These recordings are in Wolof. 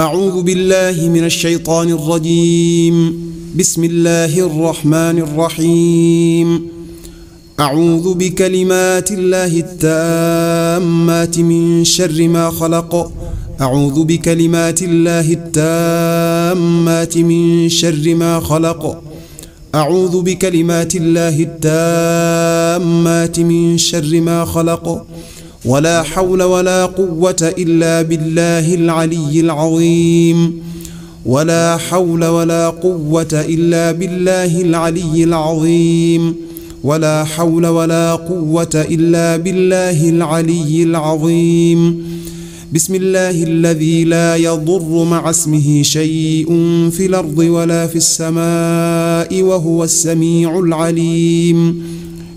أعوذ بالله من الشيطان الرجيم بسم الله الرحمن الرحيم أعوذ بكلمات الله التامات من شر ما خلق أعوذ بكلمات الله التامات من شر ما خلق أعوذ بكلمات الله التامات من شر ما خلق ولا حول ولا قوة إلا بالله العلي العظيم ولا حول ولا قوة إلا بالله العلي العظيم ولا حول ولا قوة إلا بالله العلي العظيم بسم الله الذي لا يضر مع اسمه شيء في الأرض ولا في السماء وهو السميع العليم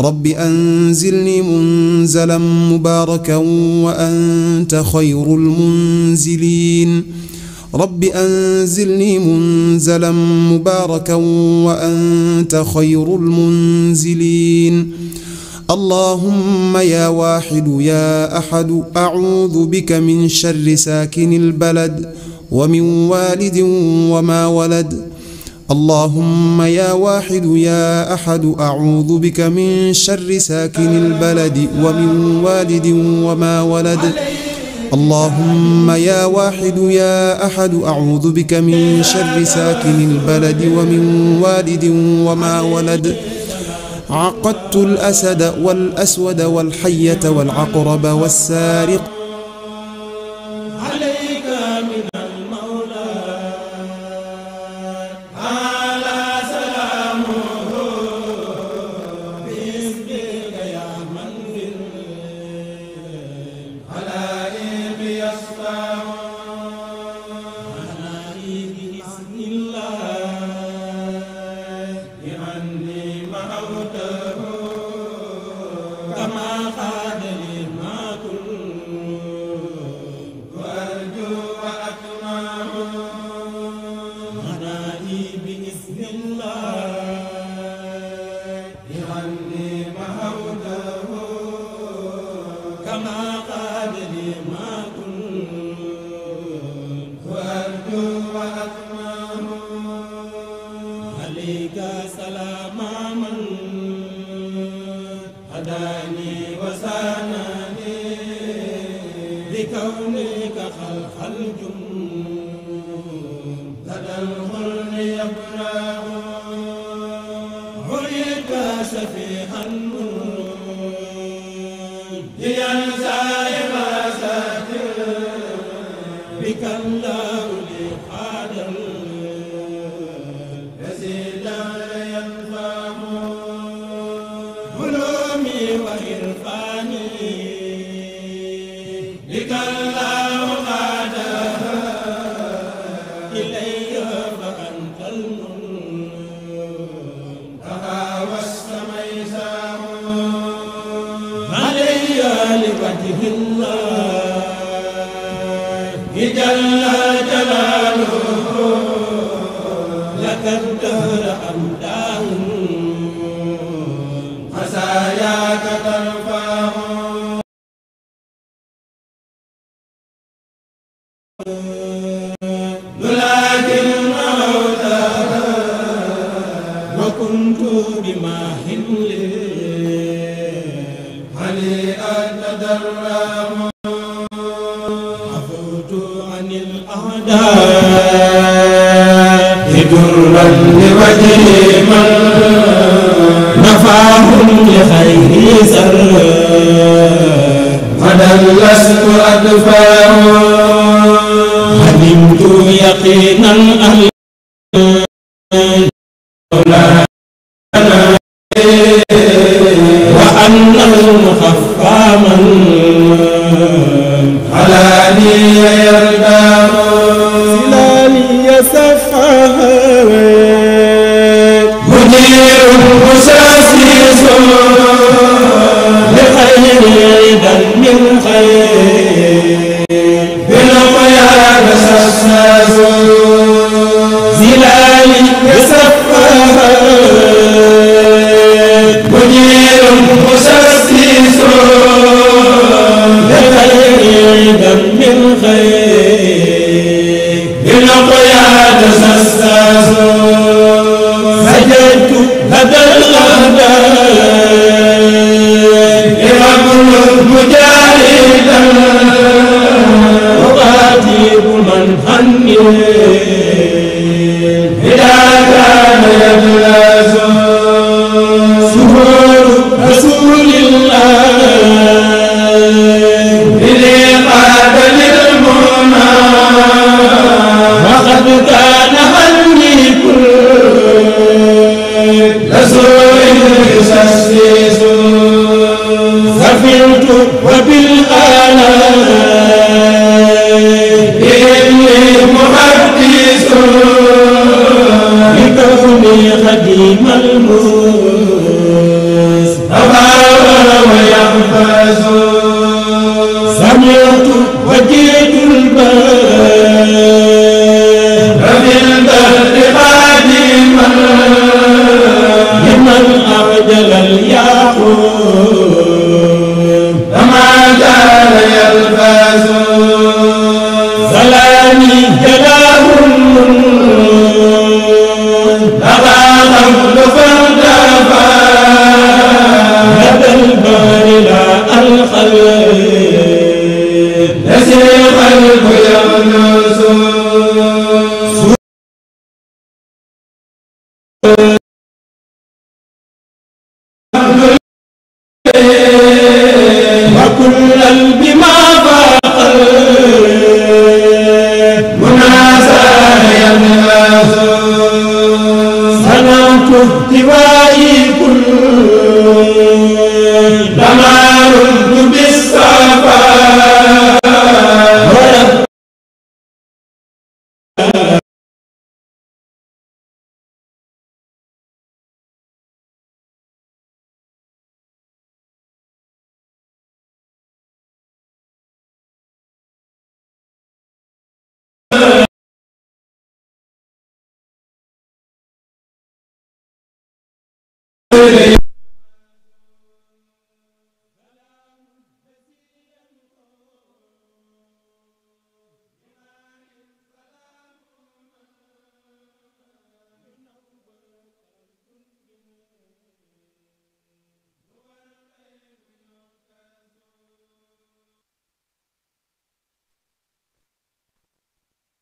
رب أنزلني منزلا مباركا وأنت خير المنزلين رب أنزلني منزلا مباركا وأنت خير المنزلين اللهم يا واحد يا أحد أعوذ بك من شر ساكن البلد ومن والد وما ولد اللهم يا واحد يا أحد أعوذ بك من شر ساكن البلد ومن والد وما ولد اللهم يا واحد يا أحد أعوذ بك من شر ساكن البلد ومن والد وما ولد عقدت الأسد والأسود والحية والعقرب والسارق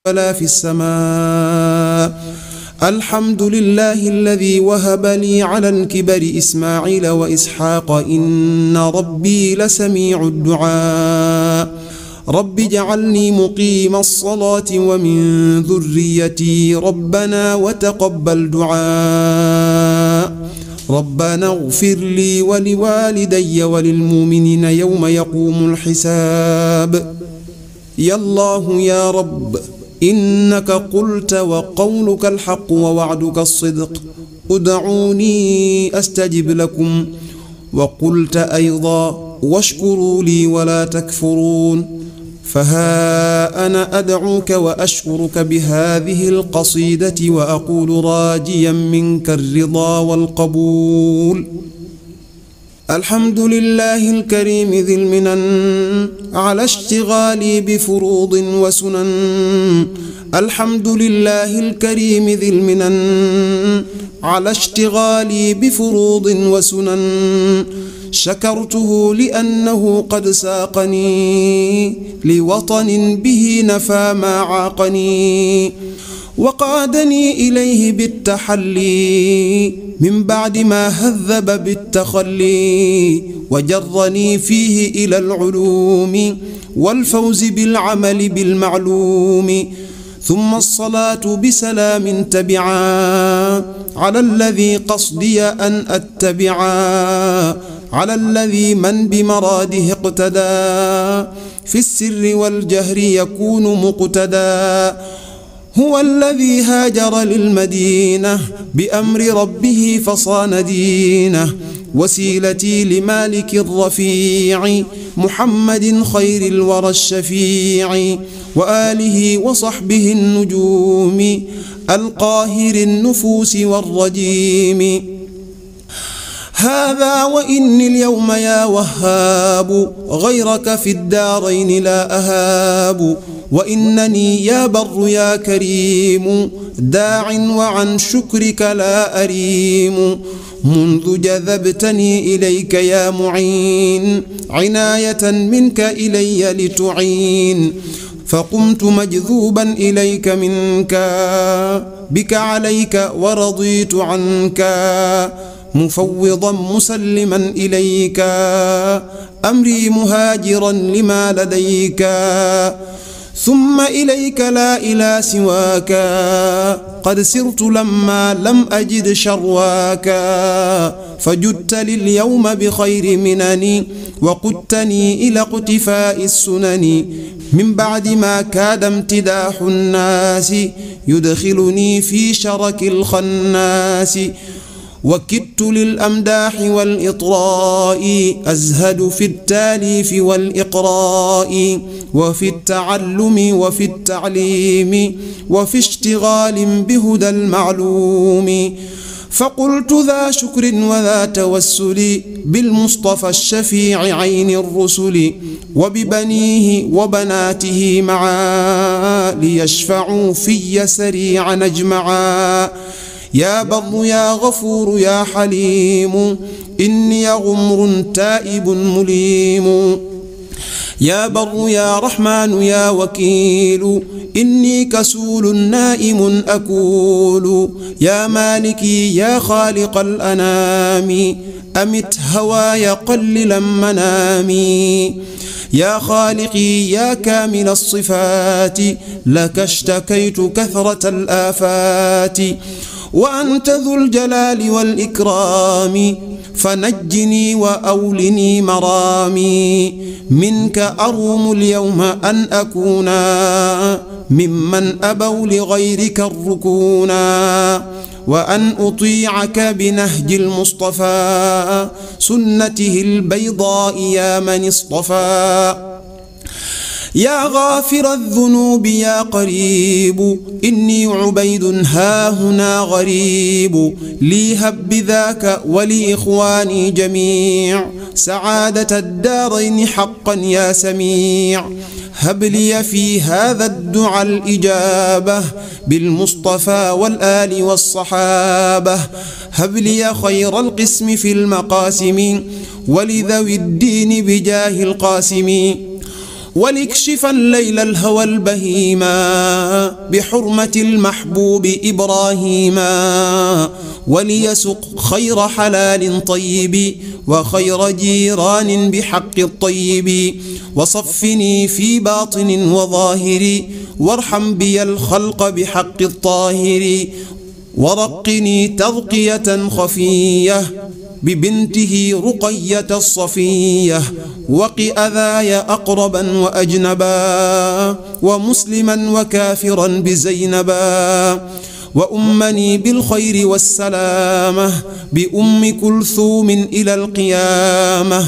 ولا في السماء الحمد لله الذي وهب لي على الكبر إسماعيل وإسحاق إن ربي لسميع الدعاء رب اجعلني مقيم الصلاة ومن ذريتي ربنا وتقبل دعاء ربنا اغفر لي ولوالدي وللمؤمنين يوم يقوم الحساب يا الله يا رب innaka qulta wa qawluka alxaq wa wacduka alsidq udcuunii astajib lakum wa qulta ayda washkuruu lii wala takfuruun فها أنا أدعوك وأشكرك بهذه القصيدة وأقول راجيا منك الرضا والقبول الحمد لله الكريم ذي المنن على اشتغالي بفروض وسنن الحمد لله الكريم ذي المنن على اشتغالي بفروض وسنن شكرته لأنه قد ساقني لوطن به نفى ما عاقني وقادني إليه بالتحلي min baadi ma haddaba bittaxalli wa jarrani fiihi ila alculuumi walfawzi bilcamali bilmacluumi summa salaatu bisalaamin tabica ala alladi qasdiya an attabica ala alladi man bimaraadihi iqtadaa fi sirri waljahri yakuunu muqtadaa هو الذي هاجر للمدينة بأمر ربه فصان دينه وسيلتي لمالك الرفيع محمد خير الورى الشفيع وآله وصحبه النجوم القاهر النفوس والرجيم هذا وإني اليوم يا وهاب غيرك في الدارين لا أهاب وإنني يا بر يا كريم داع وعن شكرك لا أريم منذ جذبتني إليك يا معين عناية منك إلي لتعين فقمت مجذوبا إليك منك بك عليك ورضيت عنك مفوضا مسلما إليك أمري مهاجرا لما لديك ثم إليك لا إلى سواك قد سرت لما لم أجد شرواك فجدت لليوم بخير منني وقدتني إلى اقتفاء السنن من بعد ما كاد امتداح الناس يدخلني في شرك الخناس وكدت جئت للأمداح والإطراء أزهد في التاليف والإقراء وفي التعلم وفي التعليم وفي اشتغال بهدى المعلوم فقلت ذا شكر وذا توسل بالمصطفى الشفيع عين الرسل وببنيه وبناته معا ليشفعوا في سريعا اجمعا يا بر يا غفور يا حليم إني غمر تائب مليم يا بر يا رحمن يا وكيل إني كسول نائم أكول يا مالكي يا خالق الأنام أمت هواي قللا منامي يا خالقي يا كامل الصفات لك اشتكيت كثرة الآفات wa anta dul jalaali wal ikraami fa najjinii wa awlinii maraami minka aruumu lyawma an akuuna mimman abaw li gayrika rukuuna wa an utiicaka binahji lmustafaa sunnatihi albaydaa'i yaa man istafaa yaa gaafira aldunubi yaa qaribu inni ubaydun haahuna garibu lii hab bidaaka wa li ixwaani jamic sacaadata addaarayni xaqan yaa samic hab liya fi haada adduca alijaaba bilmustafa walaali walsaxaaba hab liya xayra alqismi fi almaqaasimi wa lidawi ddiini bijaahi alqaasimi وليكشف الليل الهوى البهيما بحرمة المحبوب إبراهيما وليسق خير حلال طيب وخير جيران بحق الطيب وصفني في باطن وظاهر وارحم بي الخلق بحق الطاهر ورقني ترقية خفية ببنته رقية الصفية وق أذاي أقربا وأجنبا ومسلما وكافرا بزينبا وأمني بالخير والسلامة بأم كلثوم إلى القيامة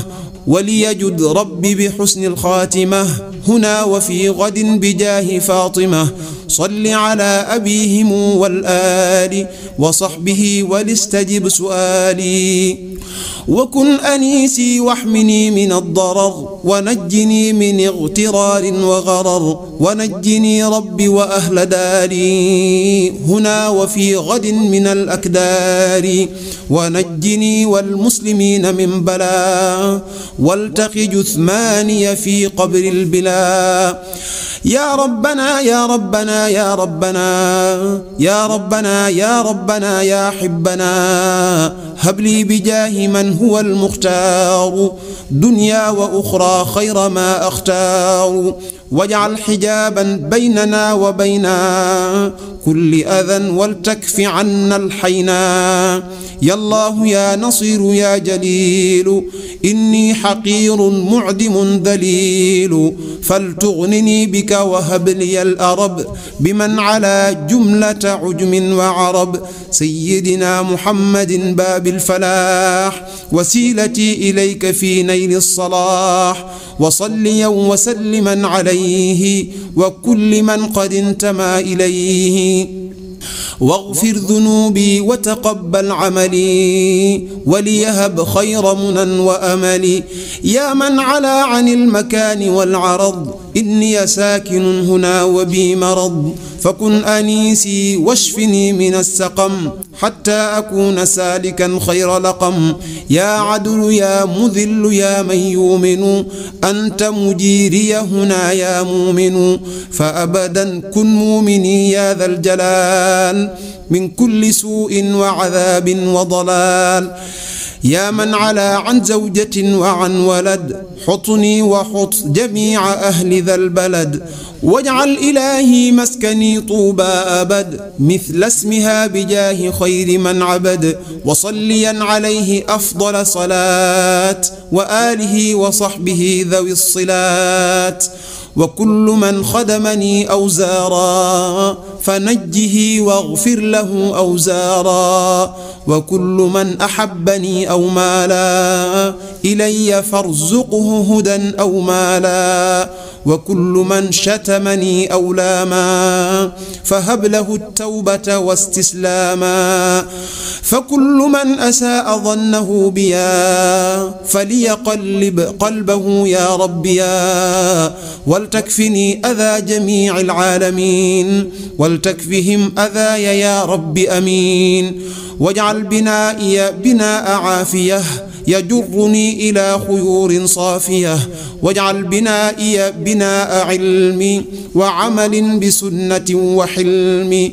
وليجد ربي بحسن الخاتمة هنا وفي غد بجاه فاطمة صل على أبيهم والآل وصحبه ولستجب سؤالي وكن أنيسي واحمني من الضرر ونجني من اغترار وغرر ونجني ربي وأهل داري هنا وفي غد من الأكدار ونجني والمسلمين من بلاء والتقي جثماني في قبر البلا يا ربنا يا ربنا يا ربنا يا ربنا يا ربنا يا حبنا habli bi jaahi man huwa almuxtaaru dunya wa uxra xayra ma axtaaru wajcal xijaaban baynana wa bayna kulli adan waltakfi canna alxayna يا الله يا نصير يا جليل إني حقير معدم ذليل فلتغنني بك وهب لي الأرب بمن على جملة عجم وعرب سيدنا محمد باب الفلاح وسيلتي إليك في نيل الصلاح وصليا وسلما عليه وكل من قد انتمى إليه واغفر ذنوبي وتقبل عملي وليهب خير منى وأملي يا من علا عن المكان والعرض إني ساكن هنا وبي مرض فكن أنيسي واشفني من السقم حتى أكون سالكا خير لقم يا عدل يا مذل يا من يؤمن أنت مجيري هنا يا مؤمن فأبدا كن مؤمني يا ذا الجلال من كل سوء وعذاب وضلال يا من علا عن زوجة وعن ولد حطني وحط جميع أهل ذا البلد واجعل إلهي مسكني طوبى أبد مثل اسمها بجاه خير من عبد وصليا عليه أفضل صلاة وآله وصحبه ذوي الصلات وكل من خدمني أو زارا فنجه واغفر له أوزارا وكل من أحبني أو مالا إلي فارزقه هدى أو مالا wa kullu man chatamani aw laama fa hab lahu tawbata wa stislaama fa kullu man asaa dannahu biya fa liyaqallib qalbahu ya rabbiya waltakfini adaa jamii alaalamiin waltakfihim adaaya ya rabbi amiin wajcal binaa'iya binaa'a caafiya يجرني إلى خيور صافية واجعل بنائي بناء علم وعمل بسنة وحلم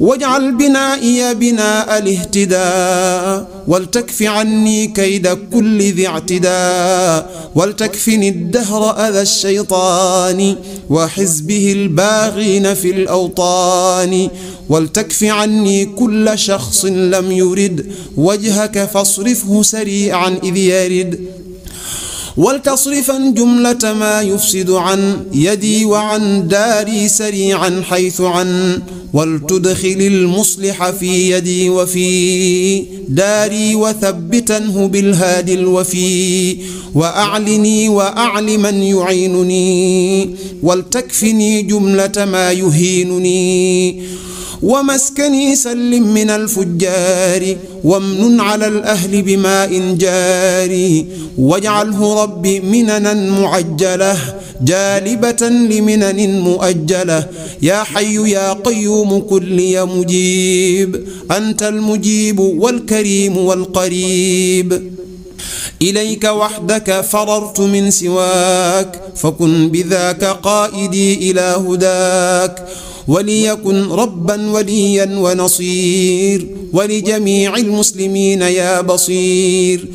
wajal binaa'iya binaa'a l-ihtidaa waltakfi anni kayda kulli dhi i'tidaa waltakfini d-dahra adhaa ash-shaytaani wa hizbihi l-baaghiina fi l-awtaani waltakfi anni kulla shakhsin lam yurid wajhaka fasrifhu sarii'an idh yarid ولتصرفا جملة ما يفسد عن يدي وعن داري سريعا حيث عن ولتدخل المصلح في يدي وفي داري وثبتنه بالهادي الوفي وأعلني وأعل من يعينني ولتكفني جملة ما يهينني ومسكني سلم من الفجار وامن على الأهل بماء جاري واجعله ربي مننا معجلة جالبة لمنن مؤجلة يا حي يا قيوم كل يا مجيب أنت المجيب والكريم والقريب إليك وحدك فررت من سواك فكن بذاك قائدي إلى هداك وليكن ربا وليا ونصير ولجميع المسلمين يا بصير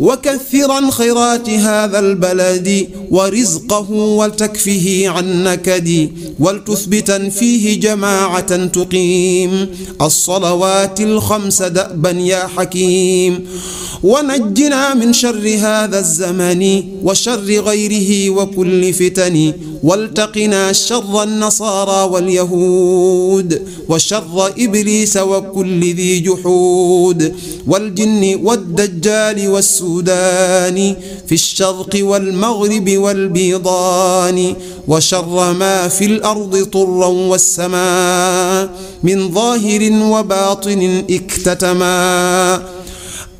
وكثرا خيرات هذا البلد ورزقه ولتكفه عن نكد ولتثبتا فيه جماعة تقيم الصلوات الخمس دأبا يا حكيم ونجنا من شر هذا الزمن وشر غيره وكل فتن والتقنا شر النصارى واليهود وشر إبليس وكل ذي جحود والجن والدجال والسوء والسودان في الشرق والمغرب والبيضان وشر ما في الأرض طرا والسماء من ظاهر وباطن اكتتما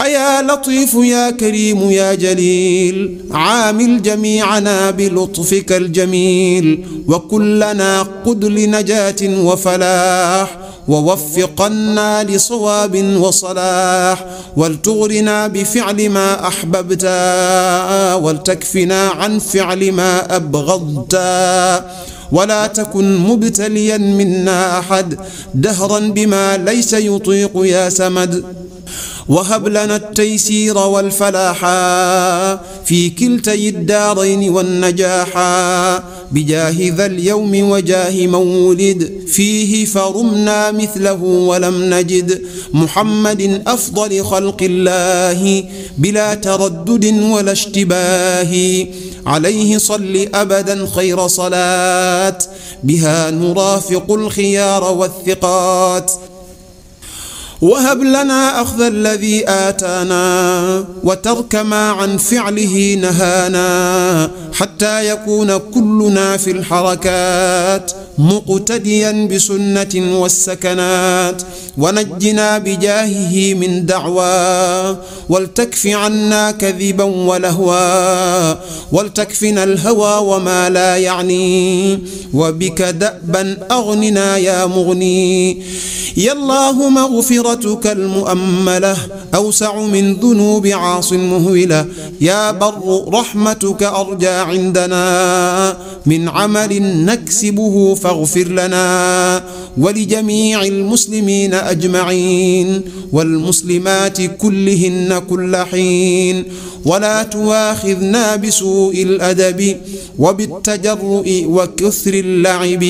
أيا لطيف يا كريم يا جليل عامل جميعنا بلطفك الجميل وكلنا قد لنجاة وفلاح ووفقنا لصواب وصلاح ولتغرنا بفعل ما أحببتا ولتكفنا عن فعل ما أبغضتا ولا تكن مبتليا منا أحد دهرا بما ليس يطيق يا سمد وهب لنا التيسير والفلاحا في كلتي الدارين والنجاحا bijaahi dhal yawmi wa jaahi man wulid fiihi farumnaa mithlahu wa lam najid muhammadin afdali xalqillaahi bilaa taraddudin wala ishtibaahi alayhi salli abadan xayra salaat bihaa nuraafiqu alxiyaara wathiqaat wahab lanaa axda alladi aataanaa wa tarka maa an ficlihi nahaanaa xataa yakuuna kullunaa fi lxarakaat muqtadiyan bi sunnatin wassakanaat wa najjinaa bijaahihi min dacwaa waltakfi cannaa kadiban wa lahwaa waltakfina alhawaa wa maa laa yacnii wa bika daban agninaa yaa mugnii yallaahu magfiratuka almu'ammala awsacu min dunuubi caasin muhwila yaa barru raxmatuka arjaa عندنا من عمل نكسبه فاغفر لنا ولجميع المسلمين أجمعين والمسلمات كلهن كل حين ولا تواخذنا بسوء الأدب وبالتجرؤ وكثر اللعب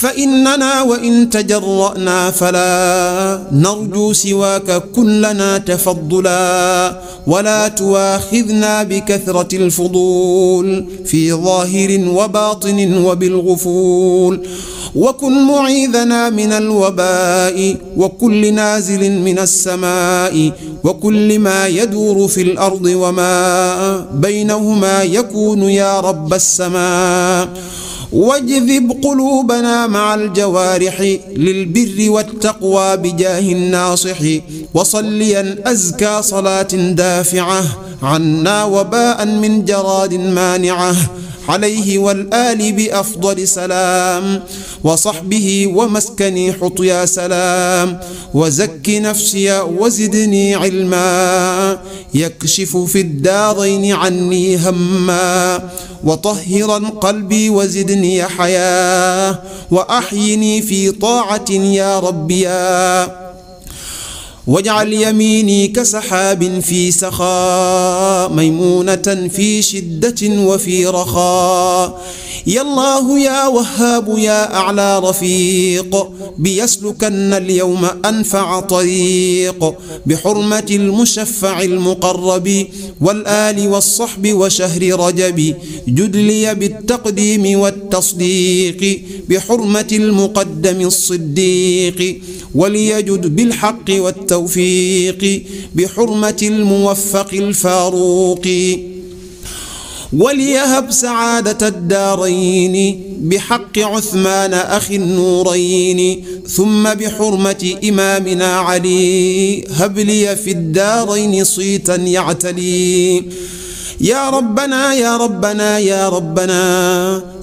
فإننا وإن تجرأنا فلا نرجو سواك كلنا تفضلا ولا تواخذنا بكثرة الفضول في ظاهر وباطن وبالغفول وكن معيذنا من الوباء وكل نازل من السماء وكل ما يدور في الأرض وما بينهما يكون يا رب السماء واجذب قلوبنا مع الجوارح للبر والتقوى بجاه الناصح وصليا أزكى صلاة دافعة عنا وباء من جراد مانعة عليه والآل بأفضل سلام وصحبه ومسكني حط يا سلام وزك نفسي وزدني علما يكشف في الدارين عني هما وطهرا قلبي وزدني حياه وأحيني في طاعة يا ربي يا wajal yamiini ka saxaabin fi saxaa maymuunatan fi shiddatin wa fi raxaa yallaahu yaa wahaabu yaa aclaa rafiiq biyaslukanna alyawma anfaca tariiq bixurmati almushaffaci almuqarrabi wal aali wassaxbi wa shahri rajabi judliya bi التقديم والتصديق بحرمة المقدم الصديق وليجد بالحق والتوفيق بحرمة الموفق الفاروق وليهب سعادة الدارين بحق عثمان أخي النورين ثم بحرمة إمامنا علي هب لي في الدارين صيتا يعتلي yaa rabbana yaa rabbana yaa rabbana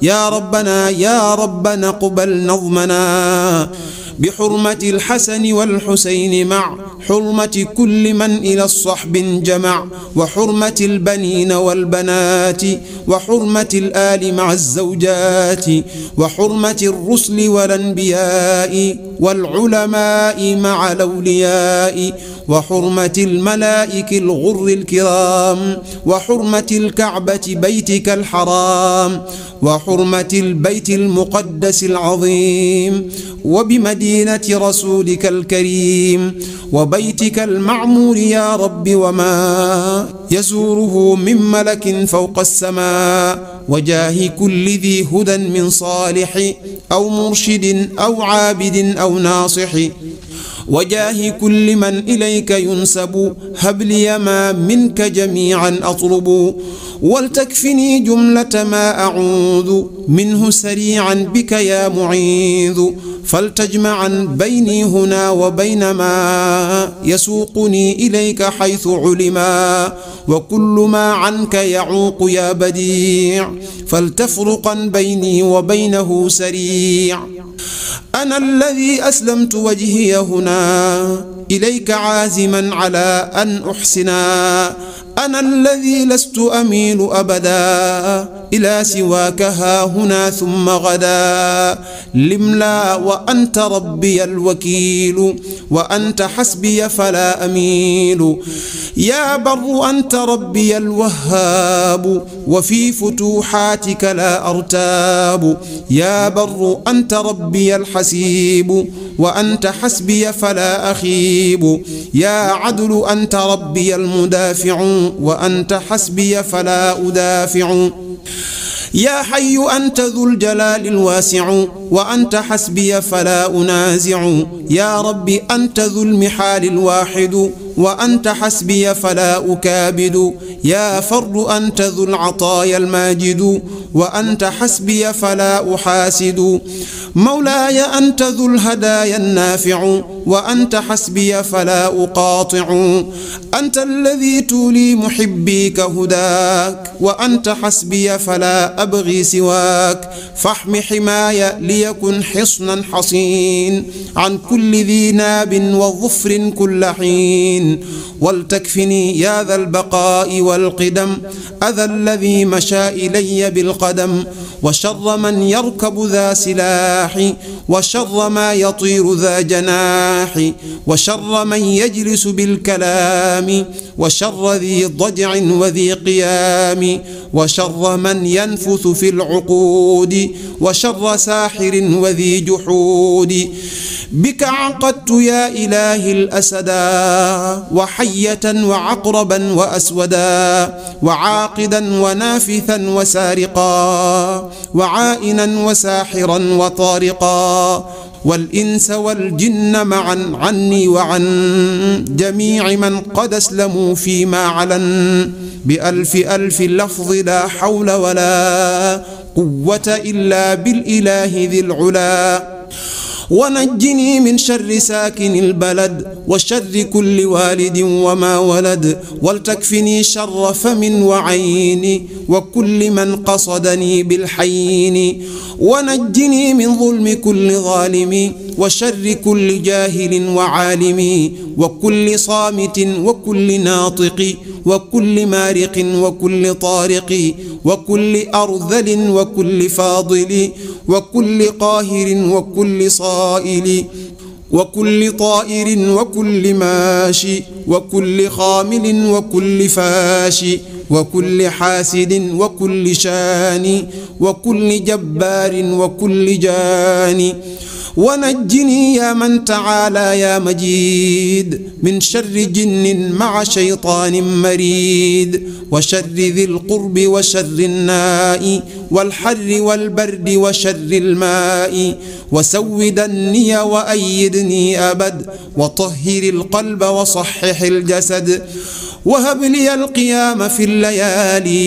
yaa rabbana yaa rabbana qubal nadmana bi xurmati alxasani walxusayni mac xurmati kulli man ila saxbin jamac wa xurmati albaniina walbanaati wa xurmati alaali maca alzawjaati wa xurmati alrusli walanbiyaai walculamaai maca alawliyaai وحرمة الملائك الغر الكرام وحرمة الكعبة بيتك الحرام وحرمة البيت المقدس العظيم وبمدينة رسولك الكريم وبيتك المعمور يا رب وما يزوره من ملك فوق السماء وجاه كل ذي هدى من صالح أو مرشد أو عابد أو ناصح وجاه كل من إليك ينسب هب لي ما منك جميعا أطلب ولتكفني جملة ما أعوذ منه سريعا بك يا معيذ فلتجمعا بيني هنا وبين ما يسوقني إليك حيث علما وكل ما عنك يعوق يا بديع فلتفرقا بيني وبينه سريع أنا الذي أسلمت وجهي هنا إليك عازما على أن أحسنا أنا الذي لست أميل أبدا إلى سواك ها هنا ثم غدا لملا وأنت ربي الوكيل وأنت حسبي فلا أميل يا بر أنت ربي الوهاب وفي فتوحاتك لا أرتاب يا بر أنت ربي الحسيب وأنت حسبي فلا أخيب يا عدل أنت ربي المدافع wa anta xasbiya falaa udaaficu yaa xayu anta dul jalaali alwaasicu wa anta xasbiya falaa unaasicu yaa rabbi anta dul mixaali alwaaxidu wa anta xasbiya fala ukaabidu yaa fardu anta dul ataaya almaajidu wa anta xasbiya fala uxaasidu mawlaaya anta dul hadaaya annaaficu wa anta xasbiya fala uqaaticu anta alladi tuuli muxibbi ka hudaak wa anta xasbiya fala abgi siwaak faxmi ximaaya liyakun xisnan xasin an kulli di naabin wa dufrin kulla xiin المسكين ولتكفني يا ذا البقاء والقدم أذى الذي مشى إلي بالقدم وشر من يركب ذا سلاح وشر ما يطير ذا جناح الرياح وشر من يجلس بالكلام وشر ذي ضجع وذي قيام وشر من ينفث في العقود وشر ساحر وذي جحود بك عقدت يا إله الأسدا وحية وعقربا وأسودا وعاقدا ونافثا وسارقا وعائنا وساحرا وطارقا والإنس والجن معا عني وعن جميع من قد أسلموا فيما علن بألف ألف لفظ لا حول ولا قوة إلا بالإله ذي العلا wa najjini min charri saakini albalad wa charri kulli waalidin wa maa walad waltakfini charra famin wa cayni wa kulli man qasadani bilxayni wa najjini min dulmi kulli zaalimi wa charri kulli jaahilin wa caalimi wa kulli saamitin wa kulli naatiqi wa kulli maariqin wa kulli taariqi وكل أرذل وكل فاضل وكل قاهر وكل صائل وكل طائر وكل ماشي وكل خامل وكل فاشي وكل حاسد وكل شان وكل جبار وكل جاني ونجني يا من تعالى يا مجيد من شر جن مع شيطان مريد وشر ذي القرب وشر الناء والحر والبرد وشر الماء وسودني وأيدني أبد وطهر القلب وصحح الجسد wahab liya alqiyaama fi llayaali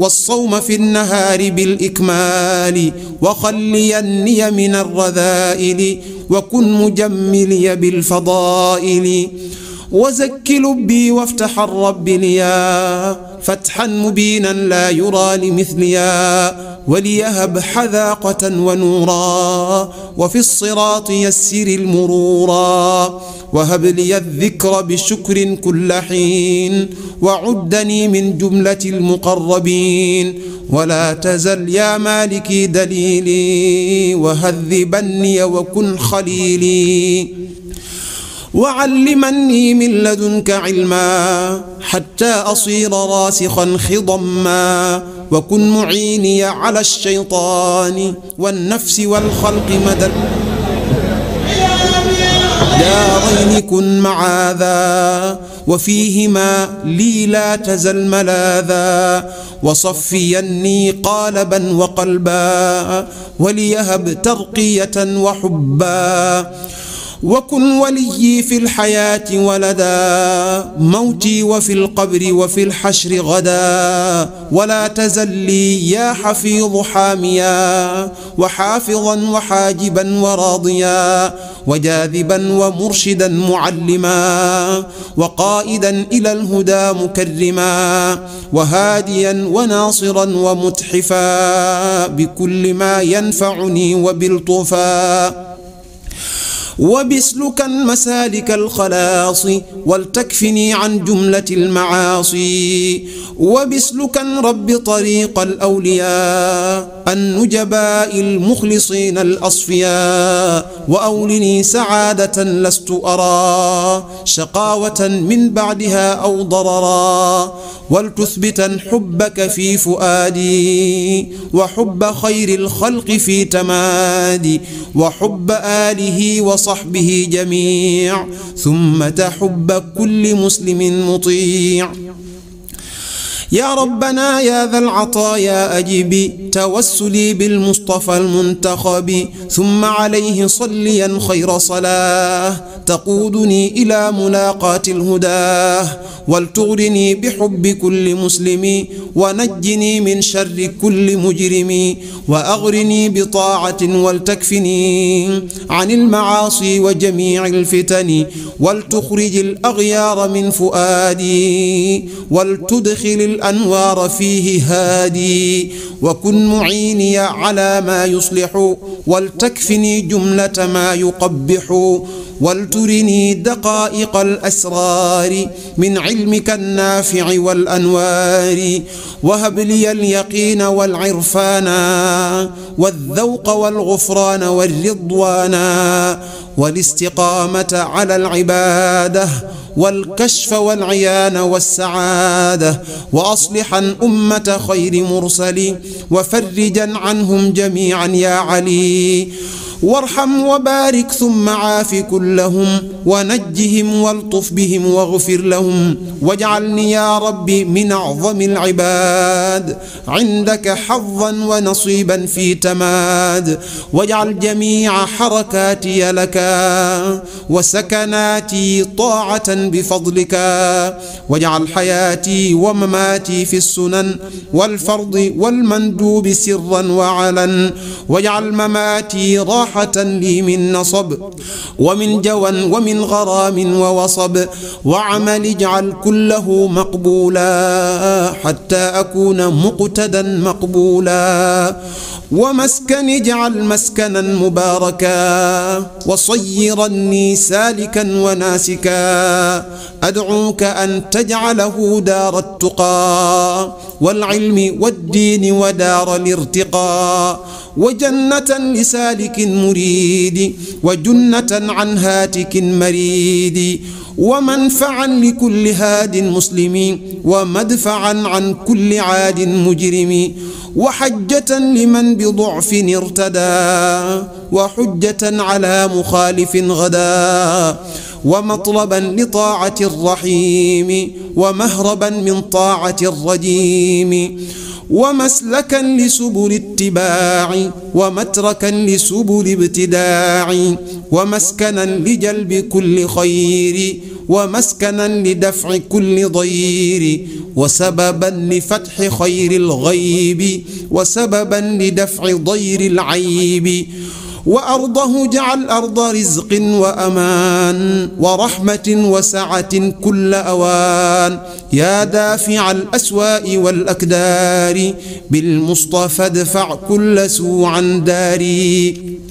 walsawma fi nnahaari bilikmaali wa xalliyanniya min alradaaili wa kun mujammiliya bilfadaili wa zakki lubbi waftax rabbi liya fatxan mubiinan laa yuraa limithliya وليهب حذاقة ونورا وفي الصراط يسر المرورا وهب لي الذكر بشكر كل حين وعدني من جملة المقربين ولا تزل يا مالكي دليلي وهذبني وكن خليلي وعلمني من لدنك علما حتى أصير راسخا خضما وكن معيني على الشيطان والنفس والخلق مدى دارين كن معاذا وفيهما لي لا تزل ملاذا وصفيني قالبا وقلبا وليهب ترقية وحبا wakun waliyi fi lxayaati walada mawti wa fi lqabri wa fi lxashri gada wala tazalli yaa xafiidu xaamiya wa xaafidan wa xaajiban wa raadiya wa jaadiban wa murshidan mucallima wa qaaidan ila alhuda mukarrima wa haadiyan wa naasiran wa mutxifa bikulli ma yanfacuni wa biltufa وبسلك مسالك الخلاص ولتكفني عن جملة المعاصي وبسلك رب طريق الأولياء النجباء المخلصين الأصفياء وأولني سعادة لست أرى شقاوة من بعدها أو ضررا ولتثبتا حبك في فؤادي وحب خير الخلق في تمادي وحب آله وصحبه جميع ثم تحب كل مسلم مطيع يا ربنا يا ذا العطايا أجب توسلي بالمصطفى المنتخب ثم عليه صليا خير صلاة تقودني إلى ملاقاة الهدى ولتغرني بحب كل مسلم ونجني من شر كل مجرم وأغرني بطاعة ولتكفني عن المعاصي وجميع الفتن ولتخرج الأغيار من فؤادي ولتدخل الأنوار فيه هادي وكن معيني على ما يصلح ولتكفني جملة ما يقبح ولترني دقائق الأسرار من علمك النافع والأنوار وهب لي اليقين والعرفان والذوق والغفران والرضوان والاستقامة على العبادة والكشف والعيان والسعادة وأصلحا أمة خير مرسل وفرجا عنهم جميعا يا علي وارحم وبارك ثم عاف كلهم ونجهم والطف بهم واغفر لهم واجعلني يا ربي من أعظم العباد عندك حظا ونصيبا في تماد واجعل جميع حركاتي لك وسكناتي طاعة بفضلك واجعل حياتي ومماتي في السنن والفرض والمندوب سرا وعلا واجعل مماتي راحة راحة لي من نصب ومن جوى ومن غرام ووصب وعمل اجعل كله مقبولا حتى أكون مقتدا مقبولا ومسكن اجعل مسكنا مباركا وصيرني سالكا وناسكا أدعوك أن تجعله دار التقى والعلم والدين ودار الارتقاء wa jannatan li saalikin muriidi wa junnatan an haatikin mariidi wa manfaan li kulli haadin muslimi wa madfaan an kulli aadin mujrimi wa xajjatan liman bi ducfin irtadaa wa xujjatan ala muxaalifin gadaa wa matlaban li taacati arraxiimi wa mahraban min taacati arrajiimi wa maslakan li subuli ittibaaci wa matrakan li subuli ibtidaaci wa maskanan li jalbi kulli xayri wa maskanan li dafci kulli dayri wa sababan li fatxi xayri alxaybi wa sababan li dafci dayri alcaybi wa ardahu jacal arda rizqin wa amaan wa rahmatin wa saacatin kulla awaan yaa daafica alaswaa'i walakdaari bilmustafa dfac kulla suucan daari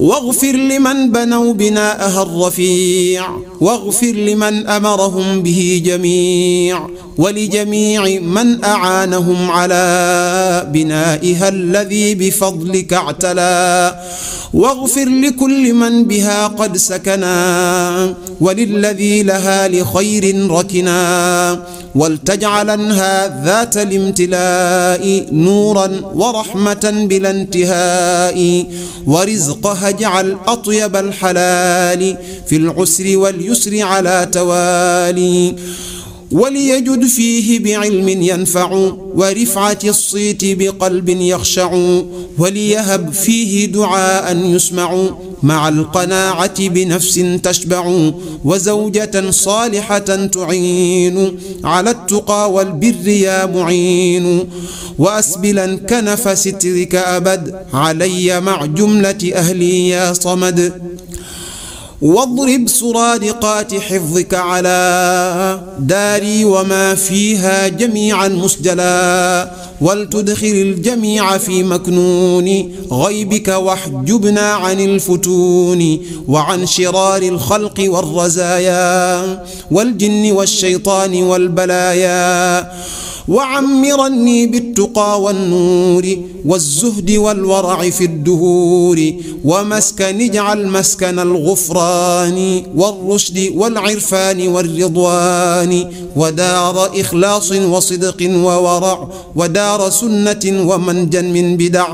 واغفر لمن بنوا بناءها الرفيع واغفر لمن أمرهم به جميع ولجميع من أعانهم على بنائها الذي بفضلك اعتلى واغفر لكل من بها قد سكنا وللذي لها لخير ركنا ولتجعلنها ذات الامتلاء نورا ورحمة بلا انتهاء ورزقها اجعل أطيب الحلال في العسر واليسر على توالي وليجد فيه بعلم ينفع ورفعة الصيت بقلب يخشع وليهب فيه دعاء يسمع مع القناعة بنفس تشبع وزوجة صالحة تعين على التقى والبر يا معين وأسبلا كنف سترك أبد علي مع جملة أهلي يا صمد واضرب سرادقات حفظك على داري وما فيها جميعا مسجلا ولتدخل الجميع في مكنون غيبك واحجبنا عن الفتون وعن شرار الخلق والرزايا والجن والشيطان والبلايا وعمرني بالتقى والنور والزهد والورع في الدهور ومسكن اجعل مسكن الغفران والرشد والعرفان والرضوان ودار إخلاص وصدق وورع ودار سنة ومنجا من بدع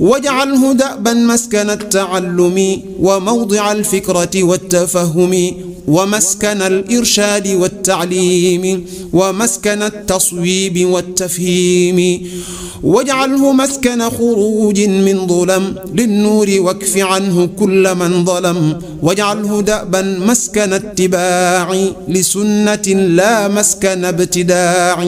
واجعله دأبا مسكن التعلم وموضع الفكرة والتفهم ومسكن الإرشاد والتعليم ومسكن التصويب والتفهيم واجعله مسكن خروج من ظلم للنور واكف عنه كل من ظلم واجعله دأبا مسكن اتباع لسنة لا مسكن ابتداع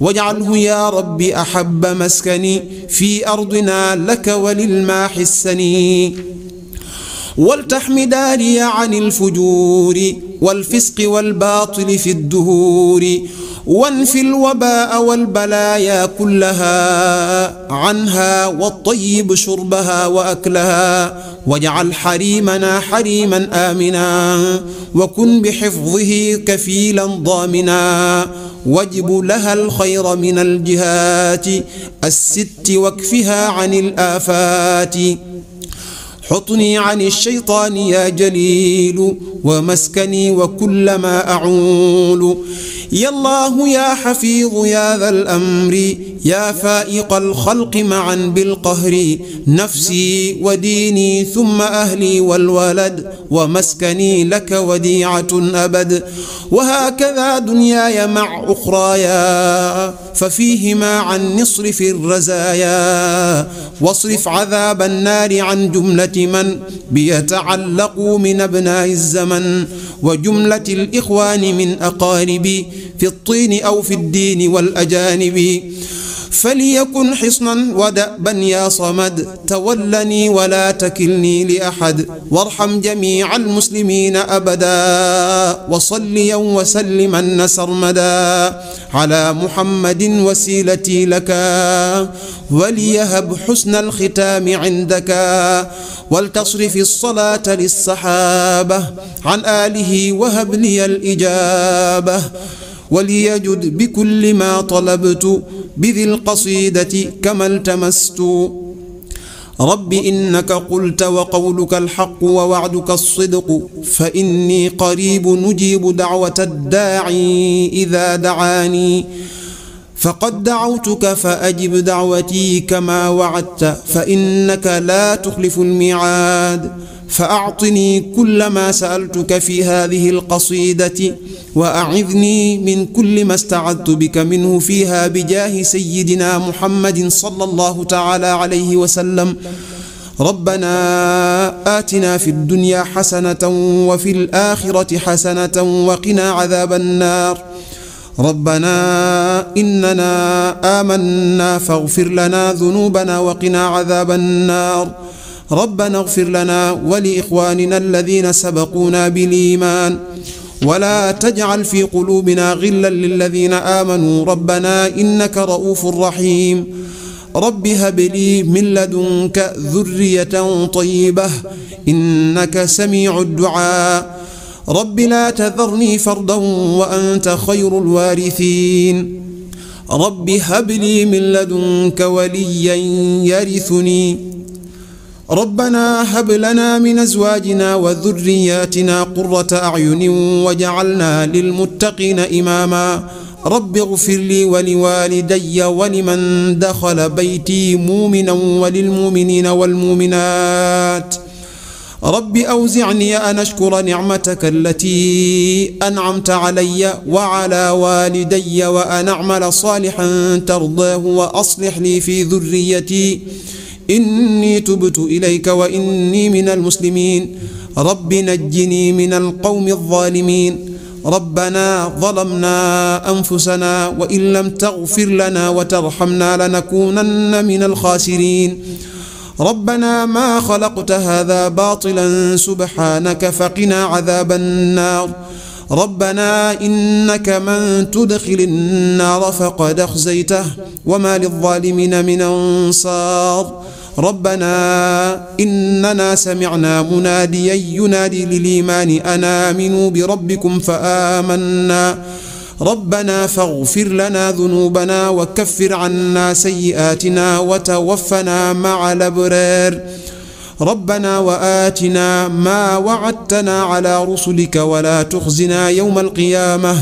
واجعله يا رب أحب مسكني في أرضنا لك وللما حسني والتحم داري عن الفجور والفسق والباطل في الدهور وانفي الوباء والبلايا كلها عنها والطيب شربها وأكلها واجعل حريمنا حريما آمنا وكن بحفظه كفيلا ضامنا واجب لها الخير من الجهات الست واكفها عن الآفات xutni an alsheytaan ya jalilu wa maskani wa kullama acuulu ya allahu ya xafiidu ya da alamri ya faa'iqa alxalqi macan bilqahri nafsi wa diini summa ahli walwalad wa maskani laka wadiicatun abad wa haakada dunyaaya mac uxraaya fa fiihimaa canni isrif arrazaaya wasrif cadaaba annaari can jumlati حكما بيتعلقوا من أبناء الزمن وجملة الإخوان من أقارب في الطين أو في الدين والأجانب فليكن حصنا ودأبا يا صمد تولني ولا تكلني لأحد وارحم جميع المسلمين أبدا وصليا وسلما سرمدا على محمد وسيلتي لك وليهب حسن الختام عندك ولتصرف الصلاة للصحابة عن آله وهب لي الإجابة وليجد بكل ما طلبت بذي القصيدة كما التمست رب إنك قلت وقولك الحق ووعدك الصدق فإني قريب نجيب دعوة الداعي إذا دعاني فقد دعوتك فأجب دعوتي كما وعدت فإنك لا تخلف الميعاد فأعطني كل ما سألتك في هذه القصيدة وأعذني من كل ما استعذت بك منه فيها بجاه سيدنا محمد صلى الله تعالى عليه وسلم ربنا آتنا في الدنيا حسنة وفي الآخرة حسنة وقنا عذاب النار ربنا إننا آمنا فاغفر لنا ذنوبنا وقنا عذاب النار ربنا اغفر لنا ولإخواننا الذين سبقونا بالإيمان ولا تجعل في قلوبنا غلا للذين آمنوا ربنا إنك رؤوف رحيم رب هب لي من لدنك ذرية طيبة إنك سميع الدعاء رب لا تذرني فردا وأنت خير الوارثين رب هب لي من لدنك وليا يرثني ربنا هب لنا من أزواجنا وذرياتنا قرة أعين واجعلنا للمتقين إماما رب اغفر لي ولوالدي ولمن دخل بيتي مؤمنا وللمؤمنين والمؤمنات رب أوزعني أن أشكر نعمتك التي أنعمت علي وعلى والدي وأن أعمل صالحا ترضاه وأصلح لي في ذريتي inni tubtu ilayka wa inni min almuslimiin rabbi najjini min alqawmi alzaalimiin rabbana zalamna anfusana wa in lam tagfir lana wa tarhamna lanakunanna min alxaasiriin rabbana ma xalaqta hada baatilan subhanaka faqina cadaaba annaar rabbana innaka man tudxili annaara faqad axzaytah wa ma lilzaalimina min ansaar ربنا إننا سمعنا مناديا ينادي للإيمان أن آمنوا بربكم فآمنا ربنا فاغفر لنا ذنوبنا وكفر عنا سيئاتنا وتوفنا مع الأبرار ربنا وآتنا ما وعدتنا على رسلك ولا تخزنا يوم القيامة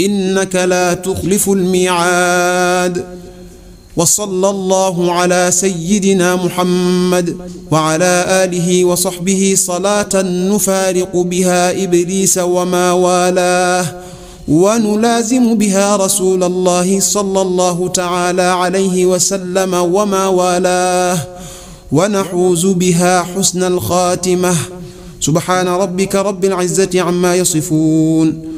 إنك لا تخلف الميعاد wa sallallahu ala sayyidina muhammad wa ala alihi wa sahbihi salatan nufaariqu biha iblisa wa ma waalaah wa nulaazimu biha rasula allahi sallallahu taala alayhi wa sallama wa ma waalaah wa naxuuzu biha xusna alxaatimah subhaana rabbika rabbil izzati amma yasifuun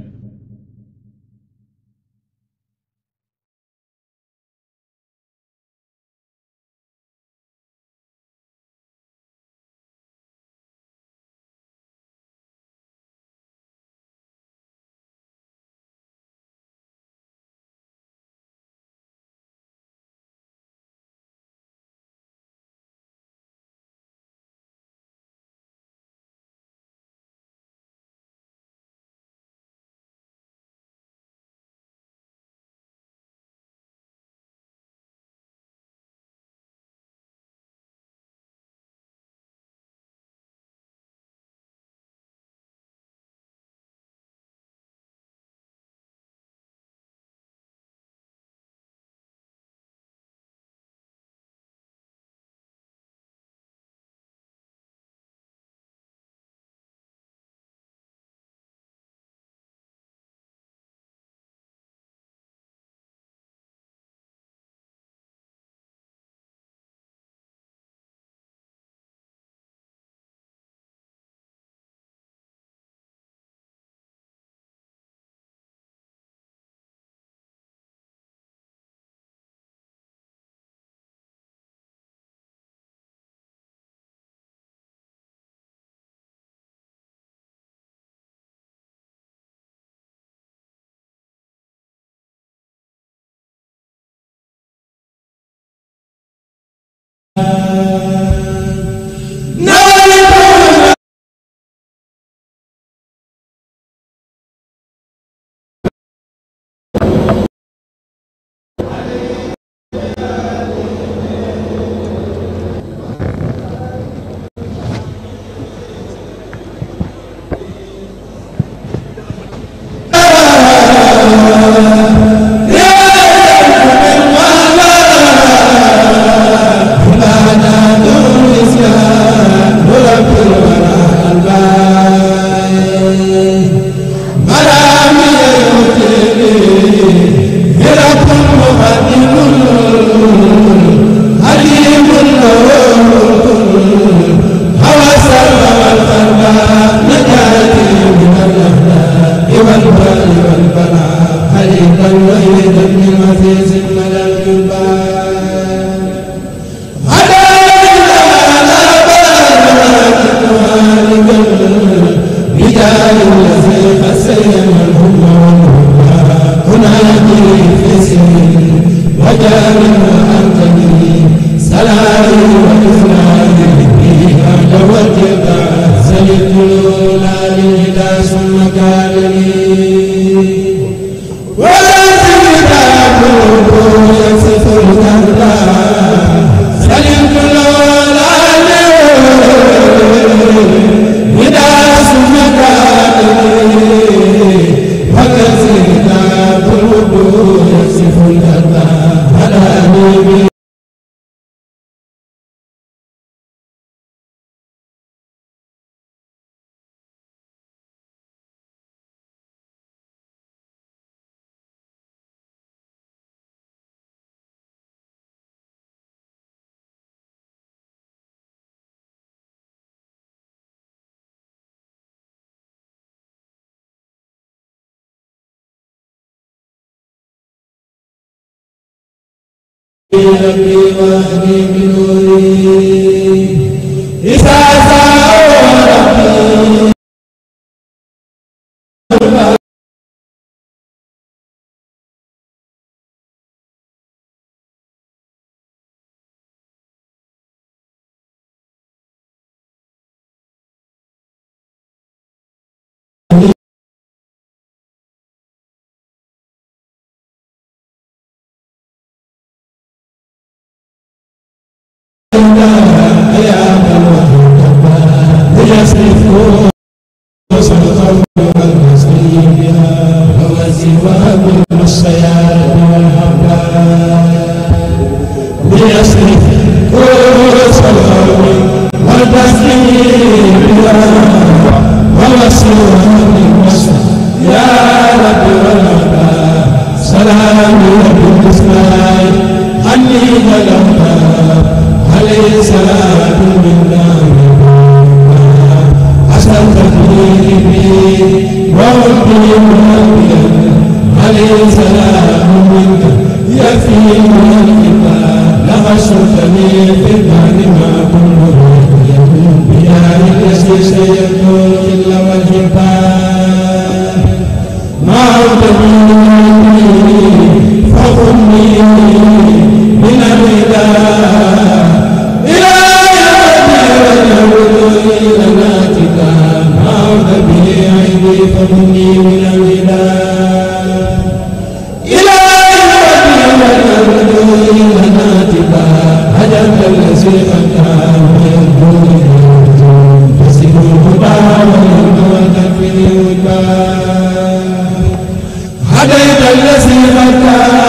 Thank you. ربي واهدني هديت الذي قد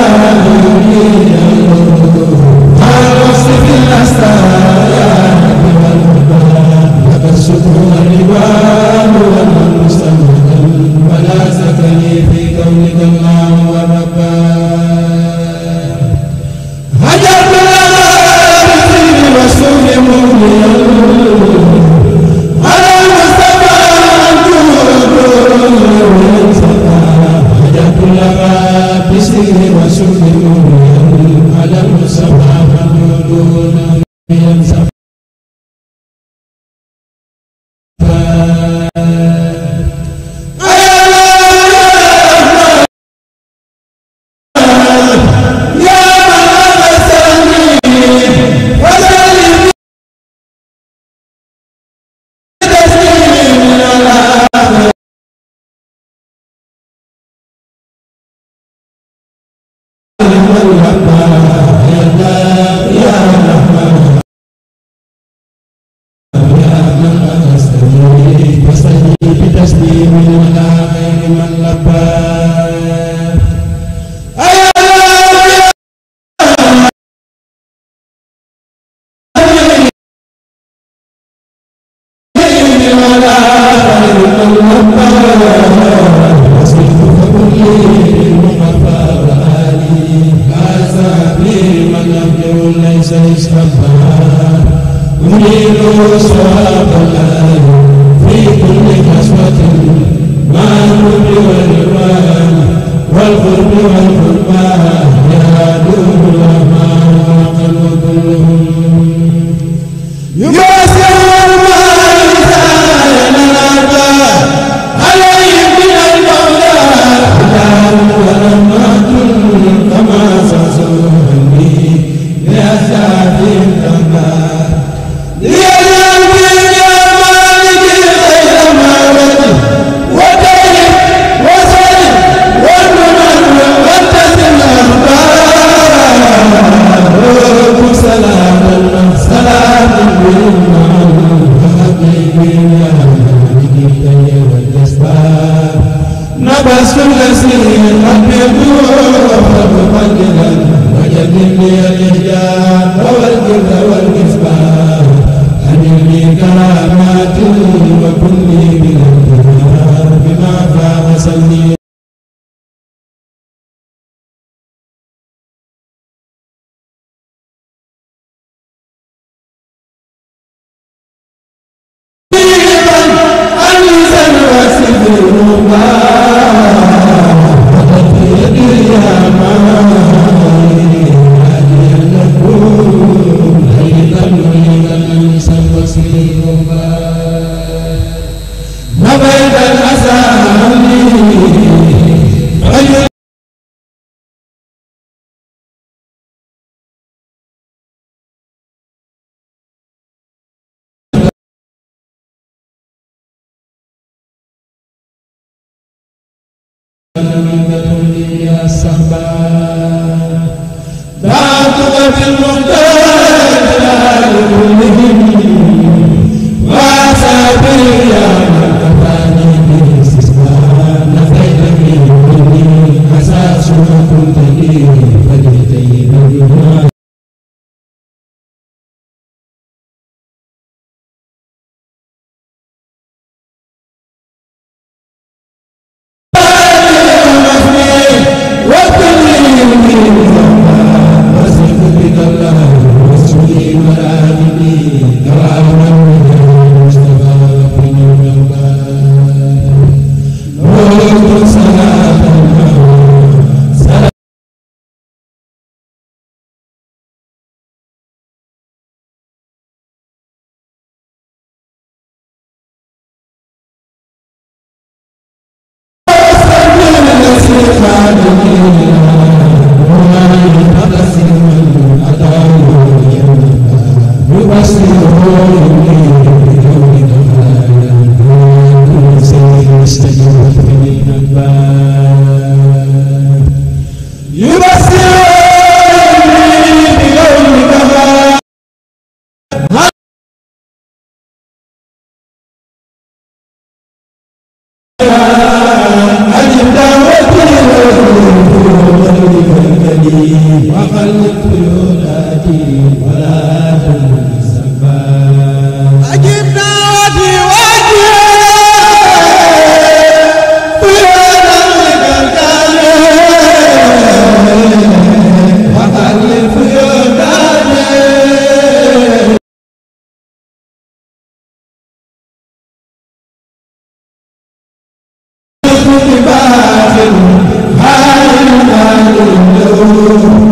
Thank you.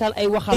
rafetal ay waxam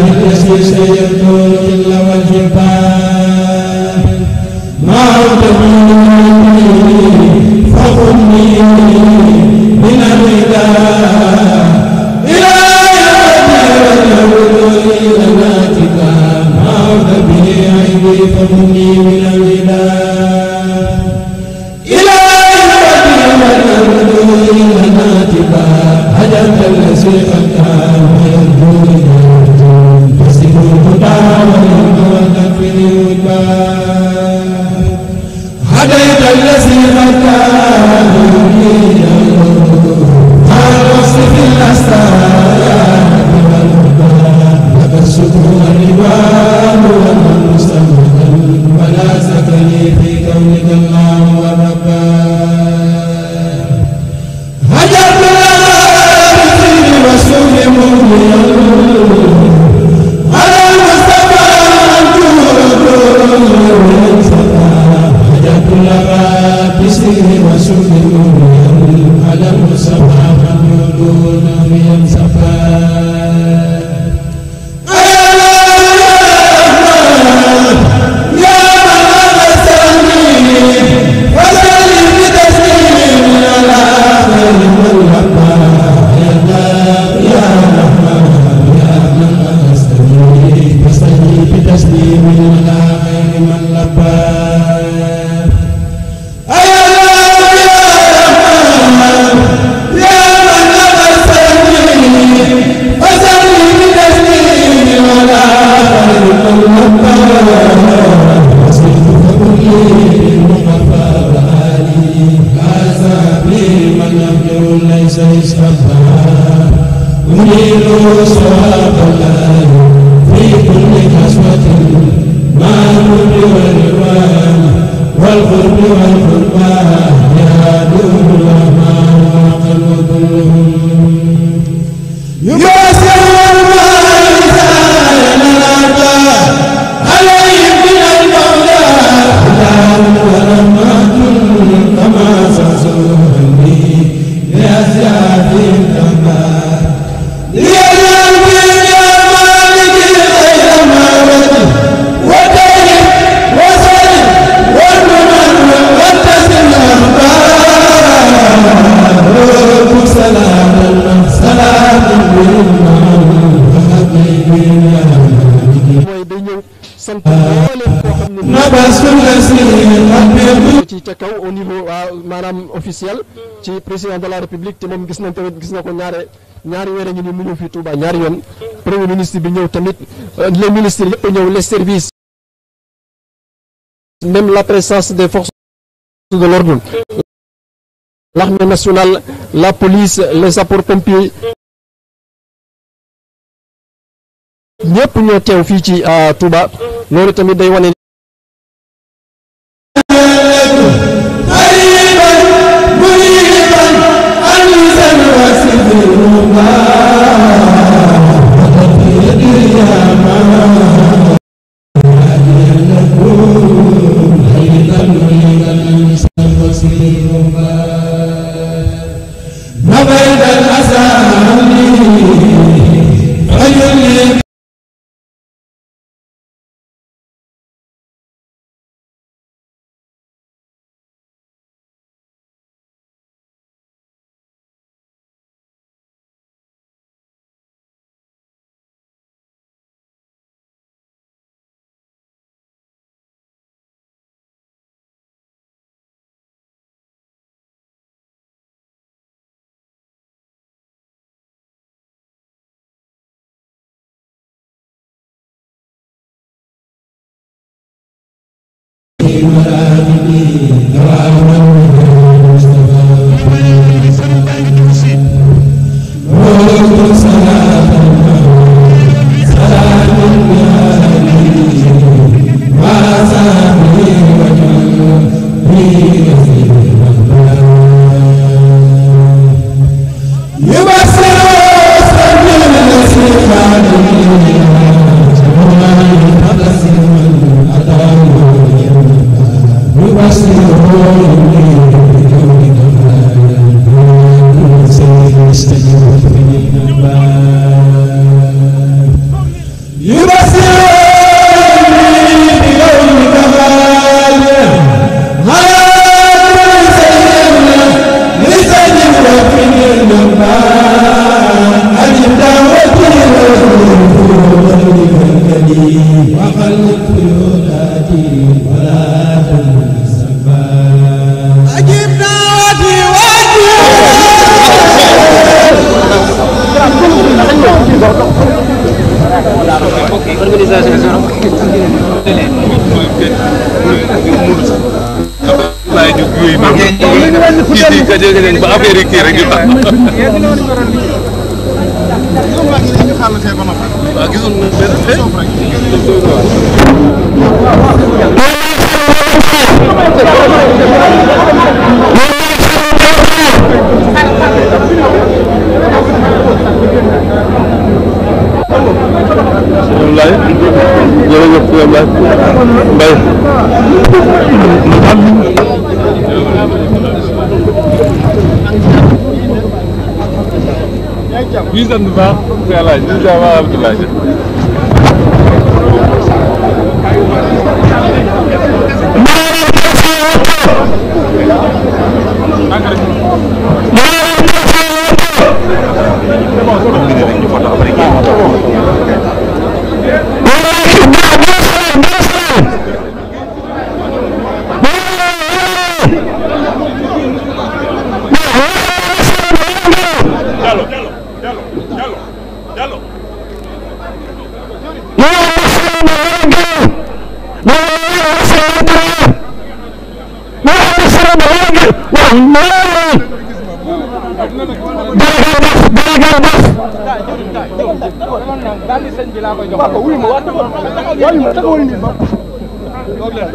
الذي سيكون إلا والجبال ما تقول فخذني من الهداية président de la république te moom gis na tamit gis na ko ñaare ñaari weer a ngi nii mu ñëw fii Touba ñaari yoon premier ministre bi ñëw tamit euh, les ministres yëpp ñëw les services même la présence des forces de l'ordre l'armée nationale la police les sapeurs-pompiers ñëpp ñoo teew fii ci euh, Touba loolu tamit day wane ñu sant bu baax El Hadj ñu sant bu baax Abdoulaye laa koy jox papa wuyu ma waa taxawal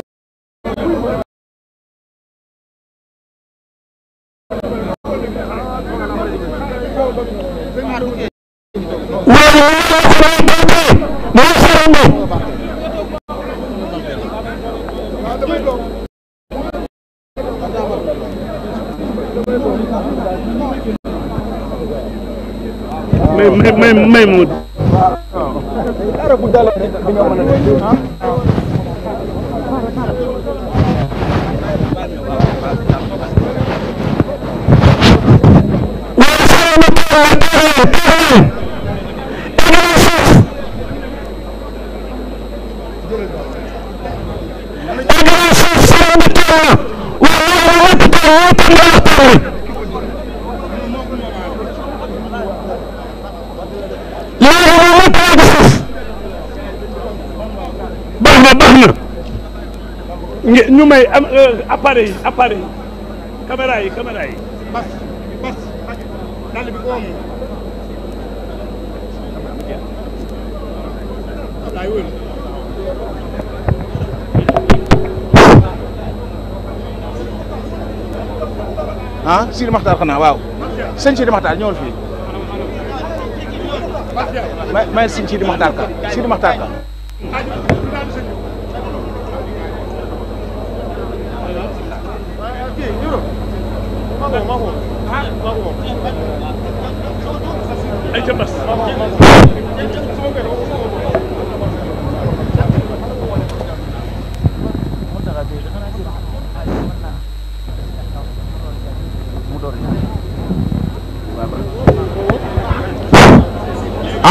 ñu may am euh, appareil appareil caméra yi caméra ah, waaw sëñ Sidi Maxtaar ñëwal fii may may sëñ Sidi Maxtaar ka Sidi Maxtaar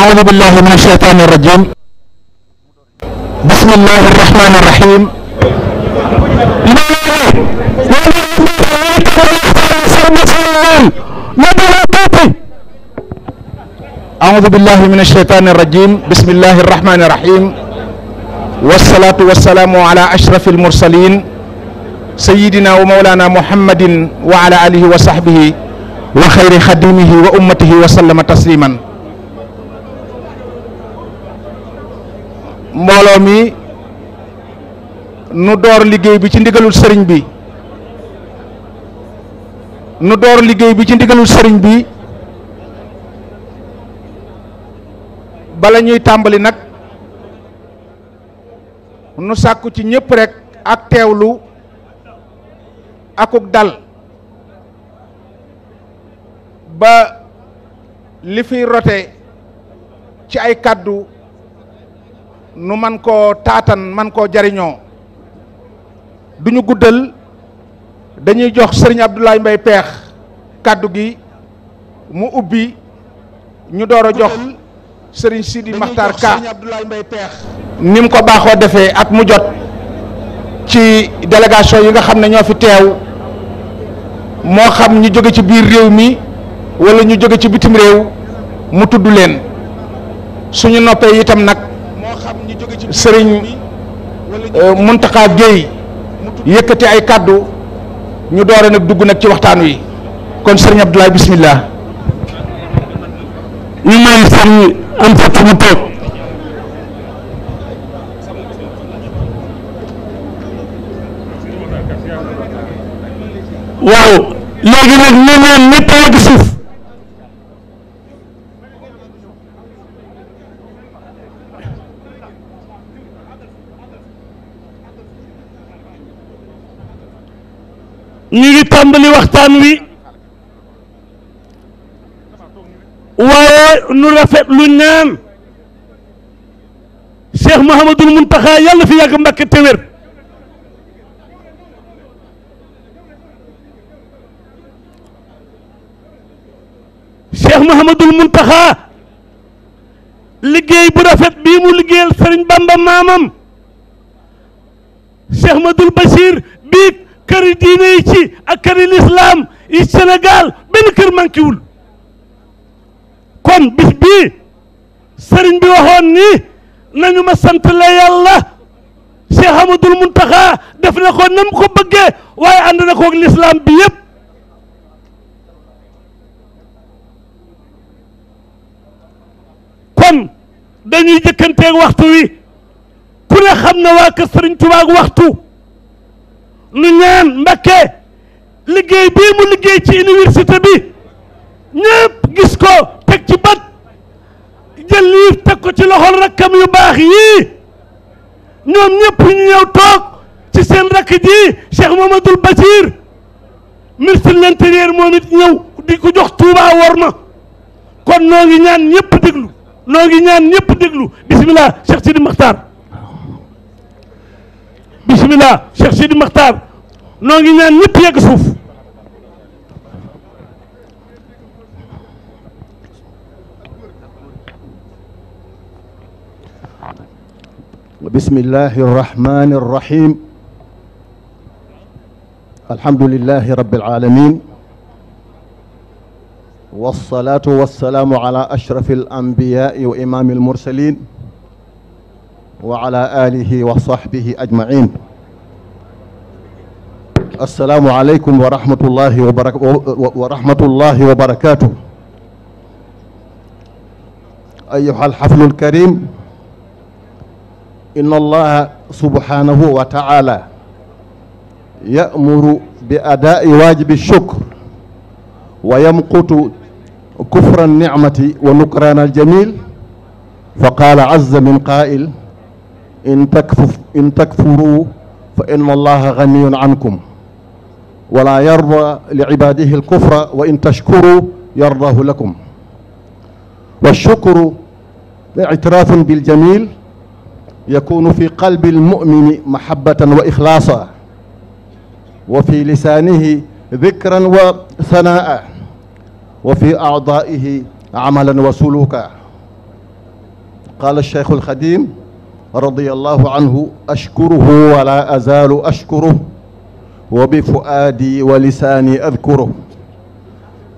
أعوذ بالله من الشيطان الرجيم بسم الله الرحمن الرحيم أعوذ بالله من الشيطان الرجيم بسم الله الرحمن الرحيم والصلاة والسلام على أشرف المرسلين سيدنا ومولانا محمد وعلى آله وصحبه وخير خديمه وأمته وسلم تسليما mbooloo mi nu door liggéey bi ci ndigalul sëriñ bi nu door liggéey bi ci ndigalul sëriñ bi bala ñuy tàmbali nag nu sàkku ci ñépp rekk ak teewlu akuk dal ba li fiy rote ci ay kàddu nu man koo taatan man koo jariñoo duñu guddal dañuy jox sëriñ Abdoulaye mbay peex kàddu gi mu ubbi ñu door a jox sëriñ Sidi Maxtaar Ka ni mu ko baaxoo defee at mu jot ci délégation yi nga xam ne ñoo fi teew moo xam ñu jóge ci biir réew mi wala ñu jóge ci bitim réew mu tudd leen suñu noppee itam nag sëriñ euh, Mountakha Guèye yëkkati ay kàddu ñu doore nag dugg nag ci waxtaan wi kon sëriñ Abdoulaye bismillah ñu may sëriñ am fatu mu waaw léegi nag ñu neen ñëpp suuf ñu ngi waxtaan wi waaye nu rafet lu ñaan Cheikh Mouhamadul Muntaxa yàlla fi yàgg Mbàkke te wér Cheikh Mouhamadul Muntaxa liggéey bu rafet bii mu liggéeyal Bamba maamam Cheikh Madul Bachir bii këri diine yi ci ak këri lislaam yi Sénégal benn kër manquéwul kon bis sëriñ bi waxoon ni nañu ma sant la yàlla Cheikh Amadul Muntaxa def na ko nam ko bëggee waaye ànd na koog lislaam bi yëpp kon dañuy jëkkanteeg waxtu wi ku ne xam na waa kër sëriñ Tuubaa waxtu nu ñaan Mbakke liggéey bii mu liggéey ci université bi ñëpp gis ko teg ci bët jël lii teg ko ci loxol rakkam yu baax yii ñoom ñëpp ñu ñëw toog ci seen rakk ji Cheikh Mamadou Bachir ministre de l'intérieur moom it ñëw di ko jox Touba war ma kon noo ngi ñaan ñëpp déglu noo ngi ñaan ñëpp déglu bismillah Cheikh Sidi Makhtar bisimilah Cheikh Sidi Makhtar noo ngi ñaan ñëpp yegg suuf bismillahi arrahmani arrahim alhamdulilahi rabbil alamin والصلاة والسلام على أشرف الأنبياء وإمام المرسلين wa ala alihi wa sahbihi ajmain assalaamu aleykum wa rahmatullahi wa baraka wa rahmatullahi wa barakatuh ayyuha alxaflu alkarim inna allaha subhanahu wa taala ya'muru bi adaa'i waajibi shukr wa yamqutu kufra nicmati wa nukraana aljamil fa qaala azza min qaa'il in takfu in takfuru fa inna allaha ganiyun ankum wala yarda li cibaadihi alkufra wa in tashkuru yardahu lakum والشكر اعتراف بالجميل يكون في قلب المؤمن محبة وإخلاصا وفي لسانه ذكرا وثناء وفي أعضائه عملا وسلوكا قال الشيخ الخديم radiyallahu anhu ashkuruhu wa laa azaalu ashkuruhu wa bi fuaadi wa lisaani adkuruhu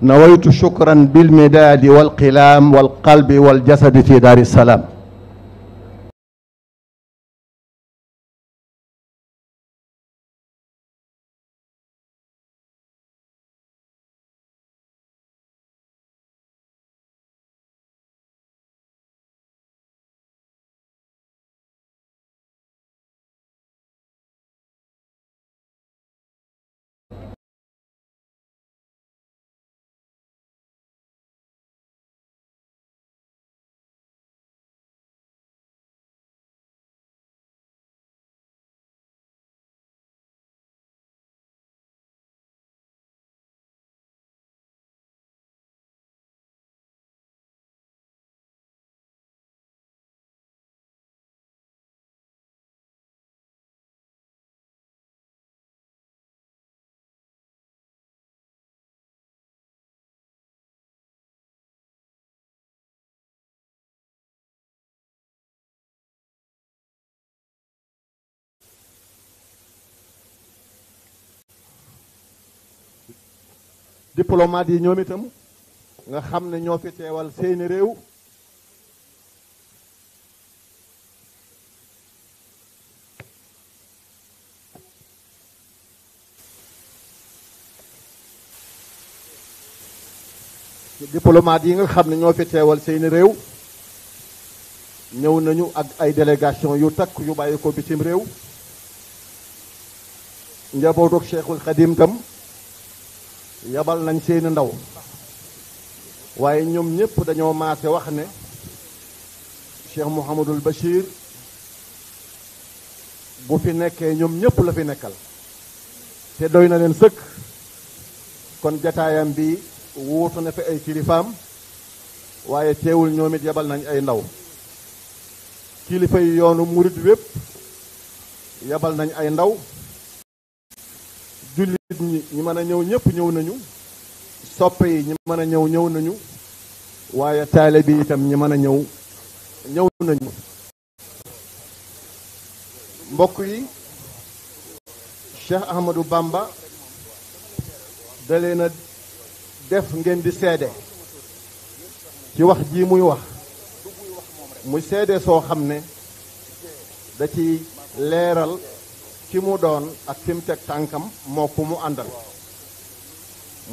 nawaytu shukran bilmidaadi walqilaam walqalbi waljasadi fi daari salaam diplomate yi ñoom itam nga xam ne ñoo fi teewal seeni réew diplomate yi nga xam ne ñoo fi teewal réew ñëw nañu ak ay délégation yu takk yu bàyyi ko bitim réew njabootu Cheikhul Khadim tam yabal nañ seeni ndaw waaye ñoom ñëpp dañoo maase wax ne Cheikh Mouhamadul Bachir bu fi nekkee ñoom ñëpp la fi nekkal te doy na leen sëkk kon jataayam bi wuutu na fi ay kilifaam waaye teewul ñoom it yabal nañ ay ndaw kilifa yi yoonu murit wépp yabal nañ ay ndaw jullit ñi ñi mën a ñëw ñëpp ñëw nañu soppe yi ñi mën a ñëw ñëw nañu waaye taale bi itam ñi mën a ñëw ñëw nañu mbokk yi Cheikh Ahmadou Bamba da def ngeen di seede ci wax ji muy wax muy seede soo xam ne da ci leeral ki mu doon ak fi mu teg tànkam moo ku mu àndal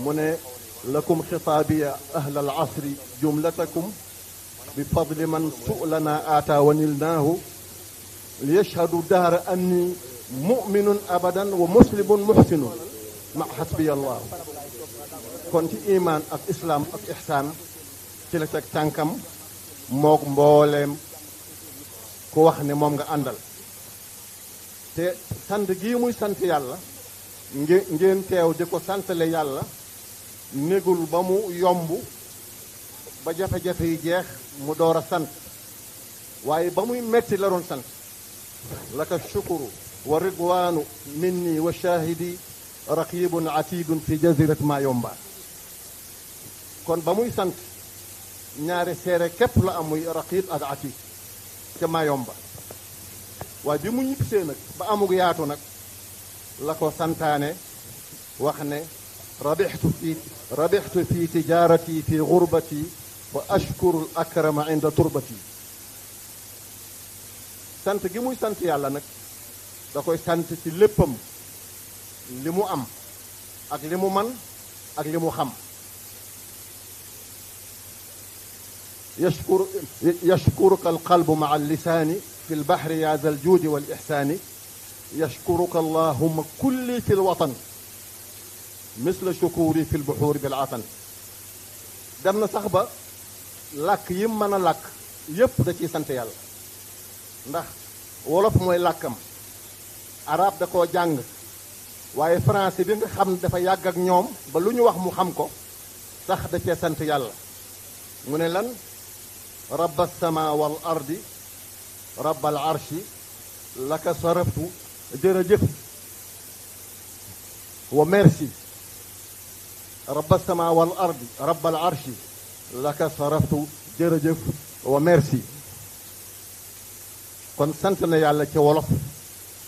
mu ne lakum xitaabiya ahlal asri jumlatakum bi fadli man su'lana aataa wanilnaahu li yashhadu daara anni muminun abadan wa muslimun muxsinun ma xasbiya allahu kon ci imaan ak islaam ak ixsaan ci la teg tànkam mook mbooleem ku wax ne moom nga àndal te sant gi muy sant yàlla nge ngeen teew di ko santale yàlla négul ba mu yomb ba jafe-jafe yi jeex mu door a sant waaye ba muy metti la doon sant laka shukuru wa ridwaanu minni wa shahidi raqibun atidun fi jazirat ma yomba kon ba muy sant ñaari seere képp la am muy raqib ak atid ca ma yomba waaye bi mu ñibbisee nag ba amug yaatu nag la ko santaane wax ne rabixtu fi rabixtu fi tijaarati fi gurbati wa ashkuru l akrama inda turbati sant gi muy sant yàlla nag da koy sant ci léppam li mu am ak li mu man ak li mu xam yashkuruka alqalbu maa allisaani في البحر يا ذا الجود والإحسان يشكرك اللهم كلي في الوطن مثل شكوري في البحور بالعطن dem na sax ba lakk yi mën a lakk yépp da ciy sant yàlla ndax wolof mooy lakkam arab da koo jàng waaye français bi nga xam dafa yàgg ak ñoom ba lu ñu wax mu xam ko sax da cee sant yàlla mu ne lan rabba sama wal ardi rabbal arshi laka saraftu jërëjëf wa merci rabba sama wal ardi rabbal arshi laka saraftu jërëjëf wa merci kon sant na yàlla ci wolof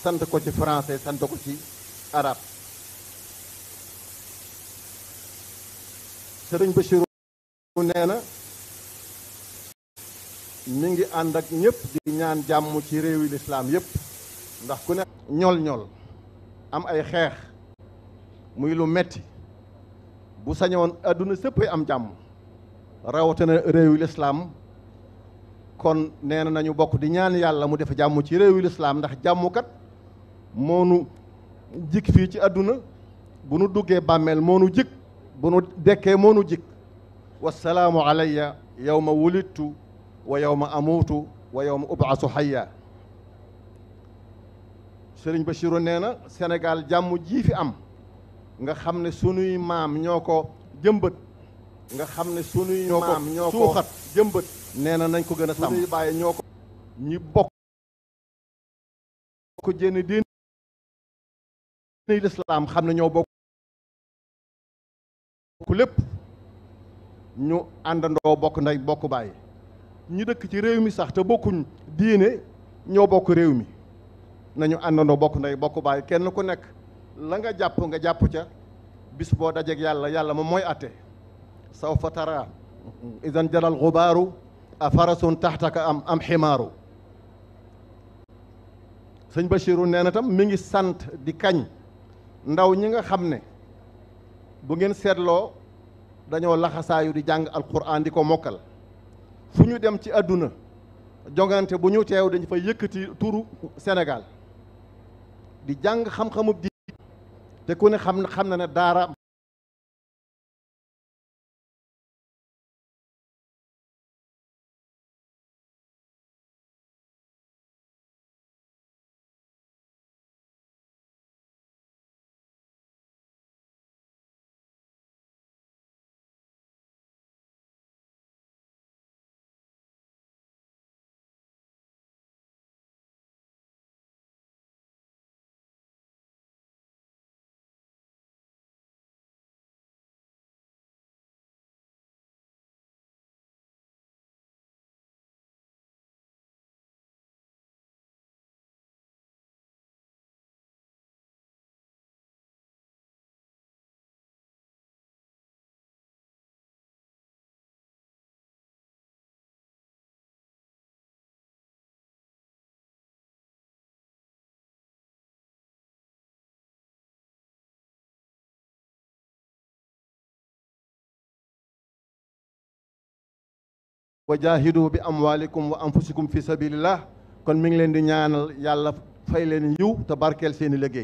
sant ko ci français sant ko ci arab sëriñ Bachiru nee na mi ngi ànd ak ñëpp di ñaan jàmm ci réewi lislaam yëpp ndax ku ne ñool-ñool am ay xeex muy lu metti bu sañoon àdduna sëppay am jàmm rawatina réewi lislaam kon nee nañu bokk di ñaan yàlla mu def jàmm ci réewi lislaam ndax jàmmkat moonu jikk fii ci àdduna bu nu duggee bàmmeel moonu jik bu nu dekkee moonu jik wasalaamu alayya ma wulittu wa yawma amuutu wa yawma ubaasu hayya sëriñ Bachiru nee na senegal jàmm ji fi am nga xam ne sunuy maam ñoo ko jëmbët nga xam ne sunuy maam ñoo ko suuxat jëmbët nee na nañ ko gën a sàmm sunuy bàyyi ñoo ko ñi bokk ko jénn diin lislaam xam ne ñoo bokk ku lépp ñu àndandoo bokk nday bokk bàyyi ñi dëkk ci réew mi sax te bokkuñ diine ñoo bokk réew mi nañu àndandoo bokk ndey bokk baay kenn ku nekk la nga jàpp nga jàpp ca bis boo dajeeg yàlla yàlla moom mooy atte saw fa tara idan jaral xubaaru a farasun taxtaka am am ximaaru sëñ Bachiru nee na tam mi ngi sant di kañ ndaw ñi nga xam ne bu ngeen seetloo dañoo laxasaayu di jàng alquran di ko mokkal fu ñu dem ci àdduna jongante bu ñu teew dañ fa yëkkati turu Sénégal di jàng xam-xamub di te ku ne xam na xam na ne daara wa jaahidu bi amwaalikum wa anfusikum fi sabilillah kon mi ngi leen di ñaanal yàlla fay leen yiw te seeni liggéey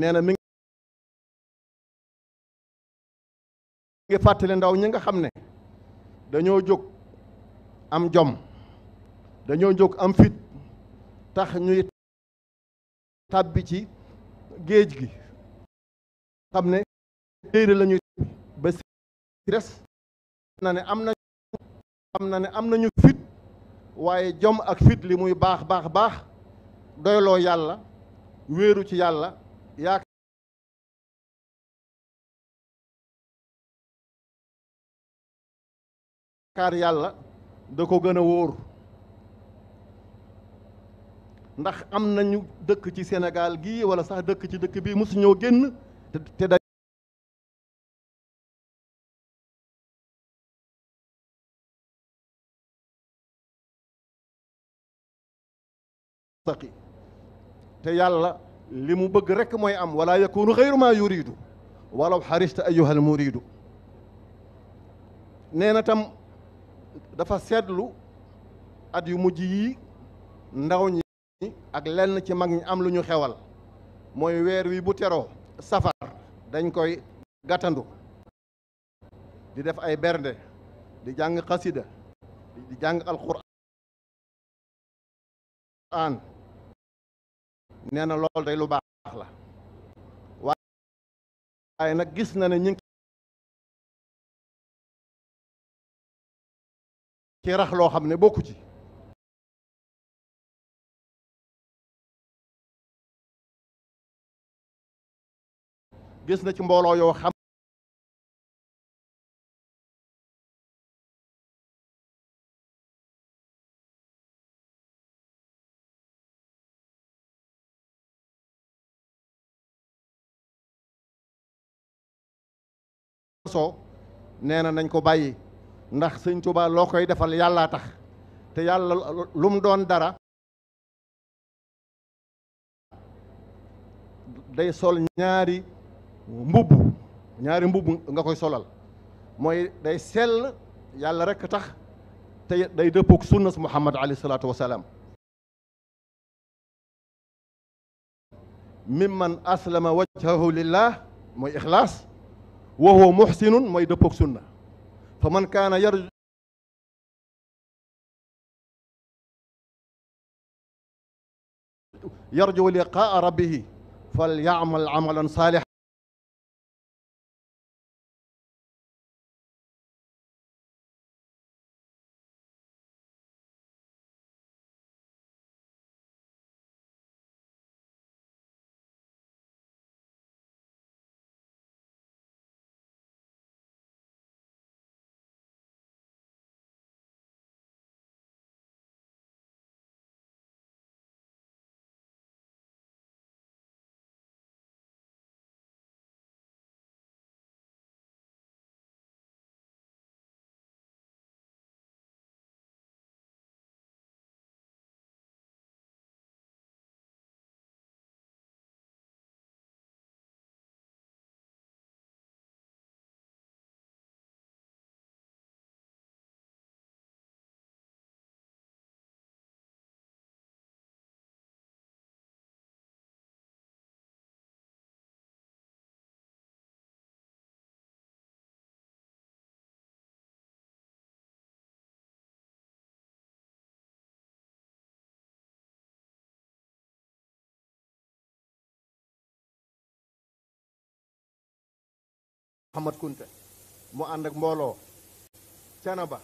nee na mi fàttali ndaw ñi nga xam ne dañoo jóg am jom dañoo jóg am fit tax ñuy tàbbi ci géej gi xam ne téere lañuy ba des na ne am na am na ne am nañu fit waaye jom ak fit li muy baax baax baax doyloo yàlla wéeru ci yàlla yaak kaar yàlla da ko gën a wóor ndax am nañu dëkk ci Sénégal gi wala sax dëkk ci dëkk bii mosu ñoo génn te te yàlla li mu bëgg rekk mooy am wala yakunu xayru maa yuridu walaw xarista ayyuhal muridu nee na tam dafa seetlu at yu mujj yii ndaw ñi ak lenn ci mag ñi am lu ñu xewal mooy weer wi bu teroo safar dañ koy gàttandu di def ay bernde di jàng xasida di jàng alquraan nee na loolu day lu baax la waaye nag gis na ne ñu ci rax loo xam ne bokku ci gis na ci mbooloo yow xam Sow nee na nañ ko bàyyi ndax sëñ Tuubaa loo koy defal yàllaa tax te yàlla lu mu doon dara day sol ñaari mbubb ñaari mbubb nga koy solal mooy day sell yàlla rekk tax te day dëppook sunnas Muhammad alayhi salaatu wasalaam mimman aslama wajhahu lillah mooy ixlaas wa huwa muhsinun mooy dëppoog sunna fa man kaana yarju yarju liqaa rabbihi fal yaamal amalan saalihan Ahmad Kunte mu ànd ak mbooloo Canaba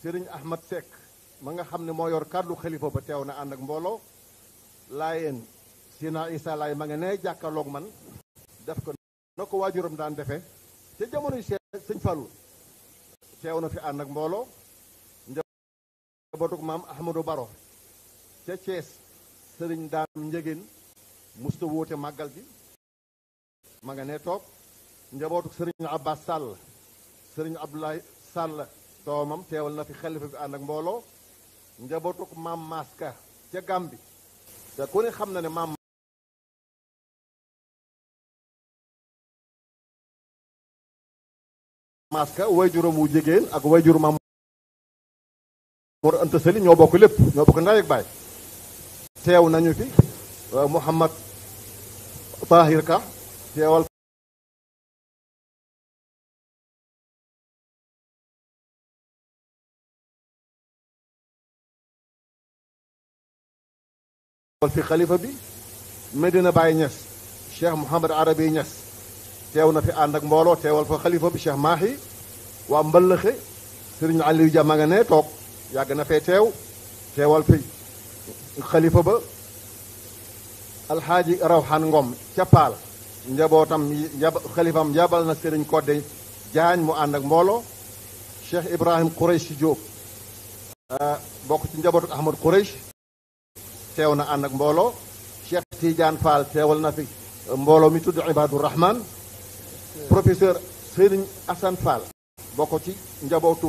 Serigne Ahmad Seck ma nga xam ne moo yor kàddu xalifa ba teew na ànd ak mbooloo laayeen Sina Issa Laay ma nga ne jàkkaarloog man def ko na ko daan defee ca jamonoy sëñ falu teew na fi ànd ak mbooloo njabootuk maam Ahmadou Baro ca Thiès Serigne Daam Njëgéen musta wóote màggal gi ma nga ne toog njabootu sëriñ Abbas Sall sëriñ Abdoulaye Sall doomam teewal na fi xalifa bi ànd mbooloo njabootuk maam Maska ca Gàmbi te ku xam na ne maam Maska wayjuram wu jigéen ak wayjur maam Mor Anta Sali ñoo bokk lépp ñoo bokk ndey ak baay teew nañu fi Mouhamad Tahir Ka teewal jàppal fi xalifa bi Medina Baye Niass Cheikh Mouhamad Arabi Niass teew na fi ànd ak mbooloo teewal fa xalifa bi Cheikh Mahi waa Mbëllëxe Serigne Aliou Dia ma nga ne toog yàgg na fee teew teewal fi xalifa ba alxaaji Rawhan Ngom ca njabootam yabal na Serigne Codé Diagne mu ànd ak mbooloo Cheikh Ibrahim Quraysh Diop ah, bokk ci njabootu Ahmad Quraysh teew na ànd ak mbooloo Cheikh Tidiane Fall fi euh, mbooloo mi tudd Ibadu Rahman professeur Serigne Assane Fall bokk ci njabootu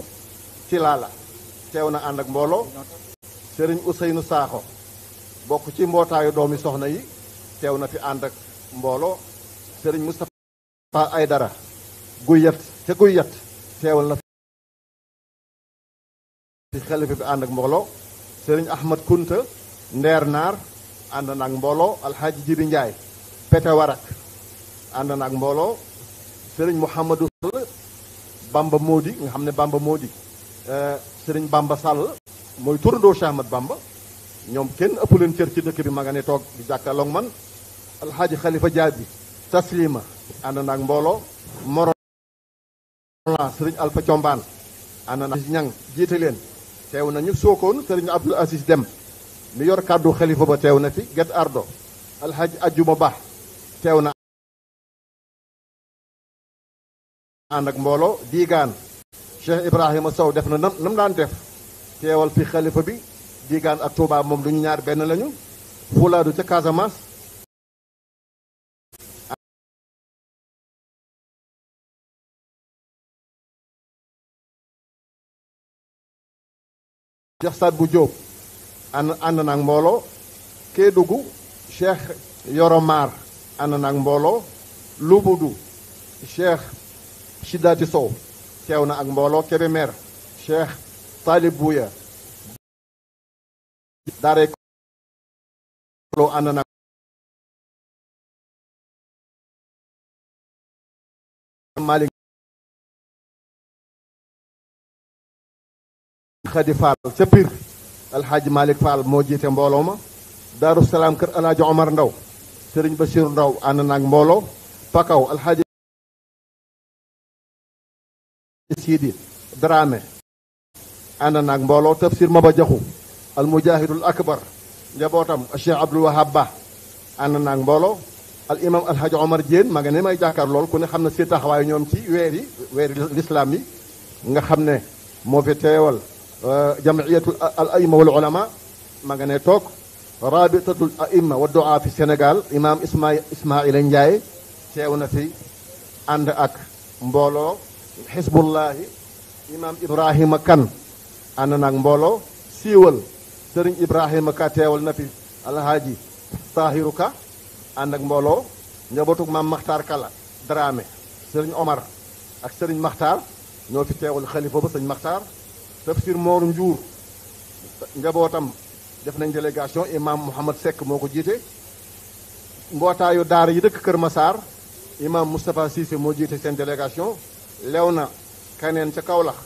ci laala teew na ànd ak mbooloo Serigne Ousseynou Sakho bokk ci mbootaayu doomi soxna yi teew na fi ànd ak mbooloo Serigne Moustapha Aydara guyat ca guyat teewal na fi xalifa bi ànd ak mbooloo ndeer naar ànd na ak mbooloo alxaaji jibi njaay pete warak ànd na ak mbooloo sëriñ mouhamadou sall bamba moodi nga xam ne bamba moodi euh, sëriñ bamba sall mooy turandoo Cheikh Ahmad bamba ñoom kenn ëpp leen cër ci dëkk bi ma nga ne toog di jàkkaarloog man alxaaji xalifa jaay bi taslima ànd na ak mbooloo moro sëriñ alfa combaan ànd na ak ñang jiite leen teew nañu sookoon sëriñ abdul aziz dem mi yor kàddu xalifa ba teew na fi Gët Ardo alxaj ajjuma ba teew na ànd ak mbooloo diigaan Cheikh Ibrahima Sow def na nam daan def teewal fi xalifa bi diigaan ak Touba moom du ñu ñaar benn lañu Fulaadu ca Casamance Cheikh Saad bu Jóob ànd ànd naag mbooloo Kédougou Cheikh Yoro Mar ànd naag mbooloo Louboudou Sow teew na ak mboolo Kébémer Cheikh Talib Bouya daare loo ànd naag Malick Khady Fall alxaaji Malick Fall moo jiite mbooloo ma Daaru Salaam kër alxaaji Omar Ndaw sëriñ ba Basiiru Ndaw ànd mbooloo Pakaw alxaaji Siidi Dramé ànd naag mbooloo Tafsir Maba Jaxu almujahidul akbar njabootam Cheikh Abdul Wahab Ba ànd naag mbooloo al imam alxaaji Omar Diène maa ngi ne may jàkkaar lool ku ne xam ne seen taxawaayu ñoom ci weeri yi weer lislaam yi nga xam ne moo fi teewal Euh, jamiyatu al aima wal ulama ma nga ne toog rabitatul fi Sénégal imaam isma Ismaila Ndiaye teew na fi ànd ak mbooloo xisbullahi imaam Ibrahima Kan ànd na mbooloo siiwal sëriñ Ibrahima Ka teewal na fi alhaaji Tahiru Ka ànd ak mbooloo njabootug maam Maxtaar Kala Dramé sëriñ Omar ak sëriñ Maxtaar ñoo fi teewal xalifa ba sëriñ Maxtaar tafsir Mor Ndiour njabootam def nañ délégation imam Mouhamad Seck moo ko jiite mbootaayu daar yi dëkk Kër Massar imam Moustapha Cissé moo jiite seen délégation lew na kaneen ca Kaolack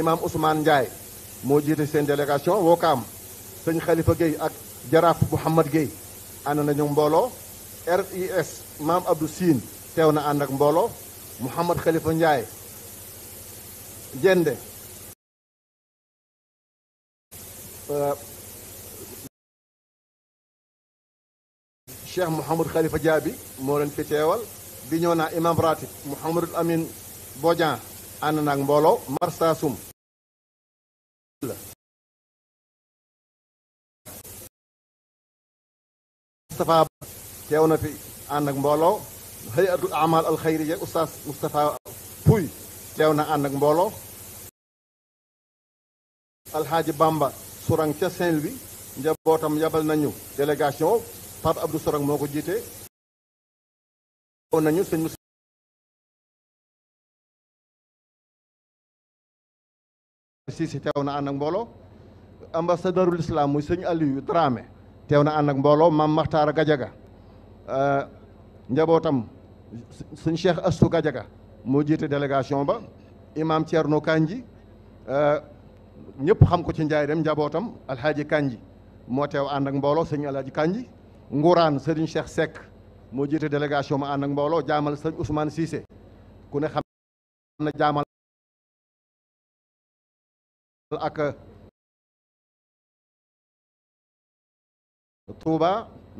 imam Ousmane Ndiaye moo jiite seen délégation Wokam sëñ xalifa Gueye ak jaraaf Mouhamad Gueye ànd nañu mbooloo RIS maam Abdou Sine teew na ànd ak mbooloo Mouhamad Khalifa Ndiaye Jende cheikh Mouhamadou Khalifa Diaby moo leen fi teewal bi ñëw naa imam ratib Mouhamadou Amin Bodian ànd naag mbooloo marsasum Moustapha teew na fi ànd ak mbooloo hayatul amal alxayriya oustaz Moustapha Pouy teew na ànd ak mbooloo alxaaji Bamba Sourang ca Saint-Louis njabootam yabal nañu délégation Pape Abdou moo ko jiite nañu sëñ Moussa si si teew na ànd ak mbooloo ambassadeurul islam muy sëñ Aliou Dramé teew na ànd ak mbooloo maam Maxtaara Gajaga euh, njabootam suñ Cheikh Astou Gajaga moo jiite délégation ba imam Thierno Kanji euh, ñëpp xam ko ci Njaaréem njabootam alxaaji Kanji moo teew ànd ak mbooloo sëñ alxaaji Kanji Ngourane sëriñ Cheikh Seck moo jiite délégation ma ànd ak mbooloo jaamal sëñ Ousmane Cissé ku ne xam na jaamal ak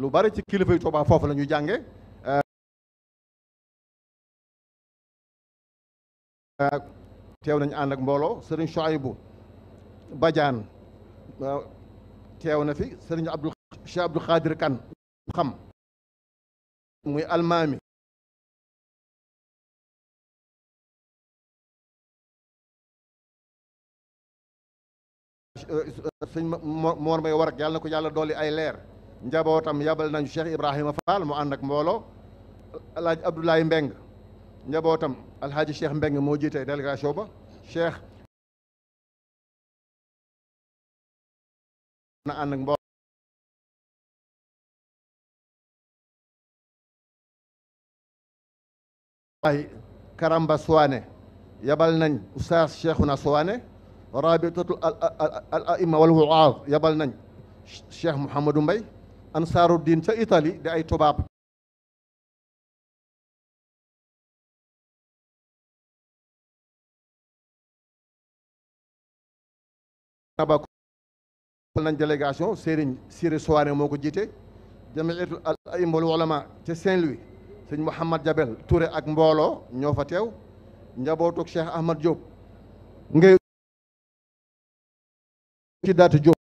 lu bari ci kilifa yu foofu la ñu jànge teew nañu ànd ak mbooloo sëriñ Chouaïbou Badiane teew na fi sëriñ Abdou Cheikh Abdou Khadir Kane xam muy almaami sëñ Mor Mbaye Warak yàlla na ko yàlla dolli ay leer njabootam yabal nañu Cheikh Ibrahima Fall mu ànd ak mbooloo alhaaj Abdoulaye Mbeng njabootam alhaaji Cheikh Mbeng moo jiite délégation ba Cheikh na ànd ak mbooloo waay Karamba Souane yabal nañ Oustaz Cheikhouna Souane rabitatu al aima wal wuaaz yabal nañ Cheikh Mouhamadou Mbaye Ansaaruddin ca Italie di ay tubaab Tabac wal nañ délégation Serigne Siré Souaré moo ko jiite jamiatu al aimatul ulama ca Saint-Louis sëñ Mouhamad Jabel Touré ak mbooloo ñoo fa teew njabootuk Cheikh Ahmad Diop ngay ci daata Diop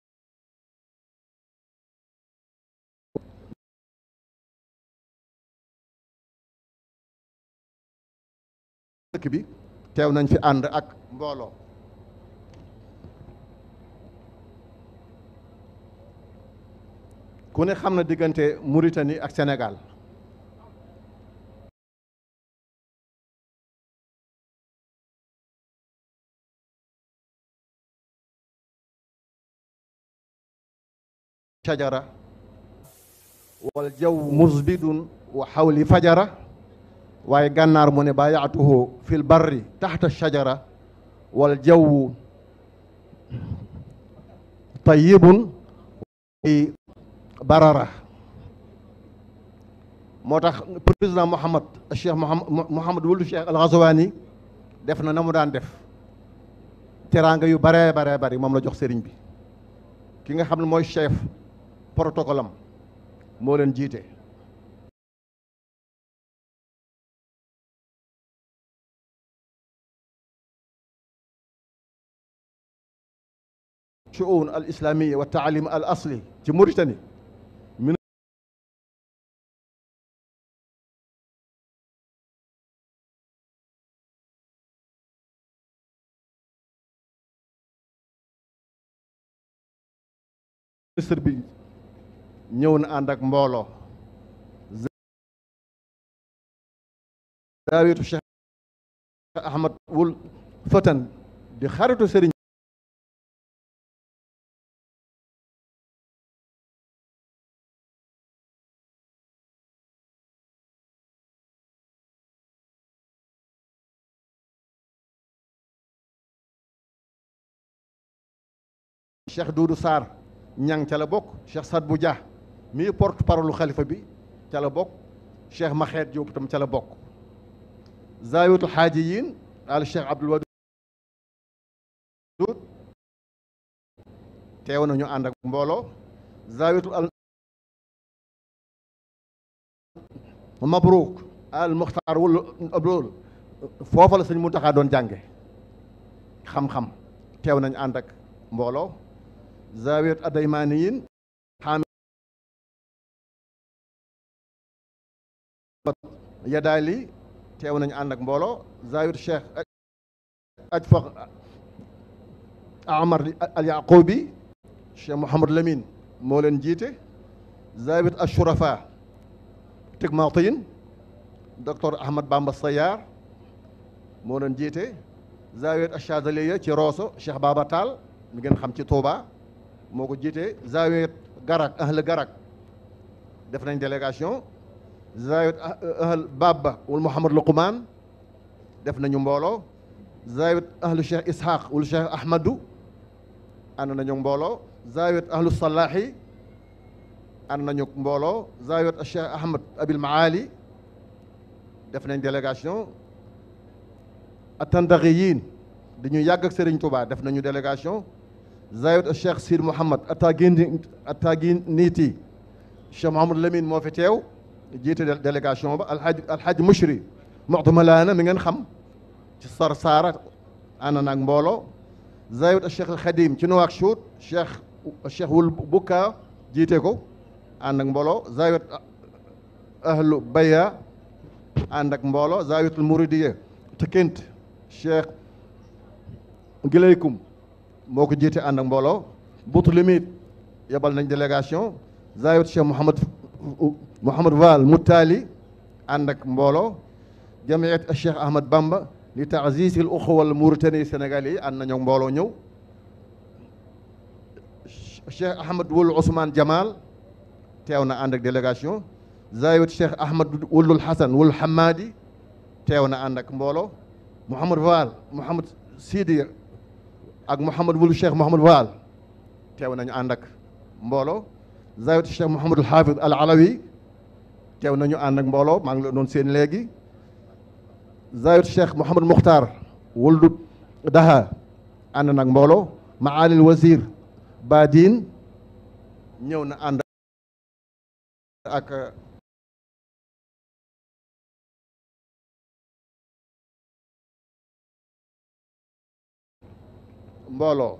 dëkk bi teew nañ fi ànd ak mbooloo ku ne xam na diggante Mauritanie ak senegal shajara wal jaw musbidun wa xawli fajara waaye gànnaar mu ne bayaatuhu fil barri taxta shajara wal jaw tayyibun barara moo tax président Mouhamad Cheikh Mouhamad Mouhamad wulu Cheikh Al Ghazouani def na na mu daan def teraanga yu bare bare bari moom la jox sëriñ bi ki nga xam ne mooy chef protocole am moo leen jiite shu'un al islamiyya wa taalim al asli ci Mauritanie ministre ñëw na ànd ak mbooloo zaawitu Cheikh Ahmad wul Fatan di xaritu sëriñ Cheikh Doudou Sarr ñang ca la bokk Cheikh Sadbou Dia mii porte parole xalifa bi ca la bokk Cheikh Maxeet Diop tam ca la bokk zawiyatul xaajiyin al Cheikh Abdoul Wadud teew nañu ànd ak mbooloo zawiyatul al mabrouk al muxtaar wul loolu sëñ Muntaxa doon jànge xam-xam teew nañu ànd ak mbooloo zawiyat adaymaaniyin yadaali teew ànd ak mbooloo zawiyat cheikh ajfaq amar al yaqubi cheikh mouhamad lamine moo leen jiite zawiyat ashurafa tigmatin docteur ahmad bamba sayar moo leen jiite zawiyat ashadaliya ci rooso cheikh baba taal mi ngeen xam ci touba moo ko jiite zawiyat garak ahal garak def nañ délégation zawiyat ahal baba wul Mouhamad Luqman def nañu mbooloo zawiyat ahlu Cheikh Ishaq wul Cheikh Ahmadou ànd nañu mbooloo zawiyat ahlu Salahi ànd nañu mbooloo zawiyat Cheikh Ahmad Abil Maali def nañ délégation yiin dañuy yàgg ak Serigne Touba def nañu délégation zawit cheikh sir mouhamad attagin attaginiti cheikh mouhamadou lamine moo fi teew jiite délégation ba alhaj alhaj mushri moxtuma laana mi ngeen xam ci sar saara naag mbooloo zawit cheikh al khadim ci Nouakchott cheikh cheikh wul bukka jiite ko ànd ak mbooloo zawit ahlu baya ànd mbooloo zawitul mouridiya te kent cheikh moo ko jiite ànd ak mbooloo buutu limit yebal nañ délégation Zayed Cheikh Mouhamad Mouhamad Vaal Moutali ànd ak mbooloo jamiat Cheikh Ahmad Bamba li taasiis al uxuwa al Mauritanie Sénégal yi ànd nañu mbooloo ñëw Cheikh Ahmad Wul Ousmane Jamal teew na ànd ak délégation Zayed Cheikh Ahmad Wulul Hassan Wul Hamadi teew na ànd ak mbooloo Mouhamad Vaal Mouhamad Sidir ak Mouhamad wulu Cheikh Mouhamad Waal teew nañu ànd ak mbooloo zawet Cheikh Mouhamadul Haafid al teew nañu ànd ak mbooloo maa ngi la doon seen léegi zawet Cheikh Mouhamad Mukhtar wuldu Daha ànd nag mbooloo maalil wazir Badine ñëw na ànd mbooloo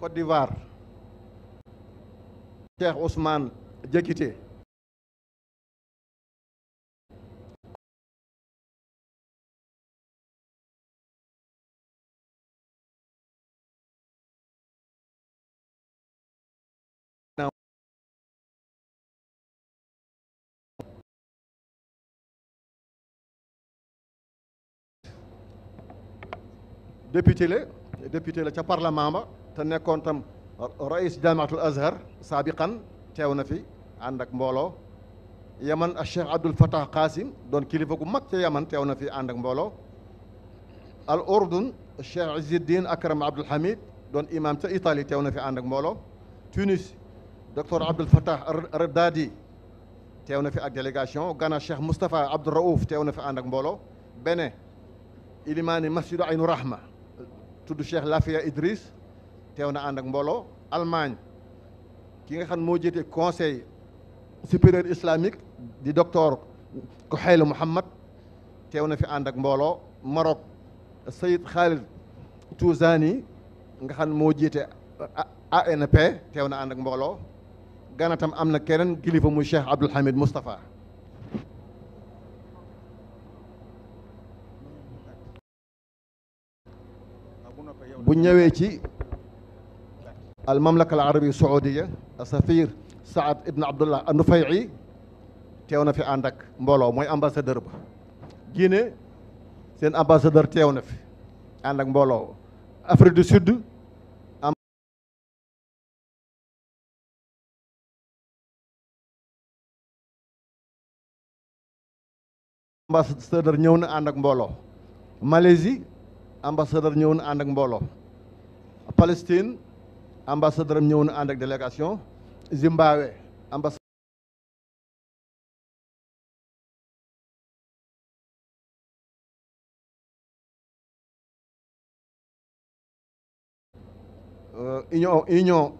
Côte d'Ivoire Cheikh Ousmane Diakité député la la ca parlement ba te nekkoon tam rais jamiatul azhar saabiqan teew na fi ànd ak mbooloo yaman ak cheikh abdul fatah qasim doon kilifa gu mag ca yaman teew na fi ànd ak mbooloo al urdun cheikh izuddin akram abdul hamid doon imam ca italie teew na fi ànd ak mbooloo tunis docteur abdul fatah reddadi teew na fi ak délégation Ghana cheikh moustapha abdou raouf teew na fi ànd ak mbooloo bene ilimaani masjidu aynu rahma tudd Cheikh Lafia Idriss teew na ànd ak mbooloo Allemagne ki nga xam moo jiite conseil supérieur islamique di doctor docteur Kohayla Mouhamad teew na fi ànd ak mbooloo Maroc Sayid Khalid Touzani nga xam moo jiite ANP teew na ànd ak mbooloo Gana tam am na keneen kilifa muy Cheikh Abdoul Hamid Moustapha bu ñëwee ci al mamlaka al arabiya saoudiya safir saad ibn abdullah an nufayci teew na fi ànd ak mbooloo mooy ambassadeur ba Guinée seen ambassadeur teew na fi ànd ak mbooloo Afrique du Sud ambassadeur ñëw na ànd ak mbooloo Malaisie ambassadeur ñëw na ànd ak mbooloo Palestine ambassadeur am ñëw na ànd ak délégation Zimbabwe ambassadeur euh, union union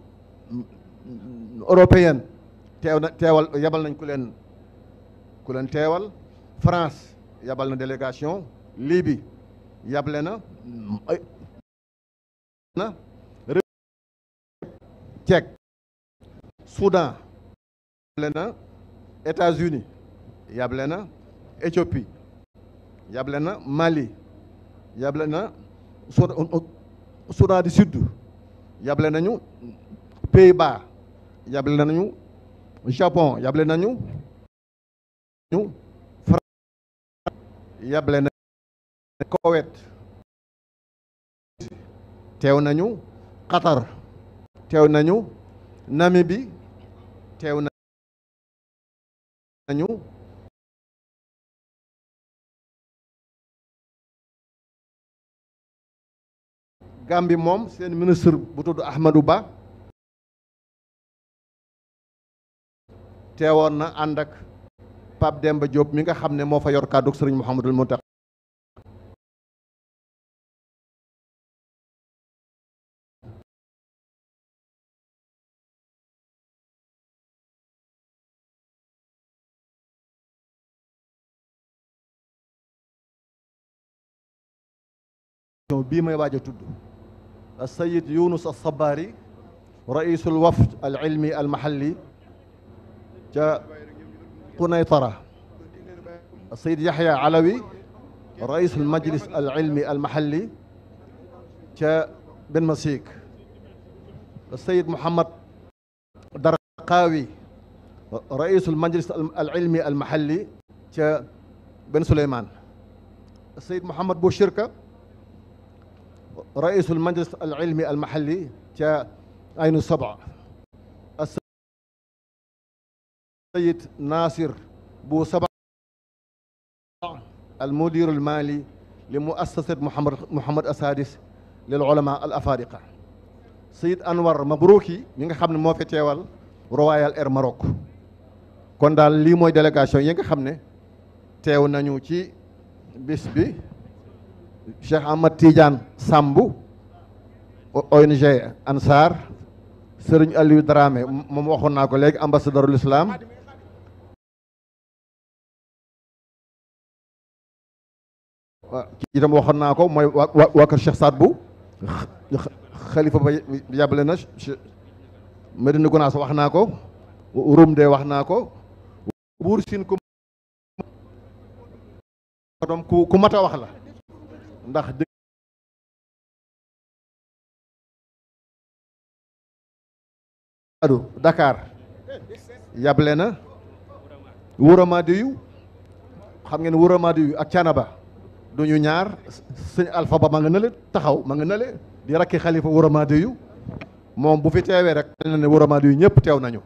européenne teew na teewal yabal nañ ku leen ku leen teewal France yabal na délégation Libye yable na na Tchèque Soudan yable na États-Unis yable na Éthiopie yable na Mali yable na Soudan euh, euh, di Sud yable nañu Pays-Bas yable nañu Japon yable nañu ñu France yable na Koweït teew nañu Qatar teew nañu Namibie teew nañu Gambie moom seen ministre bu tudd Ahmadou Ba teewoon na ànd ak Pape Demba Diop mi nga xam ne moo fa yor kàddu Serigne Mouhamadul Mountakha bii may waaj a tudd al sayid yunus al sabaari raisul wafd al ilmi al mahalli ca qunaytara al sayid yaxya alawi raisul majlis al ilmi al mahalli ca ben masik al sayid muhammad darqaawi raisul majlis al ilmi al mahalli ca ben suleymaan sayid muhammad bouchirka raisul majlis al ilmi al mahalli ca aynu saba sayid nasir bu saba al mudir al mali li muassasat muhammad muhammad asadis lil ulama al afariqa sayid anwar mabrouki mi nga xam ne moo fi teewal Royal Air Maroc kon daal lii mooy délégation yi nga xam ne teew nañu ci bis bi Cheikh Ahmad Tidiane Sambu ONG Ansar sëriñ Aliou Dramé moom waxoon naa ko léegi ambassadeur l'islam kii itam waxoon naa ko mooy waa waa kër Saad Bou xalifa ba yàbbale na Medina Gounass wax naa ko Rumde wax naa ko buur siin ku doom wax la ndax dëgg dakaar yable na Wouromadio xam ngeen Wouromadio ak Thiénaba duñu ñaar sëñ Alpha Ba ma nga nële taxaw ma nga nële di rakki xalifa Wouromadio moom bu fi teewee rek na ne Wouromadio ñëpp teew nañu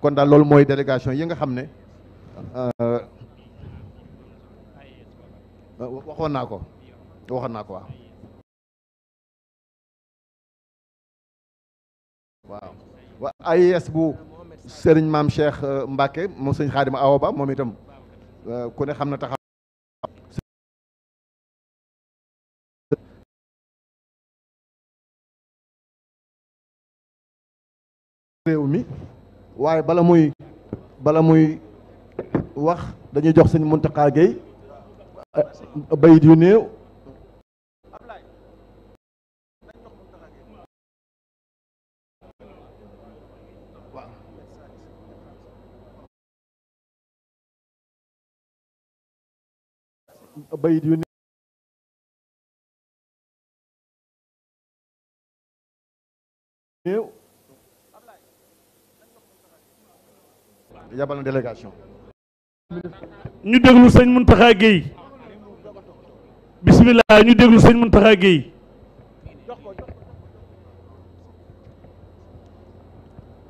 kon daal loolu mooy délégation yi nga xam ne euh, waxoon naa ko waxoon naa ko waaw waaw wa AIS bu sëriñ maam Cheikh euh, Mbacke moom itam euh, ku xam na taxaw mi waaye bala muy bala muy wax dañuy jox sëñ Mountakha Gueye euh, bayit yu néew bayit yu néew yabal na délégation ñu déglu sëñ Mountakha Guèye bismillah ñu déglu sëñ Mountakha Guèye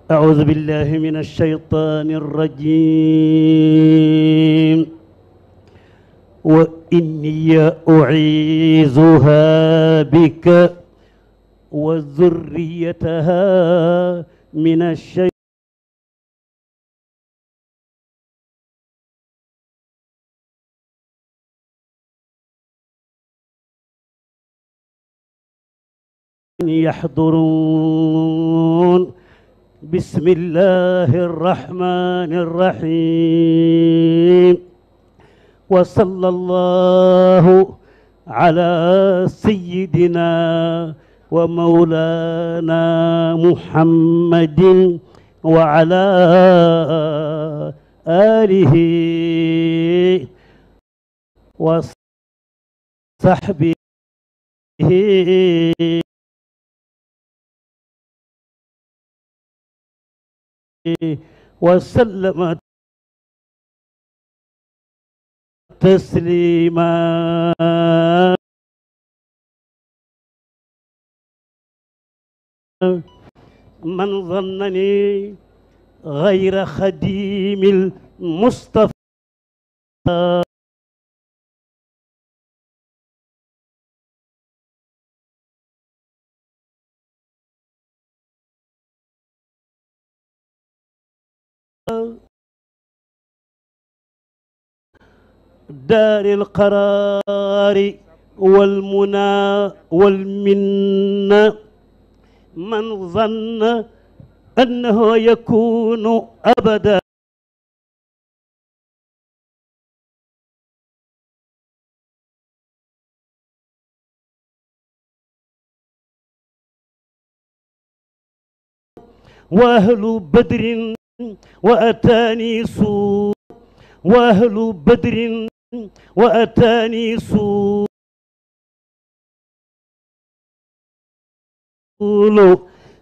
أعوذ بالله من الشيطان الرجيم wa inni u'izuha bika wa zurriyataha min ash-shaytaan يحضرون بسم الله الرحمن الرحيم وصلى الله على سيدنا ومولانا محمد وعلى آله وصحبه وسلم تسليما من ظنني غير خديم المصطفى Oh. daar alqaraari walmunaa walminna man zanna annahu yakunu abada wa ahlu badrin wa ataani suu wa ahlu badrin وأتاني رسول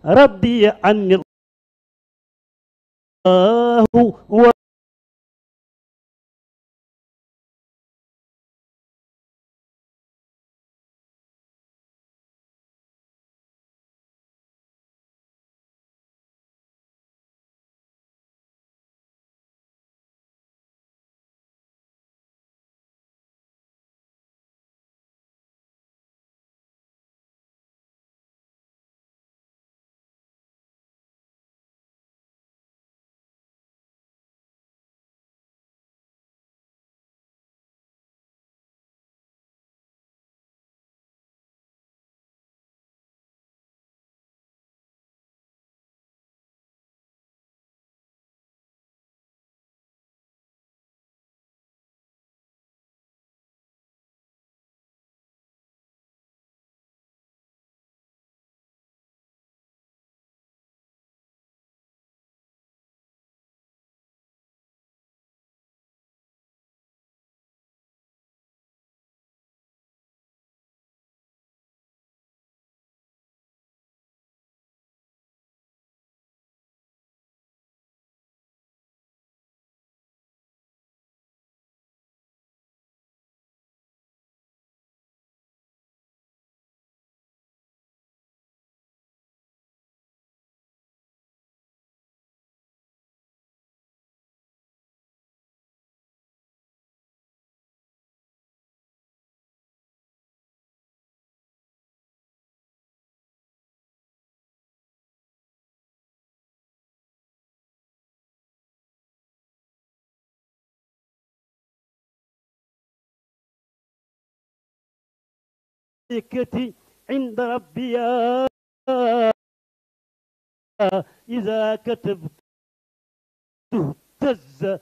ربي عني الله الملائكة عند ربي إذا كتبت تهتز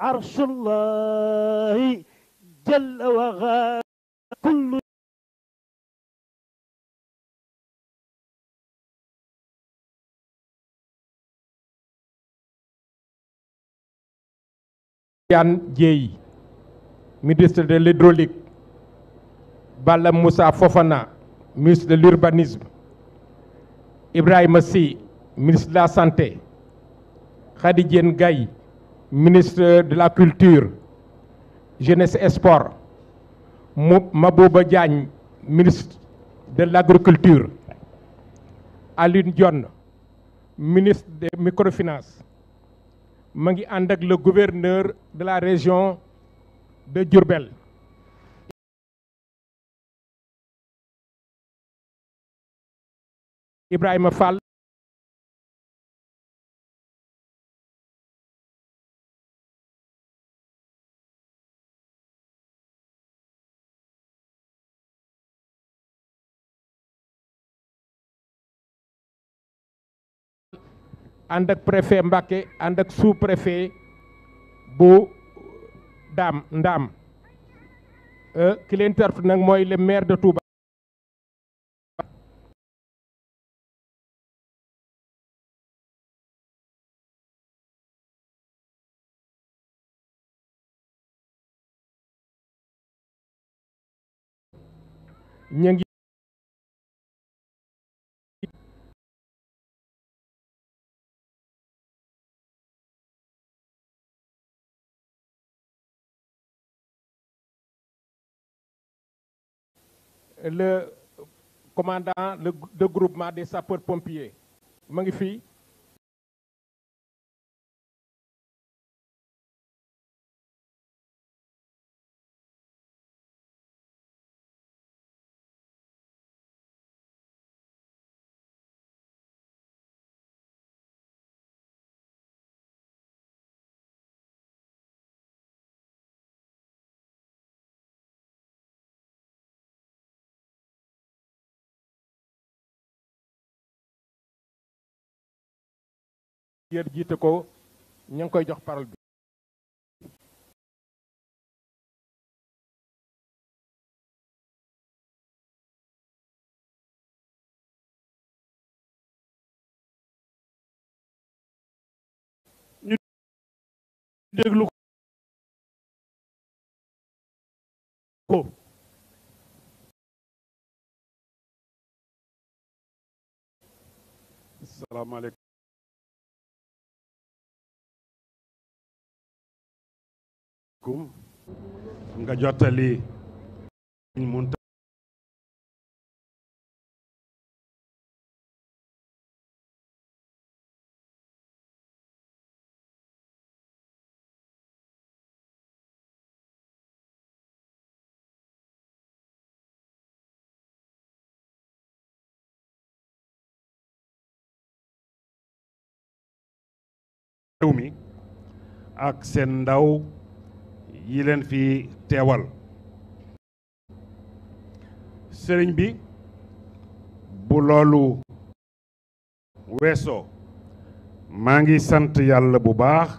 عرش الله جل وغال كل Yann Dieye ministre de l'hydraulique Balla Moussa Fofana ministre de l'urbanisme Ibrahima si ministre de la santé Khady Diène Gaye ministre de la culture jeunesse et Mabouba Diagne ministre de l'agriculture Aline Dione ministre de microfinance ma ngi ànd ak le gouverneur de la région de Diourbel Ibrahima Fall ànd ak préfet Mbacké ànd ak sous préfet bu daam ndaam euh, ki leen tartu nag mooy le maire de Touba le commandant le de groupement des sapeurs pompiers ma ngi fii yër jiite ko ñu koy jox parole bi ñu déglu ko salaamaaleykum kum nga jottali mun réew mi ak seen ndaw yi leen fi teewal sëriñ bi bu loolu weesoo maa ngi sant yàlla bu baax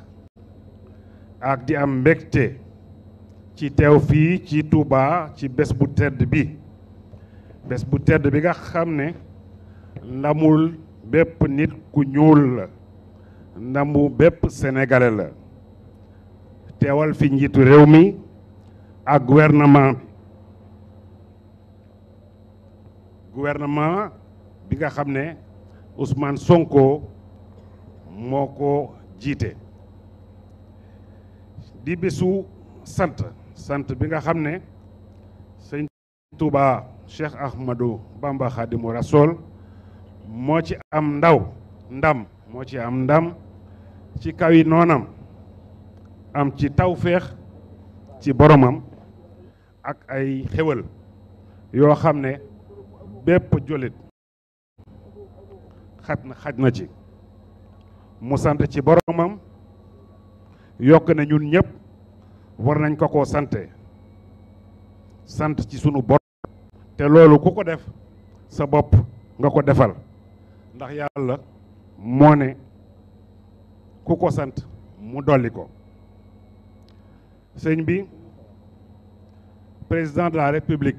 ak di am mbegte ci teew fii ci Touba ci bés bu tedd bi bés bu tedd bi nga xam ne ndamul bépp nit ku ñuul la ndamu bépp sénégalais la teewal fi njiitu réew mi ak gouvernement bi nga xam ne Ousmane Sonko moo ko jiite di bésu sant sant bi nga xam ne sëñ Touba Cheikh Ahmadou Bamba Khadimu Rassoul moo ci am ndaw ndam moo ci am ndam ci kaw yi noonam am ci tawféex ci boromam ak ay xéwal yoo xam ne bépp jullit xaj na xaj na ci mu sant ci boromam yokk na ñun ñëpp war nañ ko koo sante sant ci sunu borom te loolu ku ko def sa bopp nga ko defal ndax yàlla moo ne ku ko sant mu dolli ko sëñ bi président de la république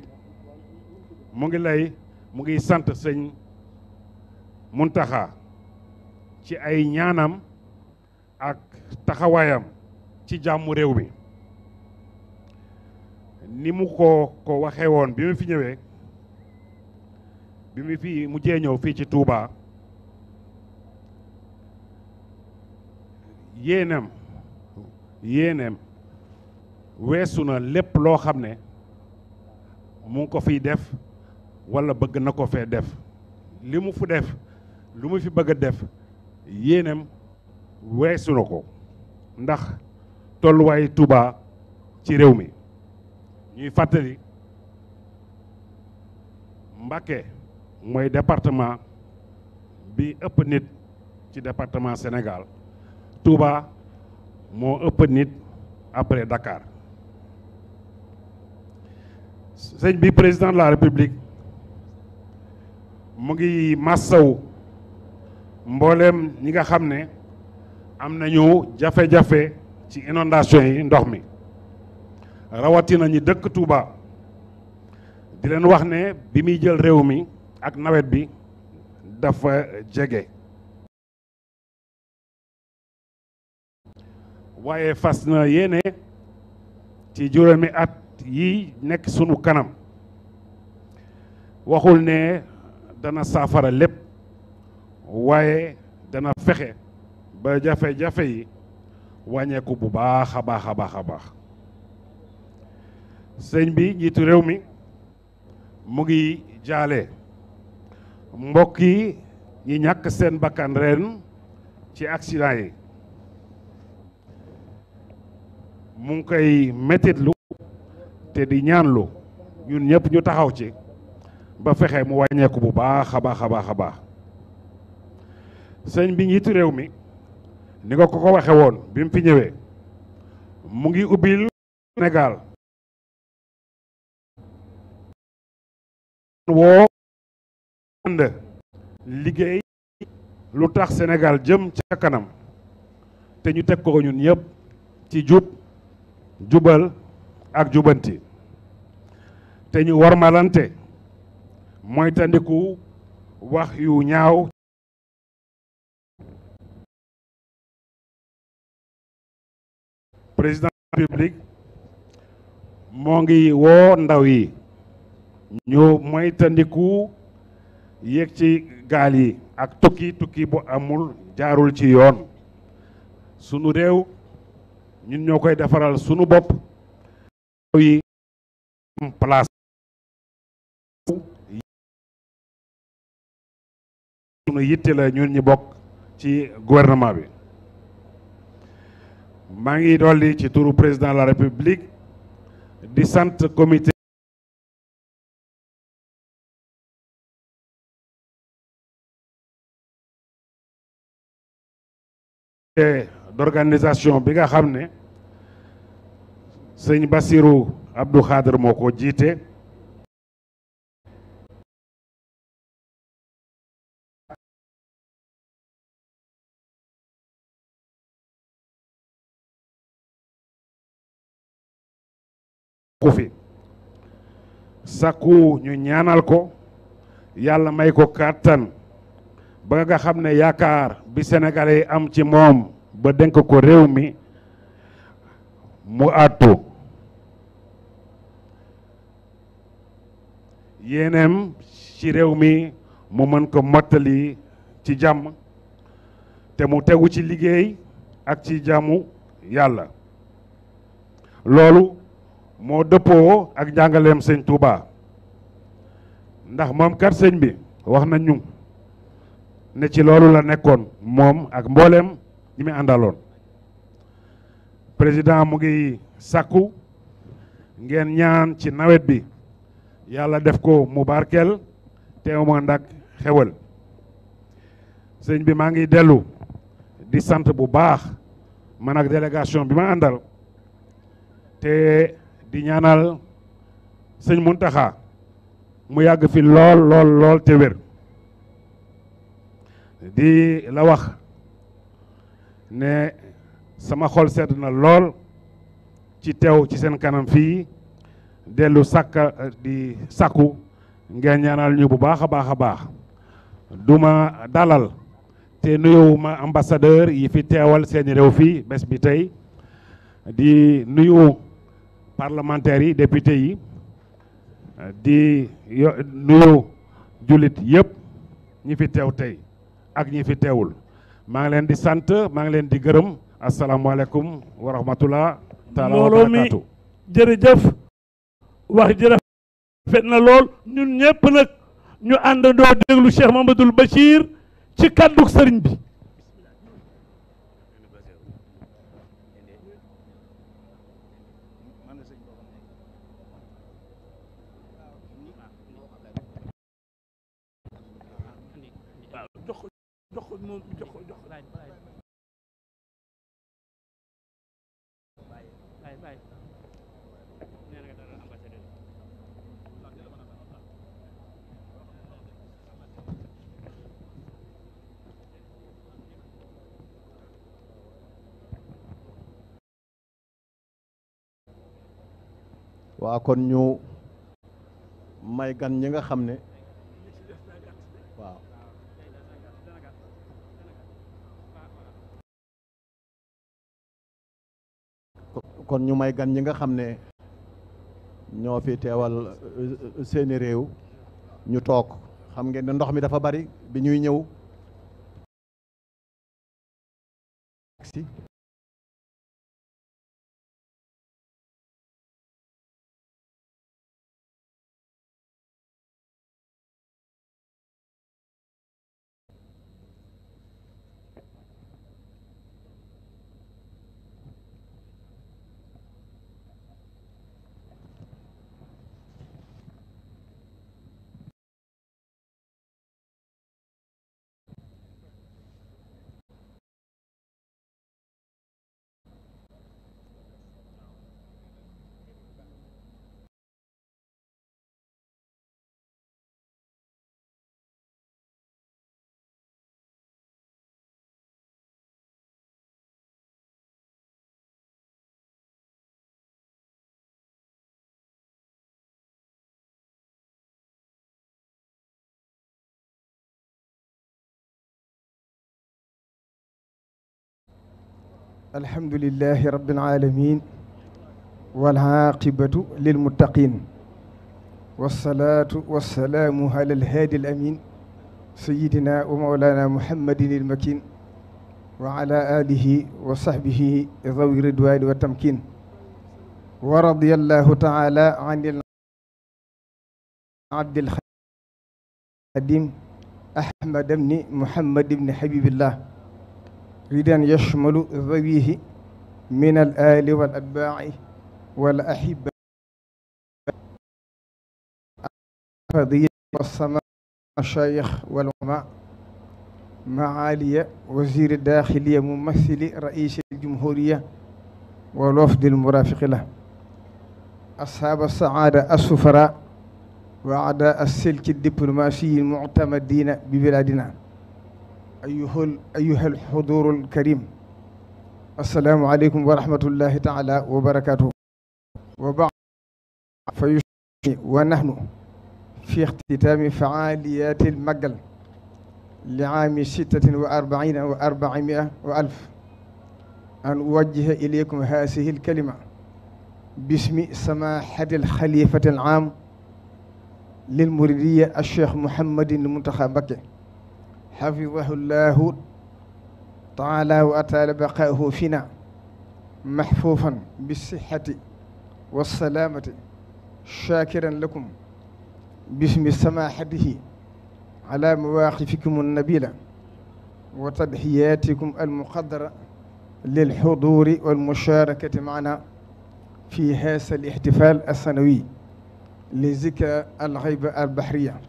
mu ngi lay mu ngi sant sëñ Muntaxa ci ay ñaanam ak taxawaayam ci jàmmu réew mi ni mu ko ko waxee woon bi mu fi ñëwee bi mu fi mujjee ñëw fii ci Touba yéenam yéenam weesu na lépp loo xam ne mu ko fiy def wala bëgg na ko fee def li mu fu def lu mu fi bëgg a def yéenem weesu na ko ndax tolluwaayu Touba ci réew mi ñuy fàttali mbake mooy département bi ëpp nit ci département Sénégal Touba moo ëpp nit après dakaar sëñ bi président de la république mu ngi massaw mbooleem ñi nga xam ne am nañu jafe-jafe ci inondation yi ndox mi rawatina ñi dëkk Touba di leen wax ne bi muy jël réew mi ak nawet bi dafa jege. waaye fas na yéene ci juróomi at. yi nekk sunu kanam waxul ne dana saafara lépp waaye dana fexe ba jafe-jafe yi wàññeeku bu baax a baax a baax sëñ bi njiitu réew mi mu ngi jaale mbokk yi ñi ñàkk seen bakkan ren ci accident yi mu ngi koy mettitlu te di ñaanlu ñun ñëpp ñu taxaw ci ba fexe mu wàññeeku bu baax a baax a baax a baax sëñ bi njiitu réew mi ni nga ko ko waxe woon bi mu fi ñëwee mu ngi ubbil senegal woo ànd liggéey lu tax senegal jëm ca kanam te ñu teg ko ñun ñëpp ci jub jubal ak jubanti te ñu warmalante mooy tandiku wax yu ñaaw président public moo ngi woo ndaw yi ñu mooy ci gaal yi ak tukki tukki bu amul jaarul ci yoon sunu réew ñun ñoo koy defaral sunu bopp yi am place sunu la ñun ñi bokk ci gouvernement bi maa ngi dolli ci tour président de la république di sant comité d'organisation bi nga xam ne sëñ Bassirou Abdou Khadr moo ko jiite ku fi ñu ñaanal ko yàlla may ko kàttan ba nga xam ne yaakaar bi sénégalais am ci moom ba dénk ko réew mi mu àttu yéeneem ci réew mi mu mën ko mottali ci jàmm te mu tegu ci liggéey ak ci jàmmu yàlla loolu moo dëppoo ak njàngaleem sëñ Touba ndax moom kat sëñ bi wax na ñu ne ci loolu la nekkoon moom ak mbooleem ñi mu àndaloon président mu ngi sakku ngeen ñaan ci nawet bi yàlla def ko mu barkeel teew ma ndak xewal sëñ bi maa ngi dellu di sant bu baax man ak délégation bi ma àndal te di ñaanal sëñ taxaa mu yàgg fi lool lool lool te wér di la wax ne sama xol sedd na lool ci teew ci seen kanam fii dellu sàkka eh, di sàkku ngeen ñaanal ñu bu baax a baax a baax du ma dalal te nuyu ambassadeur yi fi teewal seen réew fii bés bi tey di nuyu parlementaires yi député yi di nuyu jullit yëpp ñi fi teew tey ak ñi fi teewul maa ngi leen di sant maa ngi leen di gërëm asalaamualeykum wa rahmatullah taala wa barakatu jërëjëf wax ji rafet na lool ñun ñëpp nag ñu àndandoo déglu Cheikh Mamadou Bachir ci kàddug sëriñ bi Right, right. waa kon ñu may gan ñi nga xam ne waaw kon ñu may ñi nga xam ne ñoo fi teewal euh, seeni réew ñu toog xam ngeen ne ndox mi dafa bari bi ñuy ñëw alhamdulillahi rabbil alamin wal aaqibatu lil muttaqin wassalaatu wassalaamu ala alhaadi al amin sayidina wa mawlana muhammadin il makin wa ala alihi wa sahbihi zawi ridwani wa tamkin wa radiyallahu taala an abdil xadim ahmad ibni muhammad ibni habibillah ridan yashmalu zawihi min al ali wal atbaai wal ahiba fadiya wasama mashayikh wal ulama maaliya waziri daaxiliya mumathili raisi aljumhuriya wal wafdi almurafiqi lah ashaaba saada assufara wa aada assilki diplomatie almuctamadina bi biladina ayuhal ayuhal xudurul karim assalaamu aleykum wa rahmatullahi taala wa barakaatuhu wa ba'd fa yushni wa nahnu fi ixtitaami faaliyatil maggal li aami sittatin wa arbaina wa arbaimia wa alf an uwajjiha ilaykum haasihi alkalima bismi samaahati alxalifati al aam lil muridiya alcheikh Mouhamadin Mountakha Mbacké حفظه الله تعالى وأطال بقاءه فينا محفوفا بالصحة والسلامة شاكرا لكم باسم سماحته على مواقفكم النبيلة وتضحياتكم المقدرة للحضور والمشاركة معنا في هذا الاحتفال السنوي لذكرى الغيبة البحرية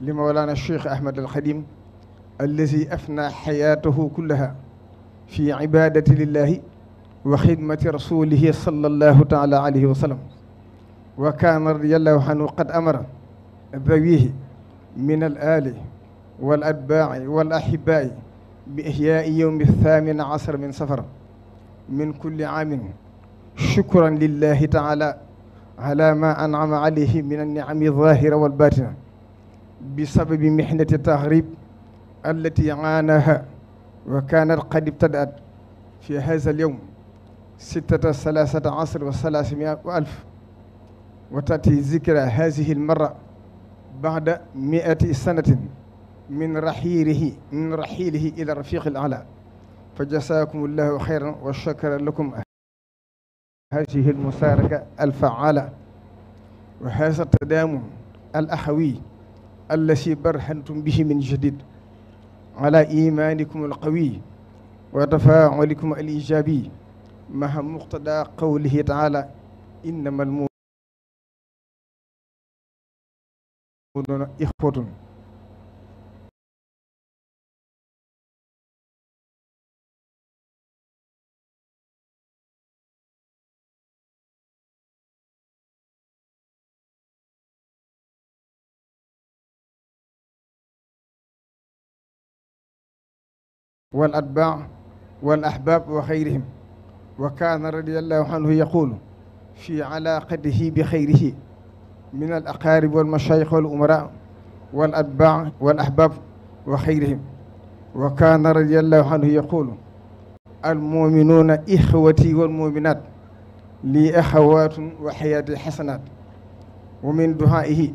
لمولانا الشيخ أحمد الخديم allazi afna xayaatahu kullaha fi ibadati lillahi wa xidmati rasulihi sallallahu taala alayhi wa sallam wa kaana radiallahu anhu qad amara dawihi min al ali wal atbaaci wal ahibaai bi ihyaai yowmi thamin asar min safar min kulli aamin shukran lillahi taala ala ma ancama alayhi min annicami zahira wal batina bi sababi mihnati tahrib التي عاناها وكانت قد ابتدأت في هذا اليوم ستة ثلاثة عشر وثلاثمائة وألف وتأتي ذكرى هذه المرة بعد مئة سنة من رحيله من رحيله إلى الرفيق الأعلى فجزاكم الله خيرا وشكرا لكم هذه المشاركة الفعالة وهذا التداوم الأخوي الذي برهنتم به من جديد ala imanikum alqawi wa tafaulikum alijabi maha muqtada qawlihi taala innama almuminuna ixwatun wal atbaa wal ahbaab wa xayrihim wa kaana radiyallahu anhu yaqulu fi alaaqatihi bi xayrihi min al aqaarib wal masaayix wal umara wal atbaa wal ahbaab wa xayrihim wa kaana radiyallahu anhu yaqulu almuminuuna ixwati wal muminaat lii axawaatun wa xayaati xasanaat wa min duhaa'ihi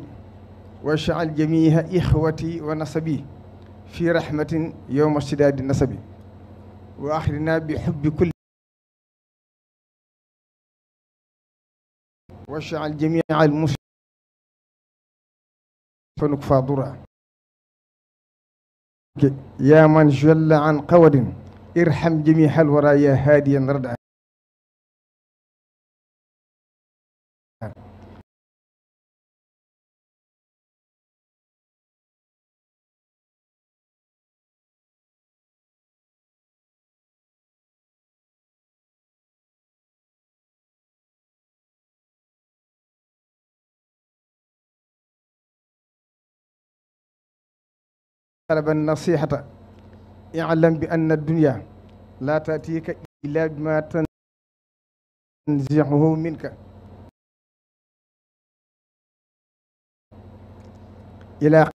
wa jacal jamiiha ixwati wa nasabii fi rahmatin yowma sidaadi nasabi wa axrina bi xubbi kulli wajal jamia al muslimin fanuk fa dura yaa man jalla an qawadin irham jamiha al wara ya haadiyan rada طلب النصيحة اعلم بأن الدنيا لا تأتيك إلا بما تنزعه منك إلى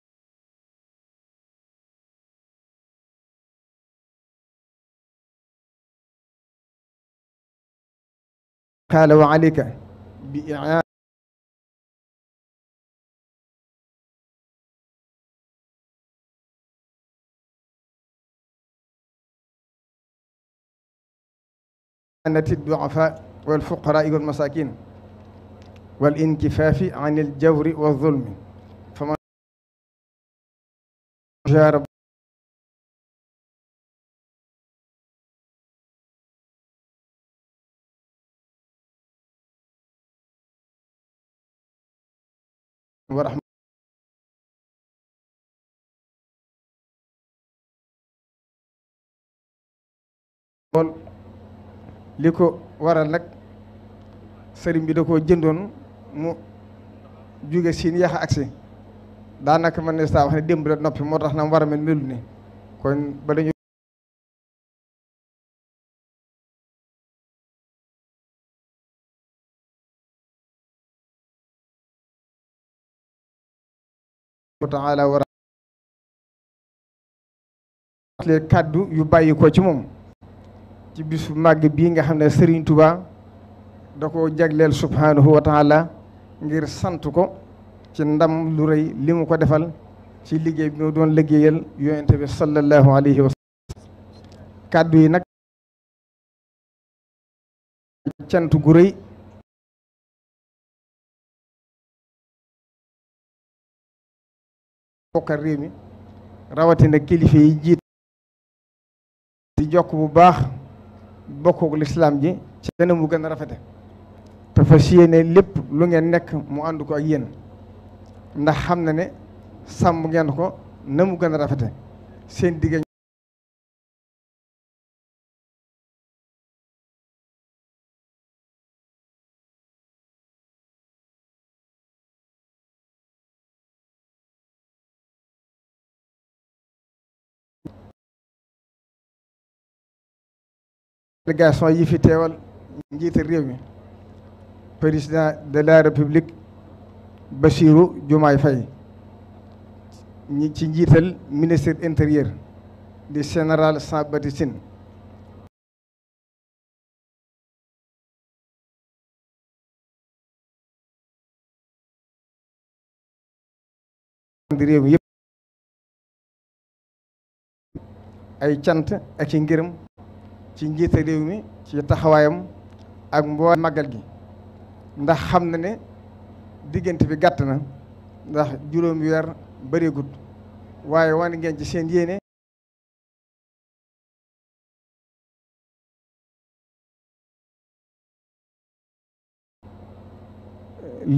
قال وعليك بإعانة أمانة الضعفاء والفقراء والمساكين والانكفاف عن الجور والظلم فمن جارب ورحمة الله li ko waral nag sëriñ bi da koo jëndoon mu jóge siin yaxa agsi daanaka man ne saa wax ne moo tax na mu war a mel melu kon ba dañu taala yu bàyyi ko ci moom ci bisu màgg bi nga xam ne Serigne Touba da ko jagleel subhanahu wa ngir sant ko ci ndam lu rëy limu ko defal ci liggéey bi mu doon liggéeyal yonente bi sallallahu alayhi wa sallam kàddu yi nag cant gu rëy bokkal réew mi rawatina kilifa yi jiit di jokk bu baax bokkook lislaam ji ci gën mu gën a rafete te fas yéene lépp lu ngeen nekk mu ànd ko ak yéen ndax xam na ne sàmm ngeen ko na mu gën a rafete seen digg délégation yi fi teewal njiite réew mi président de la république Bassirou Diomaye fay ñi ci njiital ministre intérieur de sénéral Jean-Baptiste Tine di réew mi yëpp ay cant ak i ngërëm ci njiite réew mi ci taxawaayam ak mboo màggal gi ndax xam na ne diggante bi gàtt na ndax juróom weer bareegut waaye wane ngeen ci seen yéene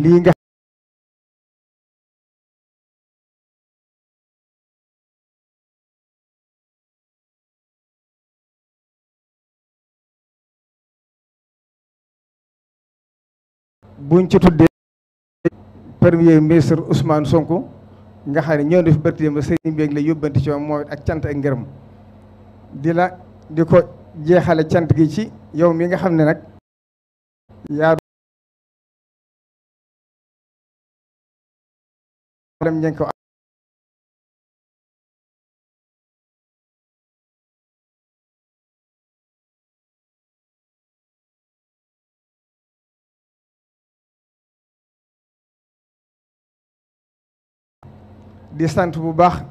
lii nga buñ ci tuddee premier ministre Ousmane Sonko nga xam ne ñoo def bët yëpp sëriñ bi la yóbbanti mooy ak cant ak ngërëm di la di ko jeexale cant gi ci yow mii nga xam ne nag yaa doon. di sant bu baax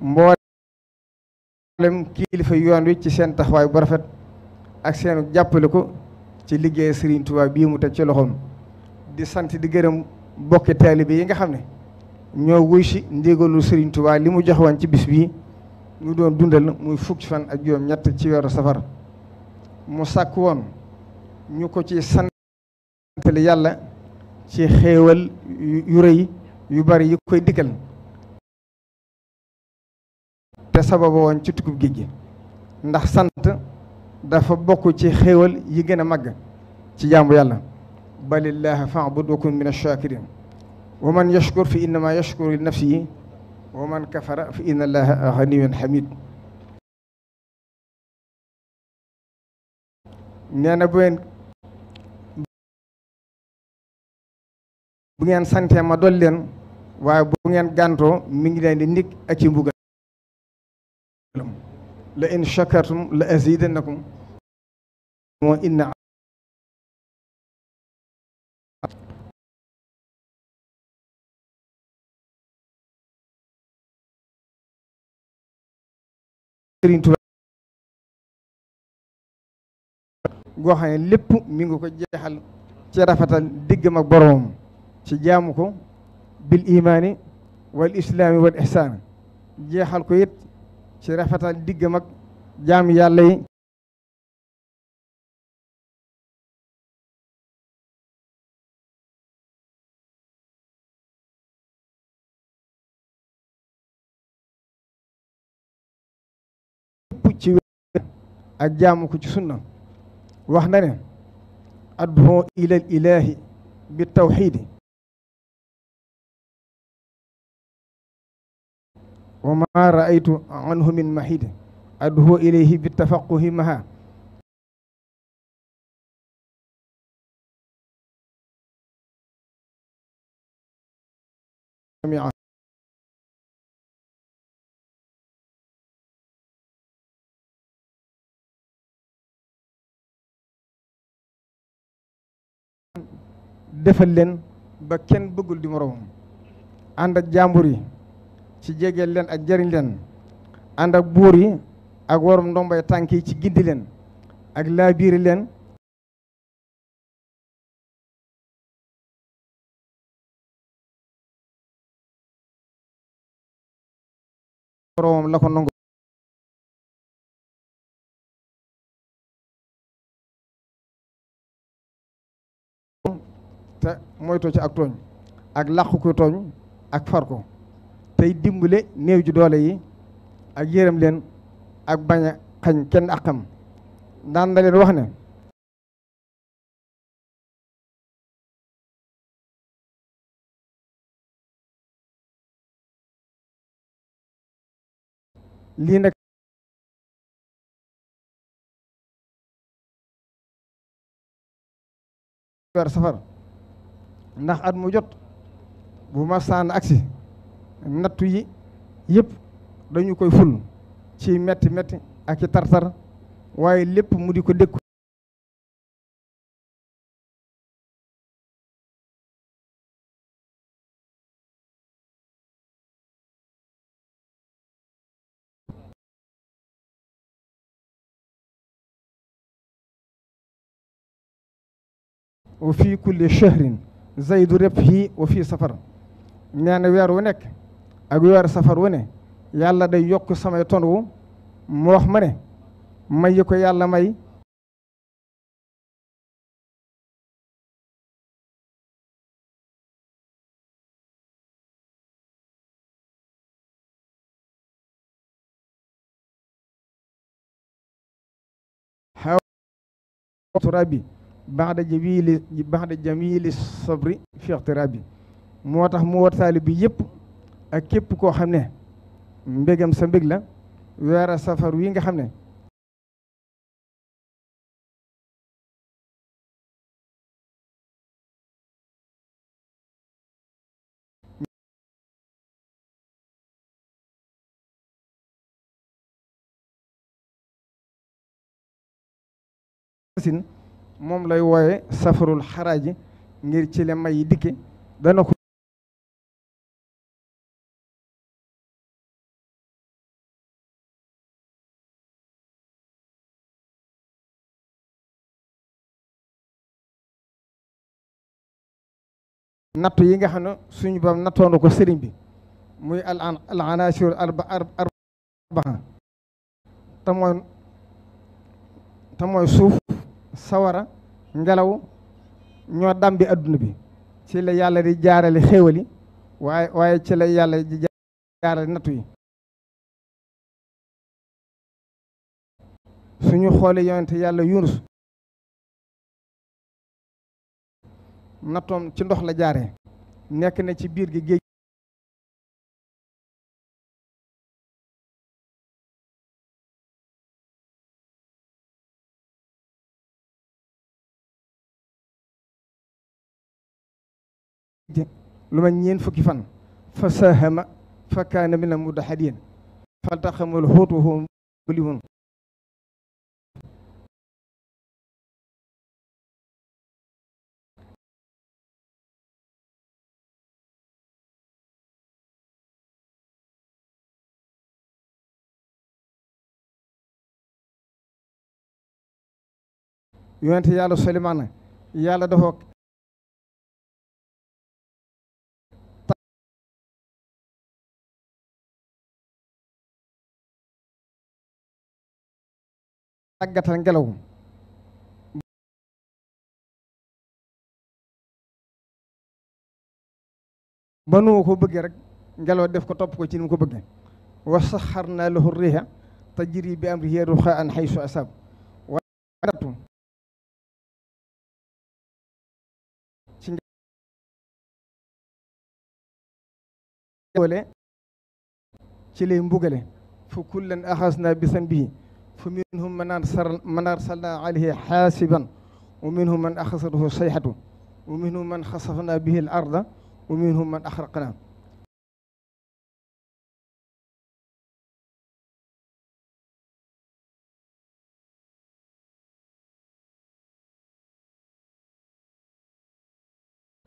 mboolem kilifa yoon wi ci seen taxawaay bu rafet ak seenu jàppale ko ci liggéey Serigne Touba bii mu te ci loxoom di sant di gërëm bokki taalibe yi nga xam ne ñoo wuy si ndigalu Serigne Touba li mu jox ci bis bii ñu doon dundal muy fukki fan ak juróom ñett ci weeru safar mu sàkk woon ñu ko ci sant yàlla ci xéewal yu rëy yu bari yu koy dikkal te sababa woon ci tukkub géej gi ndax sant dafa bokk ci xéewal yi gën a màgg ci jaamu yàlla balillaaha fa'bud wa kun min ash-shakirin wa man yashkur fi innama yashkuru li nafsihi wa man kafara fi inna allaha ghaniyyun hamid nee na bu ngeen bu ngeen santee ma dol leen waaye bu ngeen gàntoo mi ngi leen di ndik ak ci mbugal la in shakartum la azidannakum moo inna sëriñ lépp mi ngi ko jeexal ci rafetal diggam ak boroomam ci jaamu ko bil imaani wal islaami wal ihsaan jeexal ko it ci rafetal digg mag jaamu yàlla yi ak jaamu ko ci sunna wax na ne addu ilal ilaahi bi tawxiidi wa ma raaytu anhu min mahid adhu ilayhi bitafaquhi maha defal leen ba kenn bëggul di moroomam ànd ak jàmbur yi ci jege leen ak jëriñ leen ànd ak buur yi ak warum ndombay tànk yi ci gindi leen ak laabiiri leen boroomam la ko te moytu ci ak tooñ ak làqu tooñ ak farko tey dimbale néew ji doole yi ak yërëm leen ak baña a xañ kenn akam daan ndax at mu jot bu ma saan agsi nattu yi yépp dañu koy ful ci metti metti ak ci tartar waaye lépp mu di ko dékku wa fii kulli shahrin zaydu rebhi wa fii safar nee weer wu nekk ak weer safar wu ne yàlla day yokk samay ton wu mu wax ma ne may ko yàlla may turabi baxda jamili baxda jamili sabri fi ixtirabi moo tax mu wat taali bi yépp ak képp koo xam ne mbégam sa mbég la weera safar wi nga xam ne sin moom lay wooye safarul xaraaji ngir ci le may yi dikke dana ko nattu yi nga xam ne suñu bam nattoon ko sëriñ bi muy al al anasir arba arbaxa te tamooy suuf sawara ngelaw ñoo dambi àdduna bi ci la yàlla di jaarale xéewal yi waaye waaye ci la yàlla di jaarale nattu yi suñu xoole yonente yàlla yunus nattoom ci ndox la jaare nekk na ci biir gi géej lu ma ñeen fukki fan fa sahama fa kaana mina mudahadin faltaxamul xuutuhum bulihun yonent yàlla Souleymane yàlla dafa tàggatal ngelaw ba nu ko bëggee rek ngelaw def ko topp ko ci ni mu ko bëggee wa saxarnaa lahu riiha tajri bi amrihi ruxaan xaysu asab boole ci lay mbugale fu kullan axasna bi sanbihi fu minhum man arsalna alayhi xaasiban wa minhum man axasathu sayxatu wa minhum man xasafna bihi al arda wa minhum man axraqna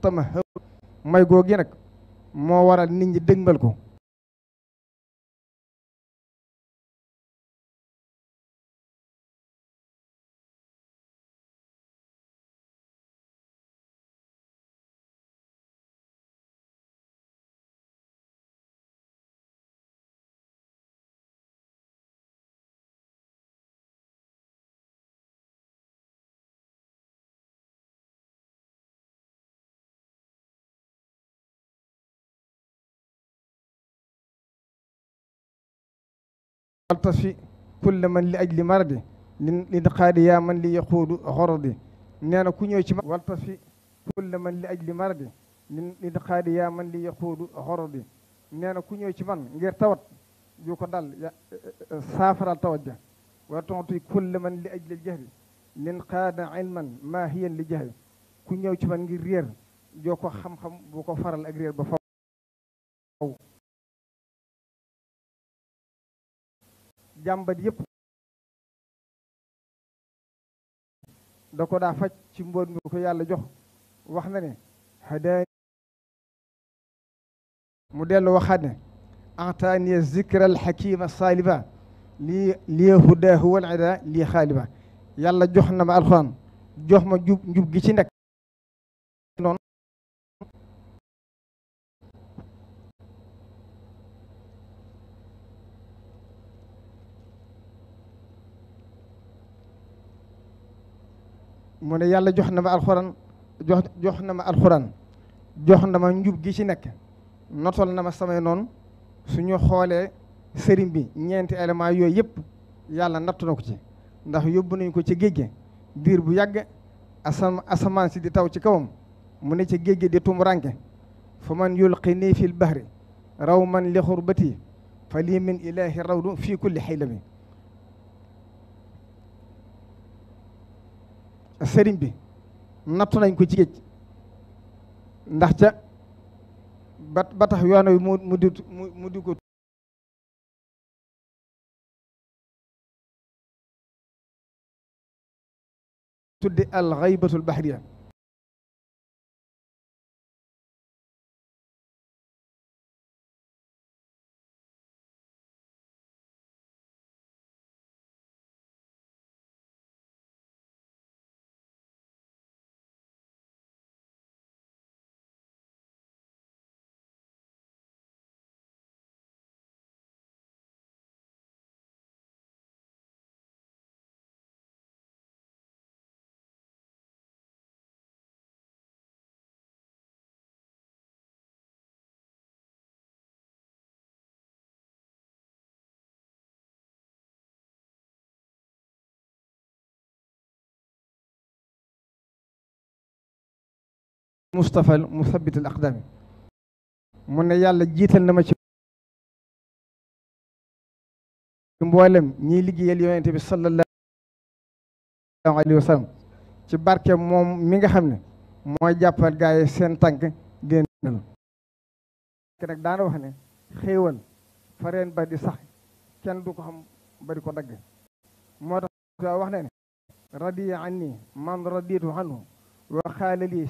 tama may googi nag moo waral nit ñi dëgmal ko waltasfi kulla man li ajli maradi li qaadi yaa man li yaquudu xorodi nee na ku ñëw ci waltasfi kulla man li ajli maradi li qaadi yaa man li yaquudu xorodi nee na ku ñëw ci man ngir tawat ju ko dal saafaral tawat ja wa tontu kulla man li ajli jahli lin qaada ilman maa hiyan li jahli ku ñëw ci man ngir réer joo ko xam-xam bu ko faral ak réer ba faw jàmbat yépp da ko daa faj ci mboot mi ko yàlla jox wax na ne hadaani mu dellu waxaat ne ataani zikra alxakima saaliba lii lii hudaa huwa alida lii xaaliba yàlla jox na ma alxuraan jox ma jub njub gi ci nekk mu ne yàlla jox na ma alxuraan jox jox na ma alxuraan jox na ma njub gi ci nekk notool na ma noon noonu suñu xoolee sëriñ bi ñeenti élément yooyu yëpp yàlla nattu na ko ci ndax yóbbu nañ ko ci géej gi diir bu yàgg asam asamaan si di taw ci kawam mu ne ci géej gi di tumuranke fa man yulqi nii bahri raw man li xurbati fa lii min ilaahi rawdu fii kulli xaylami sëriñ bi napp nañ ko ci géej ndax ca ba ba tax yoon mu mu di di ko tudde al xaybatul bahriya mustafal musabit al aqdami mu ne yàlla jiital na ma ci mboolem ñiy liggéeyal yonente bi sallallahu alayhi wa sallam ci barke moom mi nga xam ne mooy jàppal gaa yi seen tànk deen nag daana wax ne xéewal fareen ba di sax kenn du ko xam ba ko dagg moo tax wax ne ne radiya anni man raditu anhu wa xaala li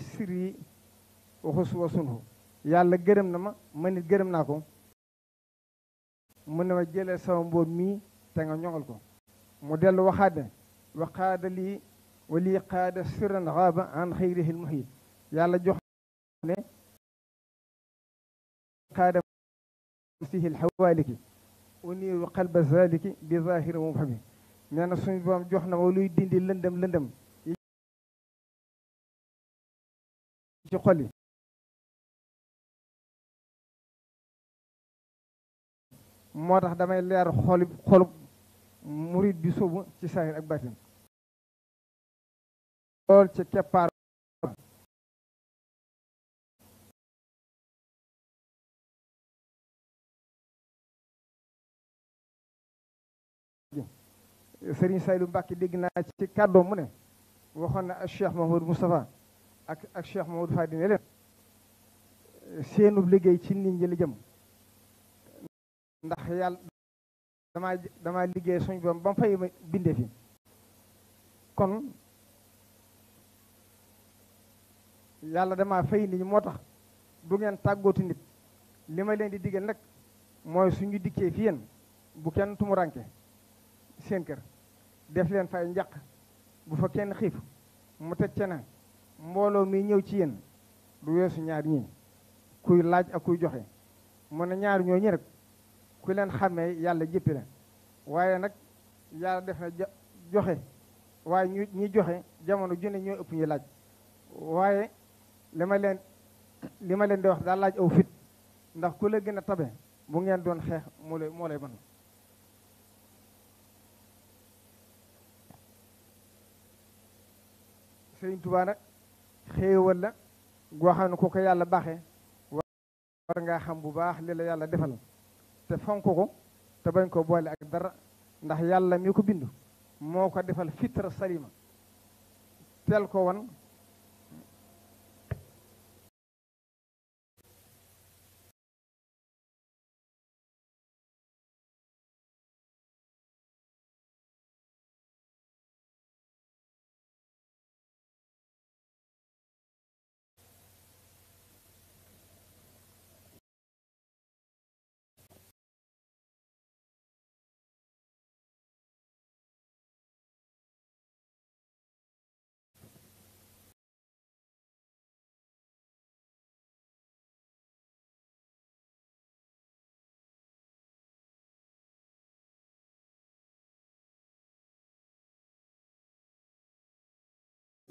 waxu wa sunhu yàlla gërëm na ma ma nit gërëm naa ko mën ne ma jëlee sama mbóot mii te nga ñoŋal ko mu dellu waxaat ne wa qaada lii wa lii qaada sirran xaaba an xayrihi lmuhit yàlla jox ne qaada sihi lxawaaliki uniiru qalba zaliki bi zahiri wa mubhami nee na suñu boom jox na ma dindi lëndëm lëndëm ci xol yi moo tax damay leer xolub xolub murit bi sóobu ci saayir ak baatin lool ci sëriñ Saylu Mbàkke dégg naa ci kàddoo mu ne waxoon na ak Cheikh Mahamadou Moustapha ak ak Cheikh Mahamadou Fadi ne seenub liggéey ci nit ñi jëm ndax yàlla damaa liggéey suñ borom ba mu fay binde fi kon yàlla damaa fay nit moo tax du ngeen tàggootu nit li ma leen di digal nag mooy suñu dikkee fi yéen bu kenn tumuranke seen kër def leen fay njaq bu fa kenn xiif mu teg ce mbooloo mi ñëw ci yéen du weesu ñaar ñii kuy laaj ak kuy joxe mu ne ñaar ñoo ñi rek ku leen xàmmee yàlla jëppi la waaye nag yàlla def na joxe waaye ñu ñi joxe jamono junne ñoo ëpp ñu laaj waaye li ma leen li ma leen di wax daal laaj aw fit ndax ku la gën a tabe bu ngeen doon xeex moo lay moo lay mën Sëriñ la goo xam ne ku ko yàlla baaxe war ngaa xam bu baax li la yàlla defal te fonk ko te bañ ko boole ak dara ndax yàlla mi ko bindu moo ko defal fitra salima teel ko won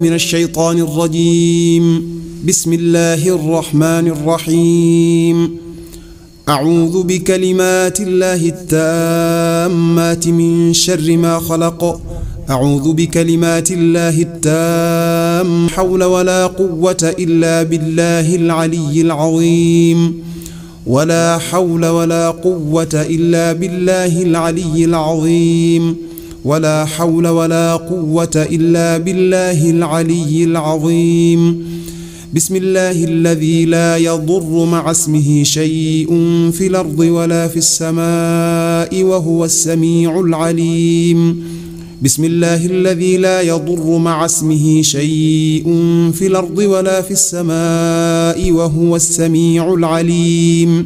من الشيطان الرجيم بسم الله الرحمن الرحيم أعوذ بكلمات الله التامات من شر ما خلق أعوذ بكلمات الله التام حول ولا قوة إلا بالله العلي العظيم ولا حول ولا قوة إلا بالله العلي العظيم ولا حول ولا قوة إلا بالله العلي العظيم بسم الله الذي لا يضر مع اسمه شيء في الأرض ولا في السماء وهو السميع العليم بسم الله الذي لا يضر مع اسمه شيء في الأرض ولا في السماء وهو السميع العليم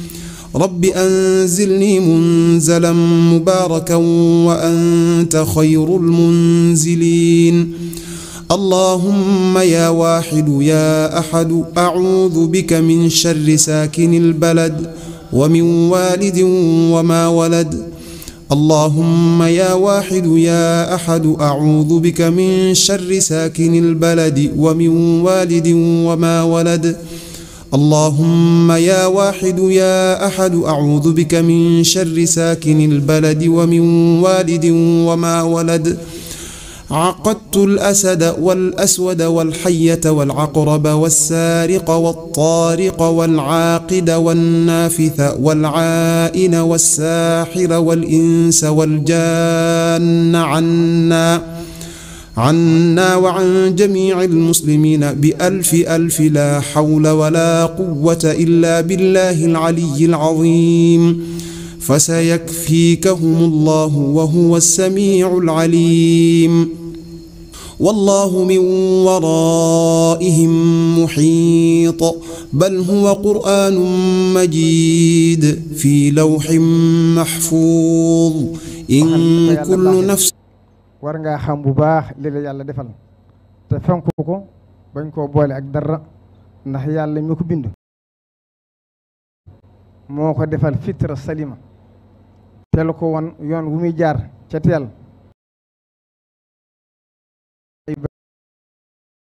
رب أنزلني منزلا مباركا وأنت خير المنزلين اللهم يا واحد يا أحد أعوذ بك من شر ساكن البلد ومن والد وما ولد اللهم يا واحد يا أحد أعوذ بك من شر ساكن البلد ومن والد وما ولد اللهم يا واحد يا أحد أعوذ بك من شر ساكن البلد ومن والد وما ولد عقدت الأسد والأسود والحية والعقرب والسارق والطارق والعاقد والنافث والعائن والساحر والإنس والجان عنا عنا وعن جميع المسلمين بألف ألف لا حول ولا قوة إلا بالله العلي العظيم فسيكفيكهم الله وهو السميع العليم والله من ورائهم محيط بل هو قرآن مجيد في لوح محفوظ إن كل نفس war ngaa xam bu baax li yàlla defal te fonk ko bañ koo boole ak dara ndax yàlla mi ko bind moo ko defal fitra salima teel ko won yoon wu muy jaar ca teel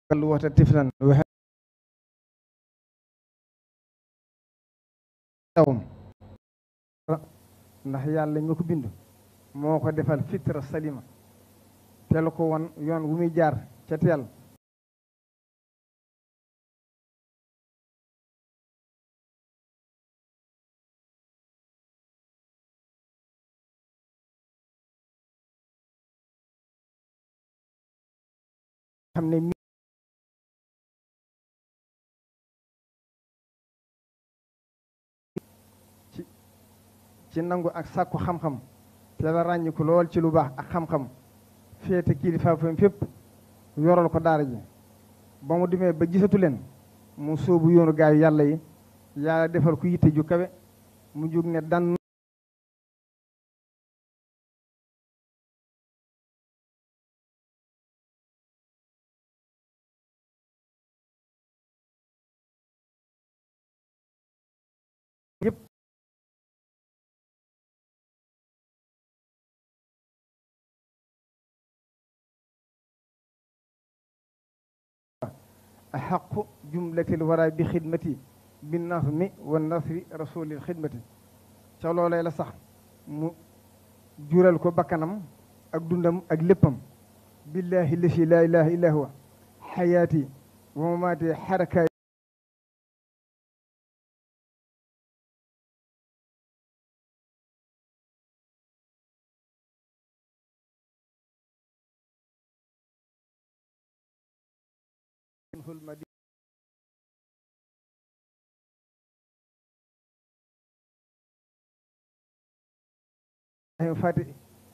bal wata tiflan ndax yàlla mi ko bind moo ko defal fitra salima teel ko won yoon wu muy jaar ca teel ci nangu ak sàkku xam-xam te la ràññiku lool ci lu baax ak xam-xam féete kilifaam fépp yoral ko daara ji ba mu demee ba jisatu leen mu sóobu yoonu gaay yàlla yi yàlla defal ko yitte ju kawe mu jóg ne dan أحق جملة الورى بخدمتي بالنظم والنصر رسول الخدمة ca loolee la sax mu jural ko bakkanam ak dundam ak léppam billahi lasi laa ilaha illa huwa xayaati wa mamaati xaraka المدينة fati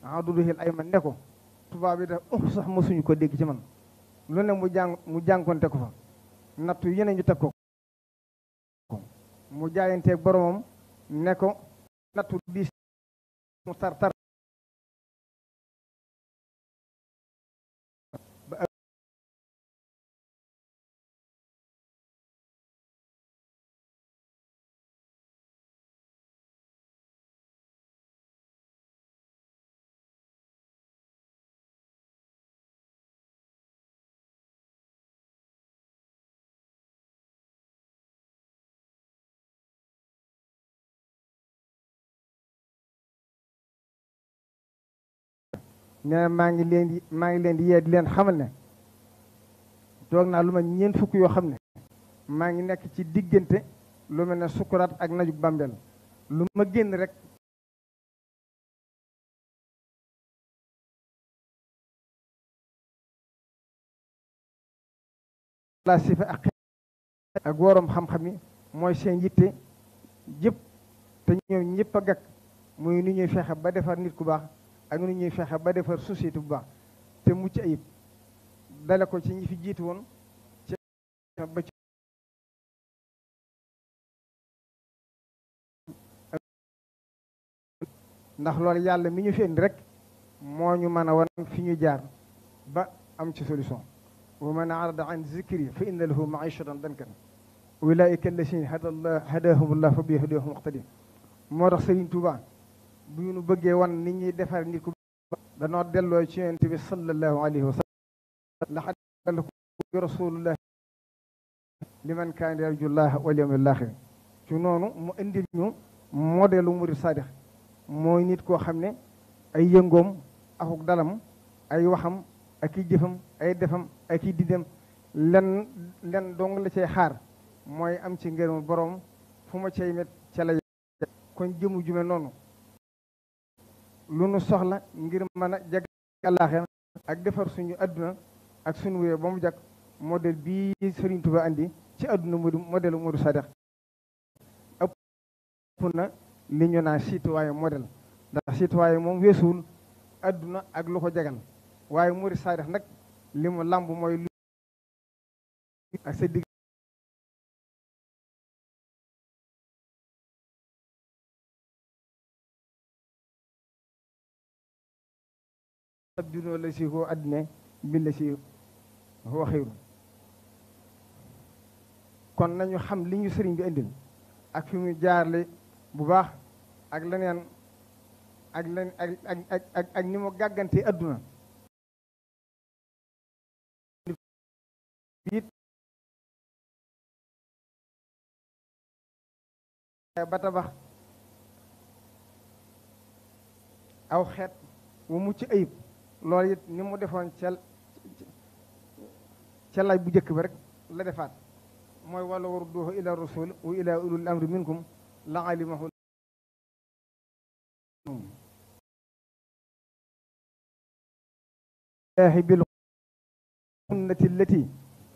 aduduhi al ayman ne ko tubaab yi daf oh sax mosuñu ko dégg ci man lu ne mu jàng mu jànkonte ko fa nattu yeneen ñu teg ko mu jaayanteeg boromam ne nattu diis mu tar tar nee maa ngi leen maa ngi leen di yee di leen xamal ne toog naa lu ma ñeent fukk yoo xam ne maa ngi nekk ci diggante lu mel ne sukuraat ak najug bàmbeel lu ma génn rek la sifa ak ak woroom xam-xam yi mooy seen yitte jëpp te ñoom ñëpp a gàkk muy ni ñuy fexe ba defar nit ku baax ak nu ñuy fexe ba defar société bu baax te mucc ayib dale ko ci ñi fi jiit woon ci ba ci yàlla mi ñu fi rek moo ñu mën a wan fi ñu jaar ba am ci solution wa man arada an zikri fa inna lahu maishatan dankan ulaika allazina hada allah hadahum allah fa bi hudahum muqtadin moo tax Sëriñ Tuubaa bu ñu bëggee wan nit ñuy defar nit ku delloo ci yonent bi sallallahu wa sallam noonu mu indil ñu modèlu murid sadix mooy nit koo xam ne ay yëngoom akuk dalam ay waxam ak i jëfam ay defam ak i didem len len dong la cay xaar mooy am ci ngërëmu boroom fu ma cay met ca la kon jëmu jume noonu lu nu soxla ngir mën a jag ak defar suñu àdduna ak suñu wéyoo ba mu jag modèle bii Serigne Touba andi ci àdduna mu di modèle Modou Sadikh ëpp na li ñu naan citoyen modèle ndax citoyen moom weesuwul àdduna ak lu ko jagan waaye Modou Sadikh nag li mu làmb mooy lu ak sa digg adduna la si ko addina bi la si waxiru kon nañu xam li ñu sëriñ bi indil ak fi mu jaarle bu baax ak leneen ak len ak ak ak ak ni mu gàggante adduna it ba tabax aw xeet wu mucc ayib loolu it ni mu defoon ca ca laaj bu njëkk bi rek la defaat mooy wala warudduhu ila rasul wa ila ulul amri minkum la alimahu الله بالسنة التي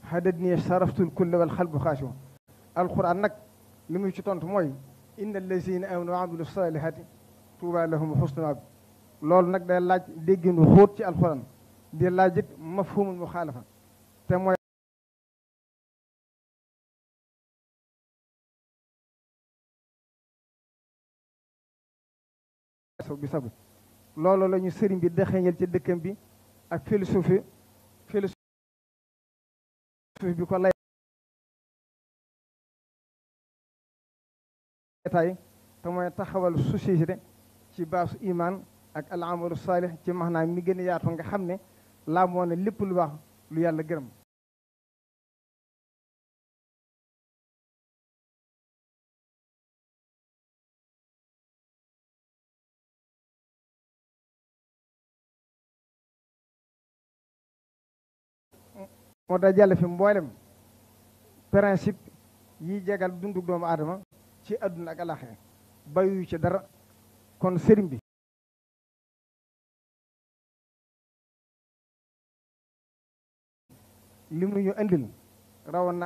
هددني شرفت الكل والقلب خاشع القرآن nag li muy ci tontu mooy إن الذين آمنوا وعملوا الصالحات طوبى لهم وحسن مآب loolu nag day laaj déggin xóot ci alxuraan di laaj it mafhumul muxaalafa te mooy bi sabu bi dëxëñal ci dëkkam bi te mooy taxawal société ci baasu imaan ak al amalu saalih ci maanaam mi gën yaatu nga xam ne laa moo ne lépp lu baax lu yàlla gërëm moo tax jàll fi mboolem principe yi jegal dundu doomu aadama ci àdduna ak alaxee bayu ci dara kon sëriñ bi li mu ñu andil am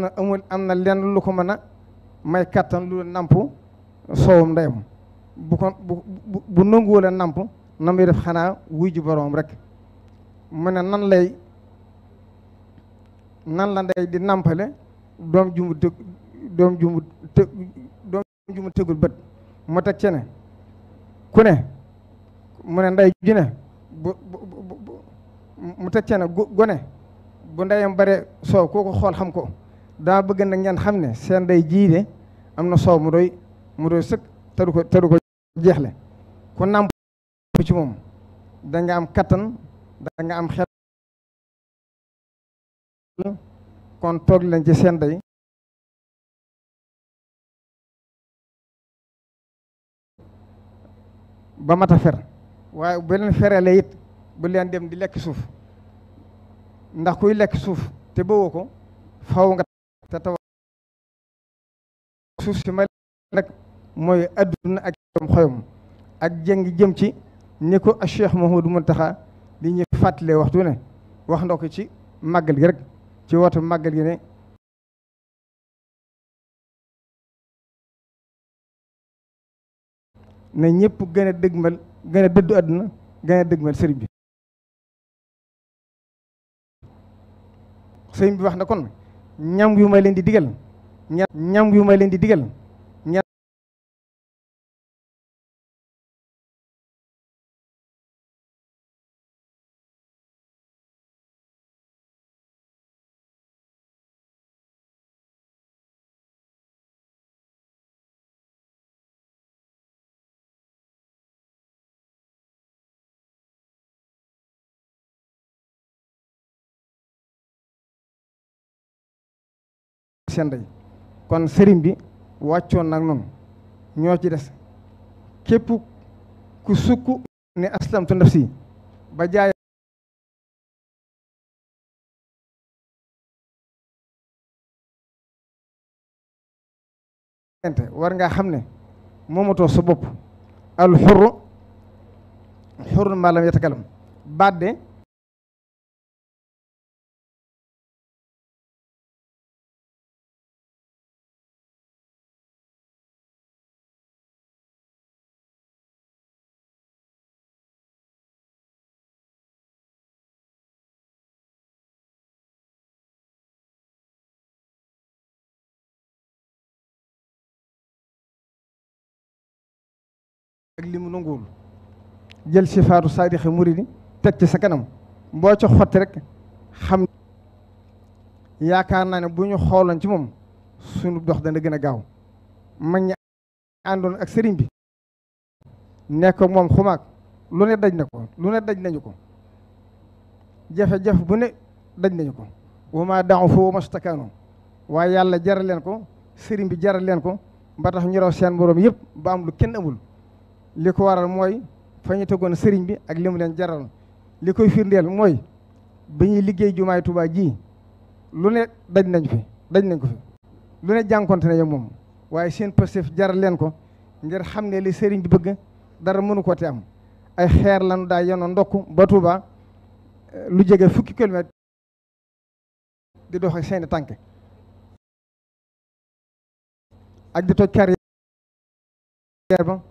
na amul am na lenn lu ko mën a may kattan lu namp soowum ndeyam bu kon bu bu nanguwul a namp na muy def xanaa wuy ji boroom rek mu ne nan lay nan la ndey di nàmpale doom ju mu tëg doom ju mu bët mu teg ci ku ne mu ne ndey ju ne mu teg ci gone bu ndeyam bare soow kooku xool xam ko daa bëgg nag ngeen xam ne seen ndey jii am na soow mu doy mu doy sëkk te ko te ko jeexle ku nàmp ci moom da am kattan da am xel kon toog leen ci seen day ba mat fer waaye bu leen ferale it bu leen dem di lekk suuf ndax kuy lekk suuf te bëwoo ko faw nga te taw suuf si ma rek mooy adduna ak xoyom xoyom ak jëng jëm ci ni ko Cheikh Mouhamadou taxa li ñuy fàttalee waxtu ne wax na ko ci màggal gi rek ci woote màggal gi ne na ñëpp gën a dëgmal gën a dëddu àdduna gën a dëgmal sëriñ bi sëriñ bi wax na kon ñam yu may leen di digal ñam yu may leen di digal seen ndey kon sëriñ bi wàccoon nag noonu ñoo ci des képp ku sukk ne aslamtu nafsi ba jaay war ngaa xam ne moomatoo sa bopp al xurru xurru maa baat de ak li mu nanguwul jël sifaatu muri muridi teg ci sa kanam boo ca xotti rek xam yaakaar naa ne bu ñu xooloon ci moom sunu dox dana gën a gaaw mag ñi àndoon ak sëriñ bi nekk moom xumaag lu ne daj na ko lu ne daj nañu ko jafe-jafe bu ne daj nañu ko wama ma foo mastakaano waaye yàlla jaral leen ko sëriñ bi jaral leen ko ba tax ñu seen borom yëpp ba am lu kenn amul li ko waral mooy fa ñu tegoon sëriñ bi ak limu leen jaral li koy firndeel mooy bi ñuy liggéey jumaay Tuubaa ji lu ne dañ nañ fi daj nañ ko fi lu ne jànkonte ne yow moom waaye seen Pastef jaral leen ko ngir xam ne li sëriñ bi bëgg dara mënu ko te am ay xeer lañu daa yenoon ndokk ba Tuubaa lu jege fukki kilomètre di dox ak seeni tànk ak di toj carrière ba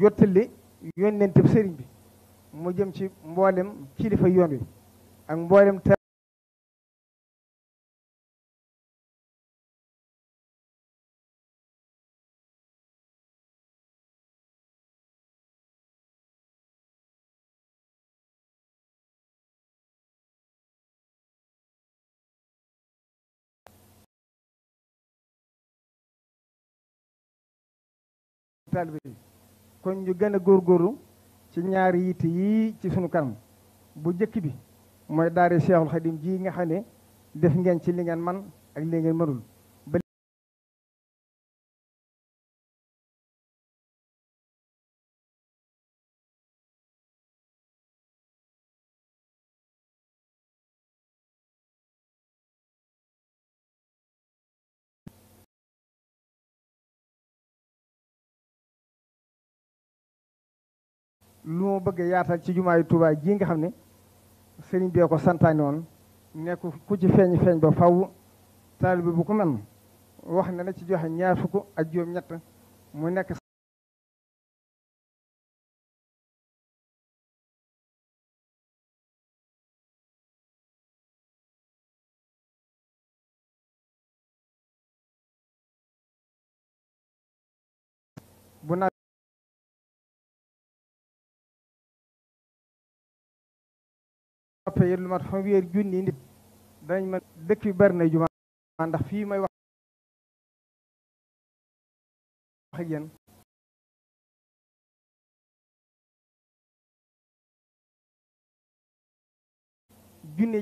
jottali yónnent sëriñ bi mu jëm ci mboolem kilifa yoon wi ak mboolem te kon ñu gën a góorlu ci ñaari yitte yii ci sunu kanam bu jëkk bi mooy daari Cheikhul Khadim ji nga xam ne def ngeen ci li ngeen man ak li ngeen mënul lu ma bëgg yaatal ci jumaayu Tuubaa ji nga xam ne sëriñ bi ko santaane woon nekk ku ci feeñ feeñ ba faw taalibe bu ko man wax ne na ci joxe ñaar fukk ak ñett mu nekk bu noppee lu mat xam yu bari na may wax ak yéen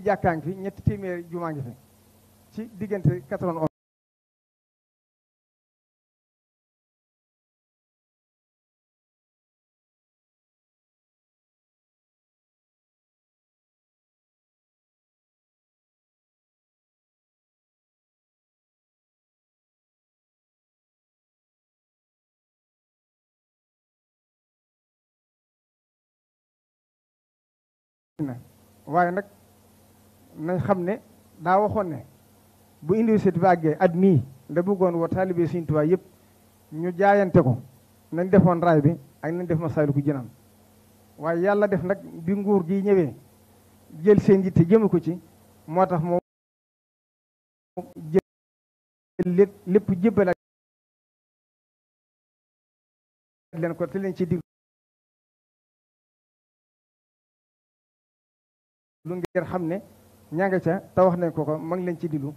jàkkaa ngi fi ñetti téeméer jumaa ngi fi ci diggante 91 na waaye nag nañ xam ne daa waxoon ne bu université bi àggee at mii da bëggoon woo taalibe Sëriñ Tuubaa yëpp ñu jaayante ko nañ defoon raay bi ak nañ def Masaalikul Jinaan waaye yàlla def nag bi nguur gi ñëwee jël seen yitte jëme ko ci moo tax moom jël lépp jëbbalaat ci lu ngeen xam ne ña nga ca te wax nañ ko ko ma ngi leen ci dilu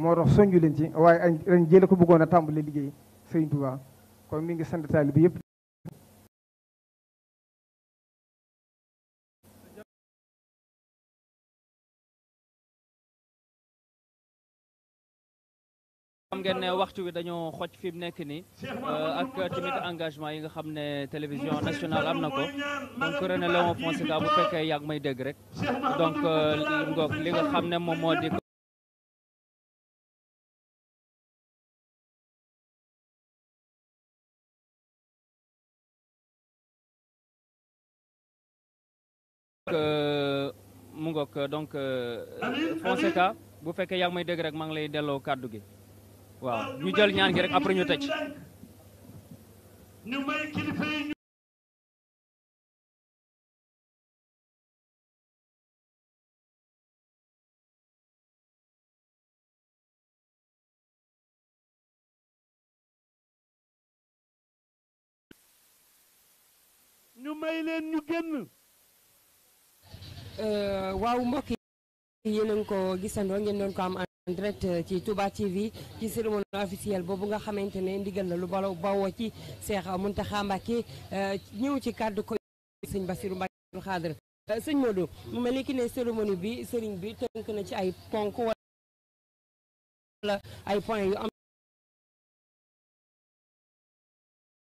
moo tax soññu leen ci waaye añ ren jële ko buggoon a tàmbali liggéey Sëriñ Tuubaa kon mi ngi sant taalibe bi yëpp xam ngeen ne waxtu wi dañoo xoj fi mu nekk nii euh, ak tamit engagement yi nga xam ne télévision nationale am na ko donc René Léon Fonseca bu fekkee yaa may dégg rek donc euh, ngoog li nga xam ne moom moo di euh, mu ngoog donc Fonseca bu fekkee yaa ngi may dégg rek maa ngi lay delloo kàddu gi waaw ñu jël ñaan gi rek après ñu tëj ñu may kilifa yi ñu may leen ñu génn euh, waaw mbokk yi ko gisandoo ngeen doon ko am direct euh, ci Touba TV ci cérémonie officielle boobu nga xamante ne ndigal la lu balaw bawoo ci Cheikh Mountakha Mbacké euh, ñëw ci kàddu ko sëñ Bassirou Mbacké Khadre euh, sëñ Modou mu mel ni ki ne cérémonie bi sëriñ bi tënk na ci ay ponk wala ay point yu am